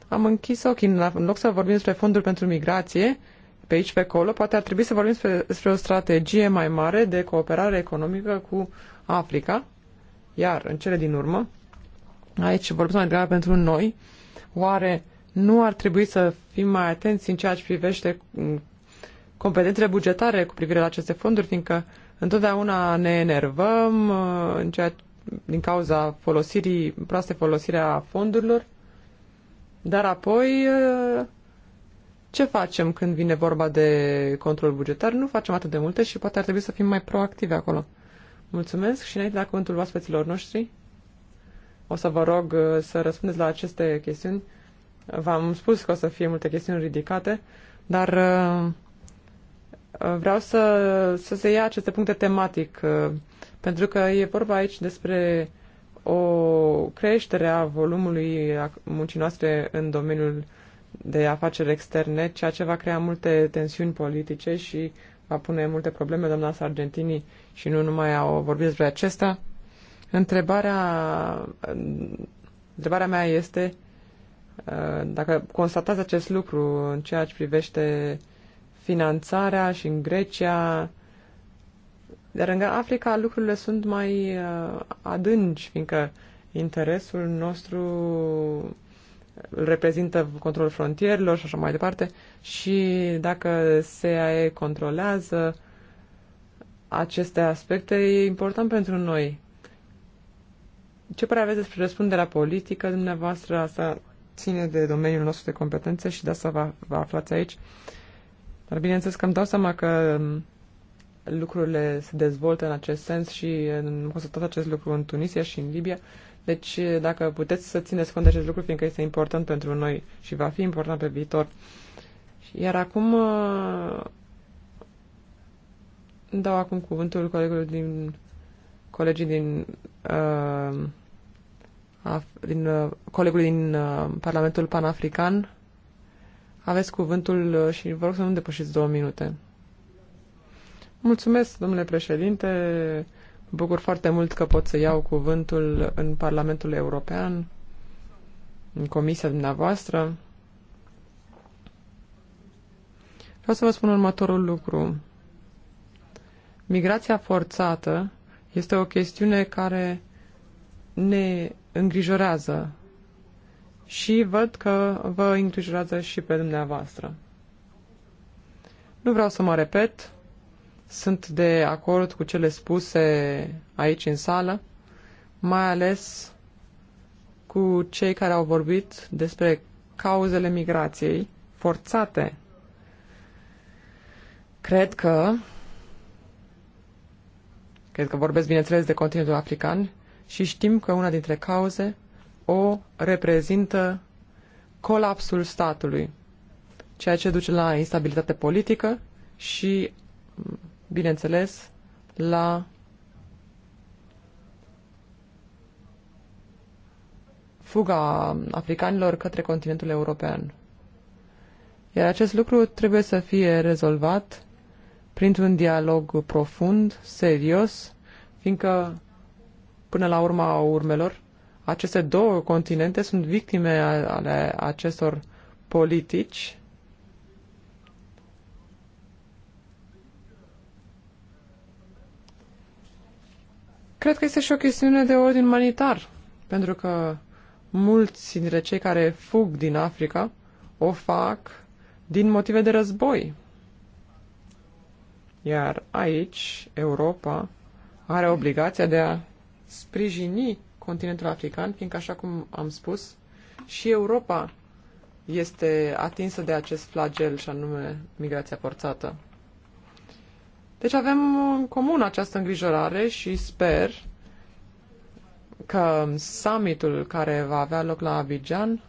am închis ochii. În loc să vorbim despre fonduri pentru migrație, uh, pe aici, pe acolo, poate ar trebui să vorbim despre, despre o strategie mai mare de cooperare economică cu Africa, iar în cele din urmă, aici vorbim mai degrabă pentru noi, oare nu ar trebui să fim mai atenți în ceea ce privește mm, competențele bugetare cu privire la aceste fonduri, fiindcă întotdeauna ne enervăm uh, în ceea, din cauza folosirii, proaste folosirea fondurilor, dar apoi uh, ce facem când vine vorba de control bugetar? Nu facem atât de multe și poate ar trebui să fim mai proactive acolo. Mulțumesc și înainte la da cuvântul oaspeților noștri, o să vă rog uh, să răspundeți la aceste chestiuni. V-am spus că o să fie multe chestiuni ridicate, dar uh, uh, vreau să, să se ia aceste puncte tematic, pentru că e vorba aici despre o creștere a volumului muncii noastre în domeniul de afaceri externe, ceea ce va crea multe tensiuni politice și va pune multe probleme. Doamna Sargentini și nu numai au vorbit despre acesta. Întrebarea, întrebarea mea este uh, dacă constatați acest lucru în ceea ce privește finanțarea și în Grecia, dar în Africa lucrurile sunt mai uh, adânci, fiindcă interesul nostru îl reprezintă controlul frontierilor și așa mai departe. Și dacă SAE controlează aceste aspecte, e important pentru noi. Ce părere aveți despre răspunderea politică dumneavoastră? Asta ține de domeniul nostru de competențe și de asta vă, vă aflați aici. Dar bineînțeles că îmi dau seama că um, lucrurile se dezvoltă în acest sens și am constatat acest lucru în Tunisia și în Libia deci, dacă puteți să țineți cont de acest lucru, fiindcă este important pentru noi și va fi important pe viitor. Iar acum uh, dau acum cuvântul colegului din colegii din uh, af, din uh, colegului din uh, Parlamentul Panafrican. Aveți cuvântul uh, și vă rog să nu depășiți două minute. Mulțumesc, domnule președinte bucur foarte mult că pot să iau cuvântul în Parlamentul European, în comisia dumneavoastră. Vreau să vă spun următorul lucru. Migrația forțată este o chestiune care ne îngrijorează și văd că vă îngrijorează și pe dumneavoastră. Nu vreau să mă repet, sunt de acord cu cele spuse aici în sală, mai ales cu cei care au vorbit despre cauzele migrației forțate. Cred că cred că vorbesc bineînțeles de continentul african și știm că una dintre cauze o reprezintă colapsul statului, ceea ce duce la instabilitate politică și bineînțeles, la fuga africanilor către continentul european. Iar acest lucru trebuie să fie rezolvat printr-un dialog profund, serios, fiindcă, până la urma urmelor, aceste două continente sunt victime ale acestor politici Cred că este și o chestiune de ordin umanitar, pentru că mulți dintre cei care fug din Africa o fac din motive de război. Iar aici, Europa are obligația de a sprijini continentul african, fiindcă, așa cum am spus, și Europa este atinsă de acest flagel, și anume migrația forțată. Deci avem în comun această îngrijorare și sper că summitul care va avea loc la Abidjan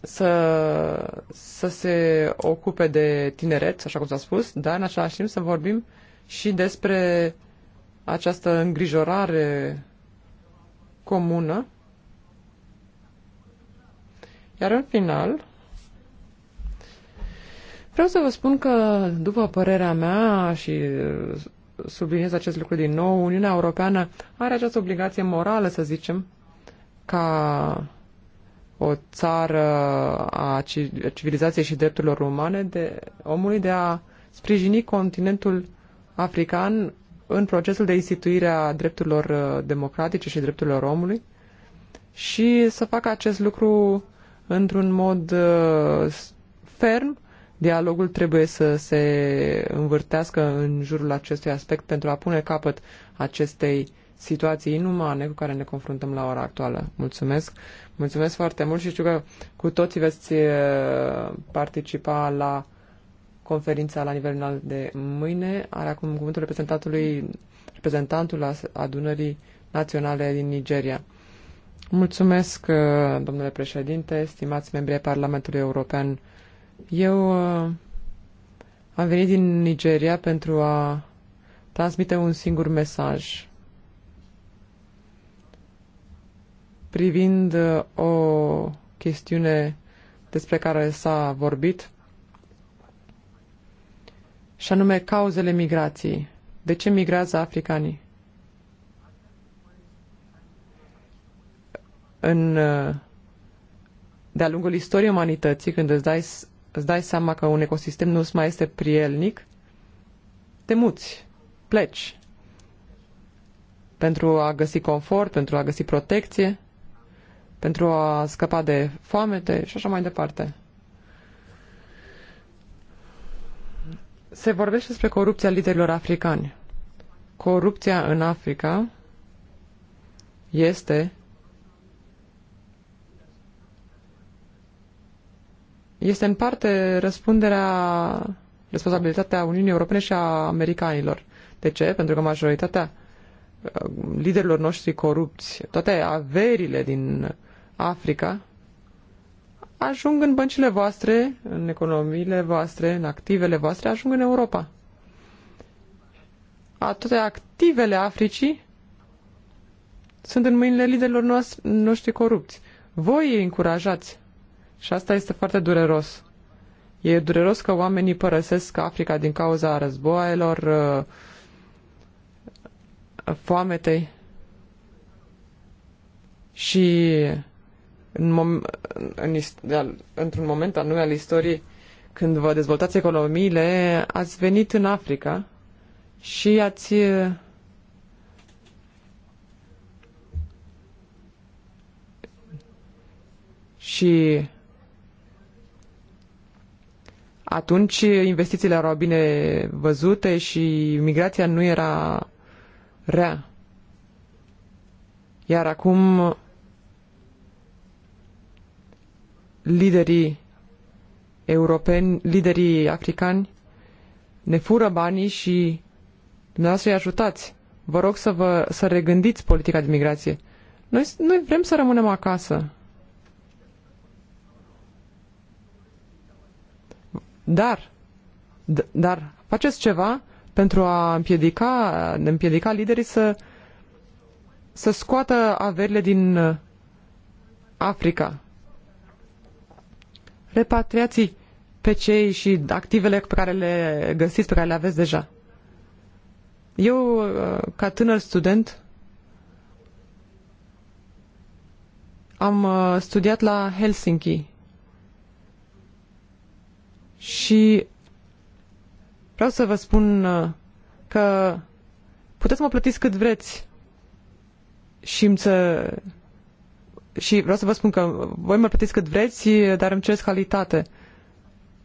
să, să se ocupe de tineret, așa cum s-a spus, dar în același timp să vorbim și despre această îngrijorare comună. Iar în final, Vreau să vă spun că, după părerea mea și subliniez acest lucru din nou, Uniunea Europeană are această obligație morală, să zicem, ca o țară a civilizației și drepturilor umane de omului de a sprijini continentul african în procesul de instituire a drepturilor uh, democratice și drepturilor omului și să facă acest lucru într-un mod uh, ferm Dialogul trebuie să se învârtească în jurul acestui aspect pentru a pune capăt acestei situații inumane cu care ne confruntăm la ora actuală. Mulțumesc! Mulțumesc foarte mult și știu că cu toții veți participa la conferința la nivel înalt de mâine. Are acum cuvântul reprezentantului, reprezentantul adunării naționale din Nigeria. Mulțumesc, domnule președinte, stimați membri ai Parlamentului European, eu uh, am venit din Nigeria pentru a transmite un singur mesaj privind uh, o chestiune despre care s-a vorbit, și anume cauzele migrației. De ce migrează africanii? În, uh, de-a lungul istoriei umanității, când îți dai îți dai seama că un ecosistem nu mai este prielnic, te muți, pleci. Pentru a găsi confort, pentru a găsi protecție, pentru a scăpa de foamete și așa mai departe. Se vorbește despre corupția liderilor africani. Corupția în Africa este este în parte răspunderea, responsabilitatea Uniunii Europene și a americanilor. De ce? Pentru că majoritatea uh, liderilor noștri corupți, toate averile din Africa, ajung în băncile voastre, în economiile voastre, în activele voastre, ajung în Europa. A, toate activele Africii sunt în mâinile liderilor noștri corupți. Voi îi încurajați și asta este foarte dureros. E dureros că oamenii părăsesc Africa din cauza războaielor, uh, foametei și în mom- în într-un moment anume al istoriei, când vă dezvoltați economiile, ați venit în Africa și ați uh, și atunci investițiile erau bine văzute și migrația nu era rea. Iar acum liderii europeni, liderii africani ne fură banii și dumneavoastră îi ajutați. Vă rog să, vă, să regândiți politica de migrație. Noi, noi vrem să rămânem acasă. Dar, dar faceți ceva pentru a împiedica, împiedica liderii să, să scoată averile din uh, Africa. Repatriați pe cei și activele pe care le găsiți, pe care le aveți deja. Eu, uh, ca tânăr student, am uh, studiat la Helsinki și vreau să vă spun uh, că puteți să mă plătiți cât vreți și îmi să... Și vreau să vă spun că voi mă plătiți cât vreți, dar îmi cereți calitate.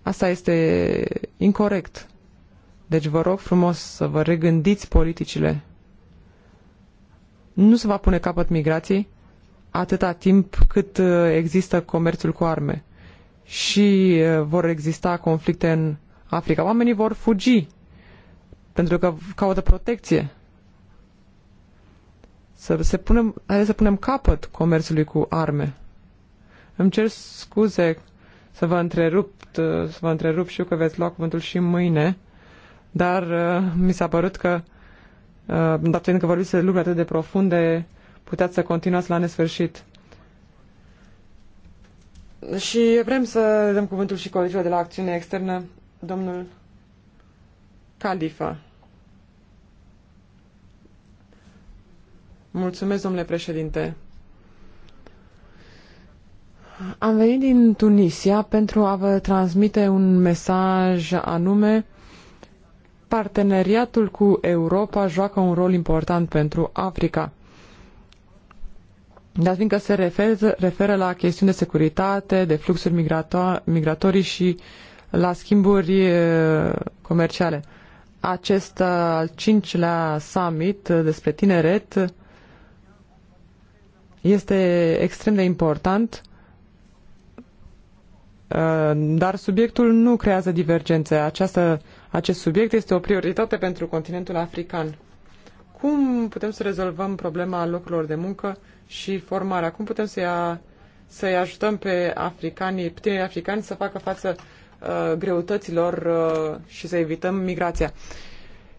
Asta este incorrect. Deci vă rog frumos să vă regândiți politicile. Nu se va pune capăt migrației atâta timp cât uh, există comerțul cu arme și uh, vor exista conflicte în Africa. Oamenii vor fugi pentru că caută protecție. Să se punem, hai să punem capăt comerțului cu arme. Îmi cer scuze să vă întrerup, uh, să vă întrerup și eu că veți lua cuvântul și mâine, dar uh, mi s-a părut că, uh, dat că vorbiți de lucruri atât de profunde, puteați să continuați la nesfârșit. Și vrem să dăm cuvântul și colegilor de la acțiune externă, domnul Califa. Mulțumesc, domnule președinte. Am venit din Tunisia pentru a vă transmite un mesaj anume Parteneriatul cu Europa joacă un rol important pentru Africa dar fiindcă se referă, referă la chestiuni de securitate, de fluxuri migrato- migratorii și la schimburi comerciale. Acest uh, al cincilea summit uh, despre tineret este extrem de important, uh, dar subiectul nu creează divergențe. Această, acest subiect este o prioritate pentru continentul african. Cum putem să rezolvăm problema locurilor de muncă și formarea. Cum putem să-i, să, -i, ajutăm pe africanii, tinerii africani să facă față uh, greutăților uh, și să evităm migrația?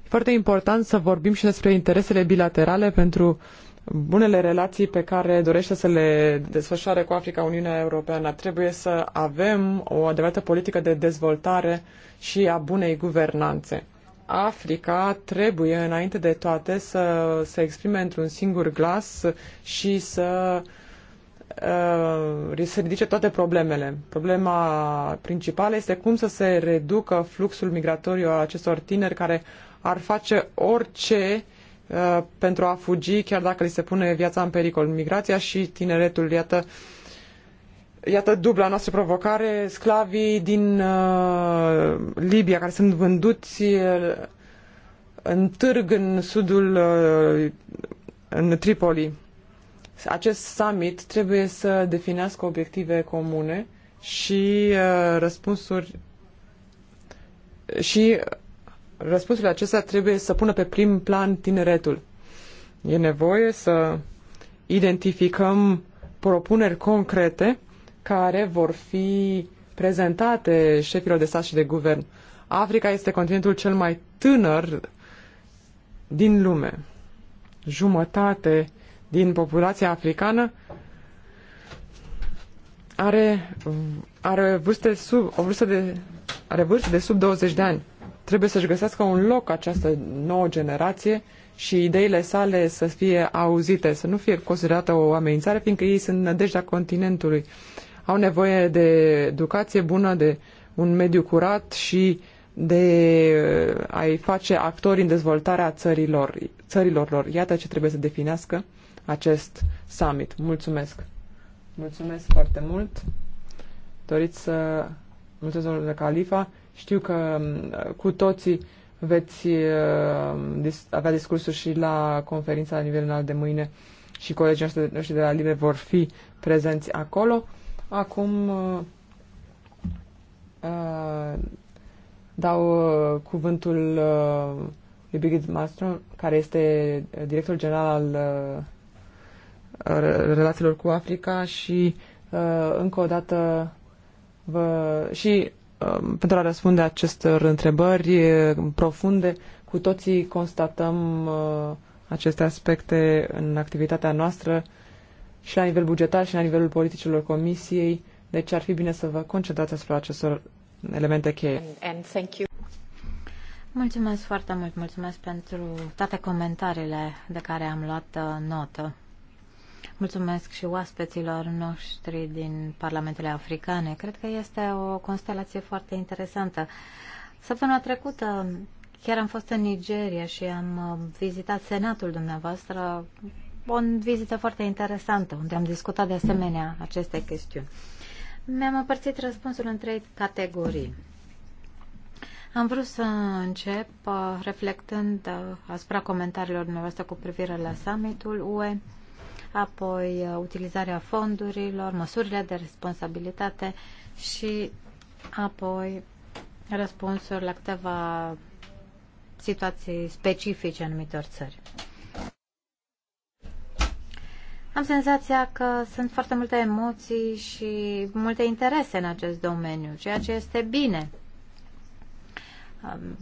E foarte important să vorbim și despre interesele bilaterale pentru bunele relații pe care dorește să le desfășoare cu Africa Uniunea Europeană. Trebuie să avem o adevărată politică de dezvoltare și a bunei guvernanțe. Africa trebuie, înainte de toate, să se exprime într-un singur glas și să uh, se ridice toate problemele. Problema principală este cum să se reducă fluxul migratoriu al acestor tineri care ar face orice uh, pentru a fugi, chiar dacă li se pune viața în pericol. Migrația și tineretul, iată, uh, Iată dubla noastră provocare, sclavii din uh, Libia care sunt vânduți uh, în târg în sudul, uh, în Tripoli. Acest summit trebuie să definească obiective comune și uh, răspunsuri și răspunsurile acestea trebuie să pună pe prim plan tineretul. E nevoie să identificăm propuneri concrete care vor fi prezentate șefilor de stat și de guvern. Africa este continentul cel mai tânăr din lume. Jumătate din populația africană are, are vârste sub, o vârstă de, are vârste de sub 20 de ani. Trebuie să-și găsească un loc această nouă generație și ideile sale să fie auzite, să nu fie considerată o amenințare, fiindcă ei sunt nădejdea continentului. Uh, au nevoie de educație bună, de un mediu curat și de uh, a-i face actori în dezvoltarea țărilor, țărilor lor. Iată ce trebuie să definească acest summit. Mulțumesc! Mulțumesc foarte mult! Doriți să... Mulțumesc, domnule Califa! Știu că um, cu toții veți uh, avea discursuri și la conferința la nivel înalt de mâine și colegii noștri de la Libre vor fi prezenți acolo. Acum uh, uh, dau uh, cuvântul uh, lui Birgit Malmström, care este uh, director general al uh, relațiilor cu Africa și uh, încă o dată vă, și uh, pentru a răspunde acestor întrebări uh, profunde, cu toții constatăm uh, aceste aspecte în activitatea noastră și la nivel bugetar și la nivelul politicilor comisiei, deci ar fi bine să vă concentrați asupra acestor elemente cheie. And, and thank you. Mulțumesc foarte mult, mulțumesc pentru toate comentariile de care am luat uh, notă. Mulțumesc și oaspeților noștri din Parlamentele Africane. Cred că este o constelație foarte interesantă. Săptămâna trecută chiar am fost în Nigeria și am uh, vizitat Senatul dumneavoastră o vizită foarte interesantă, unde am discutat de asemenea aceste chestiuni. Mi-am împărțit răspunsul în trei categorii. Am vrut să încep uh, reflectând uh, asupra comentariilor dumneavoastră cu privire la summitul UE, apoi uh, utilizarea fondurilor, măsurile de responsabilitate și apoi răspunsuri la câteva situații specifice anumitor țări. Am senzația că sunt foarte multe emoții și multe interese în acest domeniu, ceea ce este bine.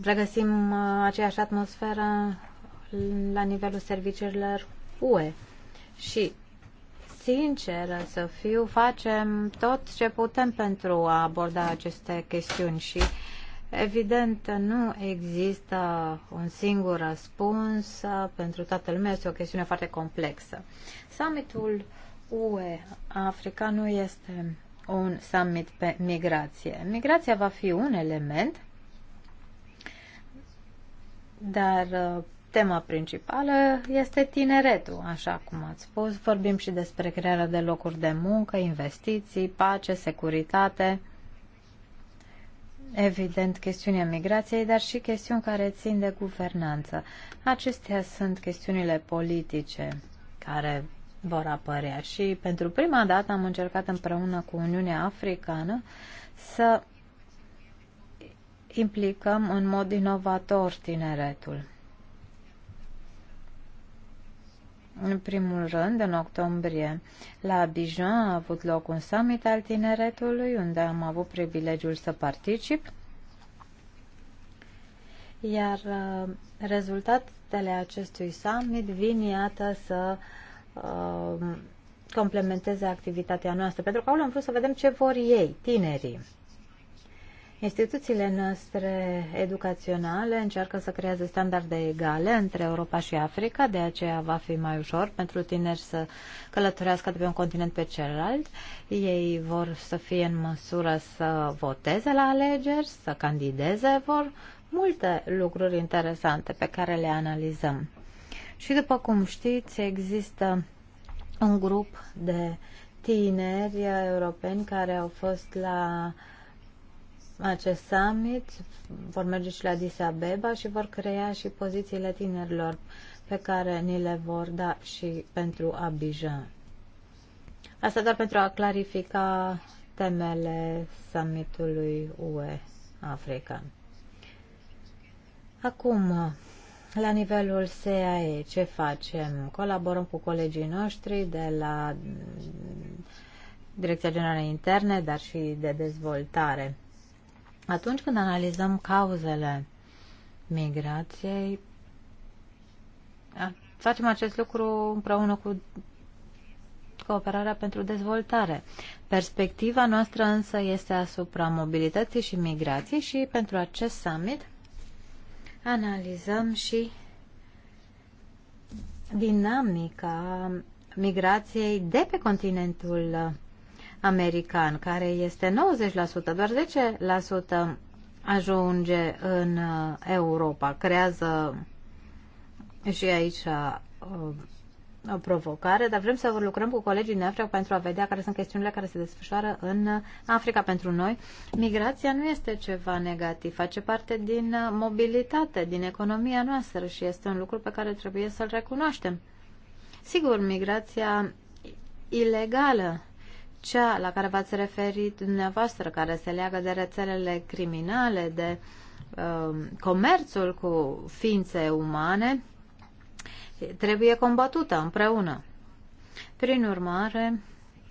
Regăsim uh, aceeași atmosferă la nivelul serviciilor UE și sincer să fiu, facem tot ce putem pentru a aborda aceste chestiuni și uh, Evident, nu există un singur răspuns pentru toată lumea, este o chestiune foarte complexă. Summitul UE Africa nu este un summit pe migrație. Migrația va fi un element, dar uh, tema principală este tineretul, așa cum ați spus. Vorbim și despre crearea de locuri de muncă, investiții, pace, securitate evident, chestiunea migrației, dar și chestiuni care țin de guvernanță. Acestea sunt chestiunile politice care vor apărea și pentru prima dată am încercat împreună cu Uniunea Africană să implicăm în mod inovator tineretul. În primul rând, în octombrie, la Abidjan a avut loc un summit al tineretului, unde am avut privilegiul să particip. Iar uh, rezultatele acestui summit vin, iată, să uh, complementeze activitatea noastră, pentru că acolo am vrut să vedem ce vor ei, tinerii. Instituțiile noastre educaționale încearcă să creeze standarde egale între Europa și Africa, de aceea va fi mai ușor pentru tineri să călătorească de pe un continent pe celălalt. Ei vor să fie în măsură să voteze la alegeri, să candideze, vor multe lucruri interesante pe care le analizăm. Și după cum știți, există un grup de tineri europeni care au fost la uh, acest summit, vor merge și la disabeba și vor crea și pozițiile tinerilor pe care ni le vor da și pentru Abidjan. Asta doar pentru a clarifica temele summitului UE Africa. Acum, la nivelul SAE, ce facem? Colaborăm cu colegii noștri de la Direcția Generală Interne, dar și de dezvoltare. Atunci când analizăm cauzele migrației, facem acest lucru împreună cu cooperarea pentru dezvoltare. Perspectiva noastră însă este asupra mobilității și migrației și pentru acest summit analizăm și dinamica migrației de pe continentul american, care este 90%, doar 10% ajunge în uh, Europa, creează și aici uh, o, provocare, dar vrem să lucrăm cu colegii din Africa pentru a vedea care sunt chestiunile care se desfășoară în uh, Africa pentru noi. Migrația nu este ceva negativ, face parte din mobilitate, din economia noastră și este un lucru pe care trebuie să-l recunoaștem. Sigur, migrația ilegală cea la care v-ați referit dumneavoastră, care se leagă de rețelele criminale, de uh, comerțul cu ființe umane, trebuie combătută împreună. Prin urmare,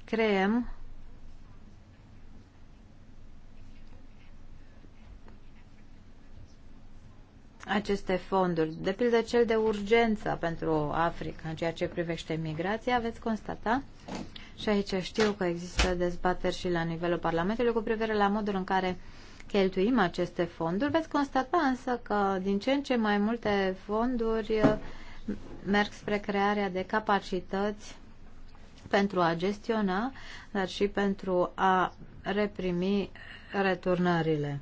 creăm aceste fonduri, de pildă cel de urgență pentru Africa în ceea ce privește migrația, veți constata și aici știu că există dezbateri și la nivelul Parlamentului cu privire la modul în care cheltuim aceste fonduri. Veți constata însă că din ce în ce mai multe fonduri uh, merg spre crearea de capacități pentru a gestiona, dar și pentru a reprimi returnările.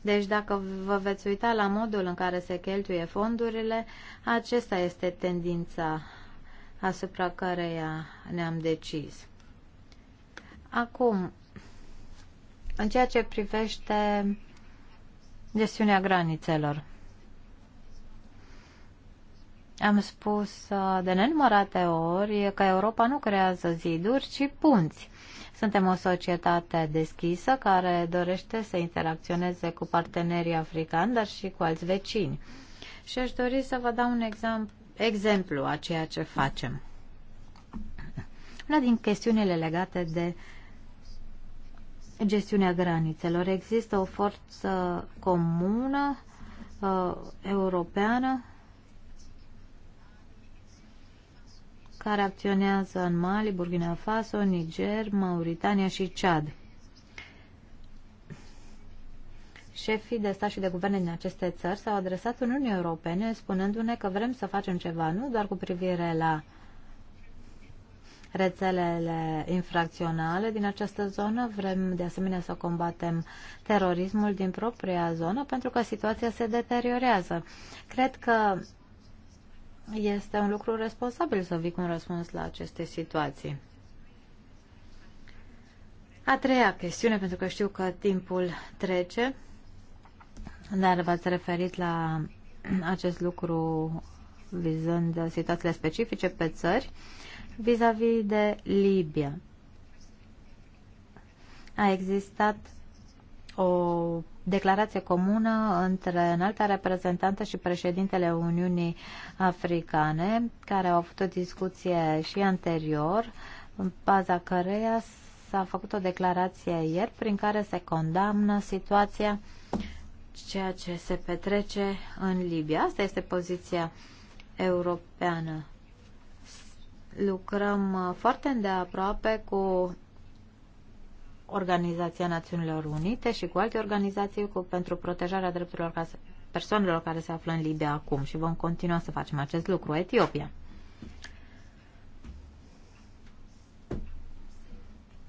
Deci dacă vă veți uita la modul în care se cheltuie fondurile, acesta este tendința asupra căreia ne-am decis. Acum, în ceea ce privește gestiunea granițelor, am spus uh, de nenumărate ori că Europa nu creează ziduri, ci punți. Suntem o societate deschisă care dorește să interacționeze cu partenerii africani, dar și cu alți vecini. Și aș dori să vă dau un exemplu exemplu a ceea ce facem. Una din chestiunile legate de gestiunea granițelor. Există o forță comună uh, europeană care acționează în Mali, Burkina Faso, Niger, Mauritania și Chad. Șefii de stat și de guverne din aceste țări s-au adresat Uniunii Europene spunându-ne că vrem să facem ceva, nu doar cu privire la rețelele infracționale din această zonă. Vrem de asemenea să combatem terorismul din propria zonă pentru că situația se deteriorează. Cred că este un lucru responsabil să vii cu un răspuns la aceste situații. A treia chestiune, pentru că știu că timpul trece, dar v-ați referit la acest lucru vizând situațiile specifice pe țări vis-a-vis -vis de Libia. A existat o declarație comună între înalta reprezentantă și președintele Uniunii Africane, care au avut o discuție și anterior, în baza căreia s-a făcut o declarație ieri prin care se condamnă situația ceea ce se petrece în Libia. Asta este poziția europeană. Lucrăm uh, foarte îndeaproape cu Organizația Națiunilor Unite și cu alte organizații cu, pentru protejarea drepturilor ca, persoanelor care se află în Libia acum și vom continua să facem acest lucru. Etiopia.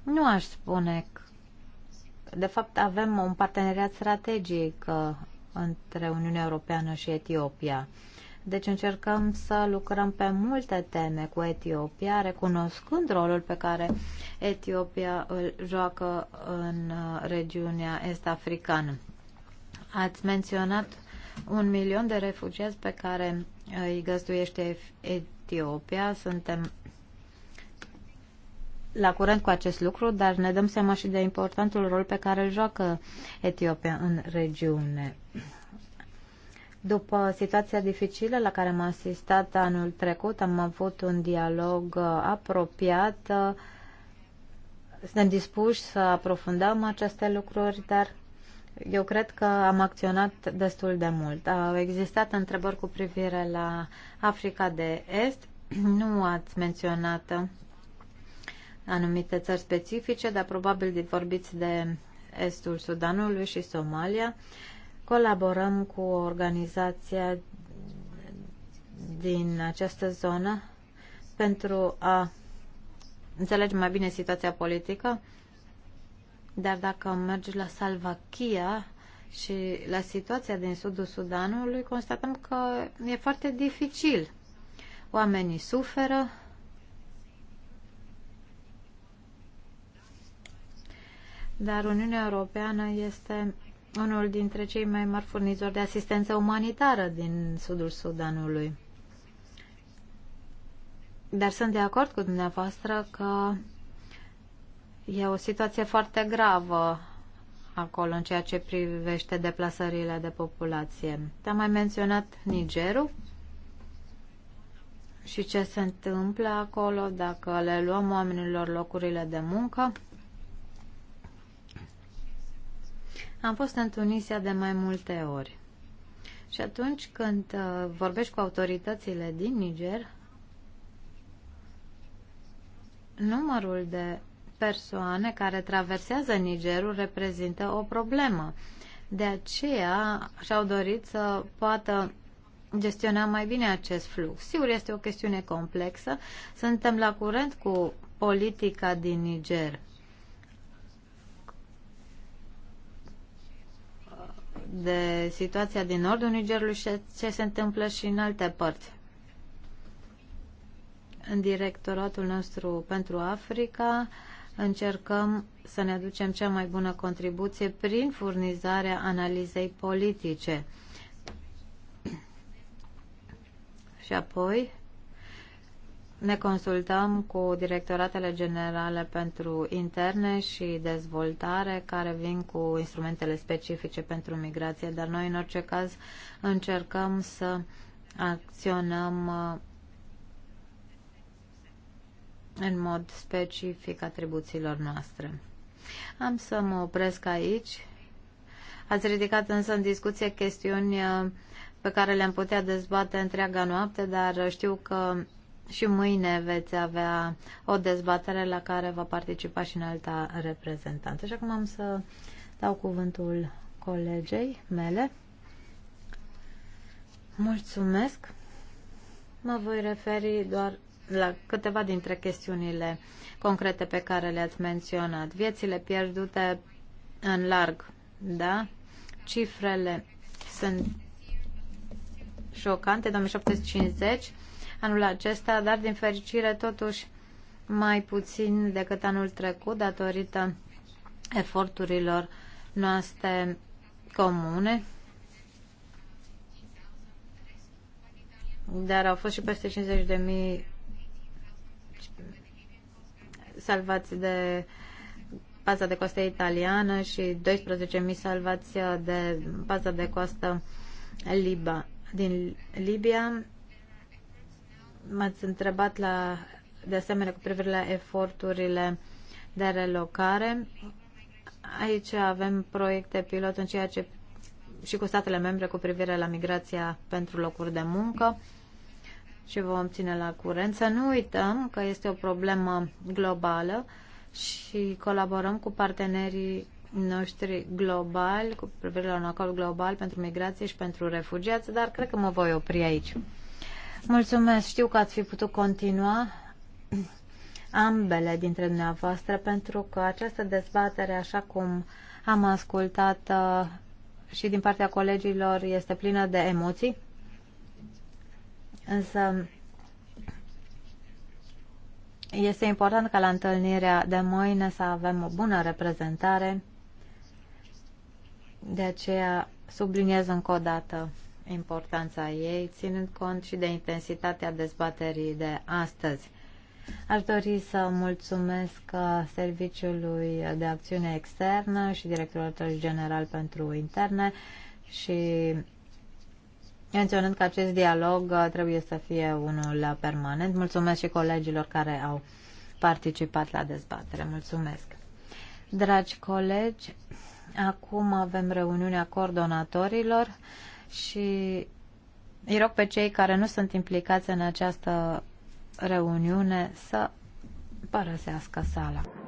Nu aș spune că. De fapt, avem un parteneriat strategic uh, între Uniunea Europeană și Etiopia. Deci încercăm să lucrăm pe multe teme cu Etiopia, recunoscând rolul pe care Etiopia îl joacă în uh, regiunea est-africană. Ați menționat un milion de refugiați pe care îi găzduiește Etiopia. Suntem la curent cu acest lucru, dar ne dăm seama și de importantul rol pe care îl joacă Etiopia în regiune. După situația dificilă la care m-am asistat anul trecut, am avut un dialog uh, apropiat. Suntem dispuși să aprofundăm aceste lucruri, dar eu cred că am acționat destul de mult. Au existat întrebări cu privire la Africa de Est. Nu ați menționat anumite țări specifice, dar probabil vorbiți de estul Sudanului și Somalia. Colaborăm cu organizația din această zonă pentru a înțelege mai bine situația politică, dar dacă mergi la Salvachia și la situația din sudul Sudanului, constatăm că e foarte dificil. Oamenii suferă, dar Uniunea Europeană este unul dintre cei mai mari furnizori de asistență umanitară din sudul Sudanului. Dar sunt de acord cu dumneavoastră că e o situație foarte gravă acolo în ceea ce privește deplasările de populație. Te-am mai menționat Nigerul și ce se întâmplă acolo dacă le luăm oamenilor locurile de muncă. Am fost în Tunisia de mai multe ori. Și atunci când uh, vorbești cu autoritățile din Niger, numărul de persoane care traversează Nigerul reprezintă o problemă. De aceea și-au dorit să poată gestiona mai bine acest flux. Sigur, este o chestiune complexă. Suntem la curent cu politica din Niger. de situația din nordul Nigerului și ce se întâmplă și în alte părți. În directoratul nostru pentru Africa încercăm să ne aducem cea mai bună contribuție prin furnizarea analizei politice. Și apoi ne consultăm cu directoratele generale pentru interne și dezvoltare care vin cu instrumentele specifice pentru migrație, dar noi în orice caz încercăm să acționăm uh, în mod specific atribuțiilor noastre. Am să mă opresc aici. Ați ridicat însă în discuție chestiuni uh, pe care le-am putea dezbate întreaga noapte, dar știu că și mâine veți avea o dezbatere la care va participa și în alta reprezentantă. Așa acum am să dau cuvântul colegei mele. Mulțumesc. Mă voi referi doar la câteva dintre chestiunile concrete pe care le-ați menționat. Viețile pierdute în larg, da? Cifrele sunt șocante, 2750 anul acesta, dar din fericire totuși mai puțin decât anul trecut datorită eforturilor noastre comune. Dar au fost și peste mii salvați de paza de coastă italiană și 12.000 salvați de paza de coastă Liba, din Libia m-ați întrebat la, de asemenea cu privire la eforturile de relocare. Aici avem proiecte pilot în ceea ce și cu statele membre cu privire la migrația pentru locuri de muncă și vom ține la curent. Să nu uităm că este o problemă globală și colaborăm cu partenerii noștri globali, cu privire la un acord global pentru migrație și pentru refugiați, dar cred că mă voi opri aici. Mulțumesc, știu că ați fi putut continua ambele dintre dumneavoastră, pentru că această dezbatere, așa cum am ascultat uh, și din partea colegilor, este plină de emoții. Însă este important ca la întâlnirea de mâine să avem o bună reprezentare. De aceea subliniez încă o dată importanța ei, ținând cont și de intensitatea dezbaterii de astăzi. Aș dori să mulțumesc uh, Serviciului de Acțiune Externă și Directorului General pentru Interne și menționând că acest dialog uh, trebuie să fie unul permanent. Mulțumesc și colegilor care au participat la dezbatere. Mulțumesc! Dragi colegi, acum avem reuniunea coordonatorilor și îi rog pe cei care nu sunt implicați în această reuniune să părăsească sala.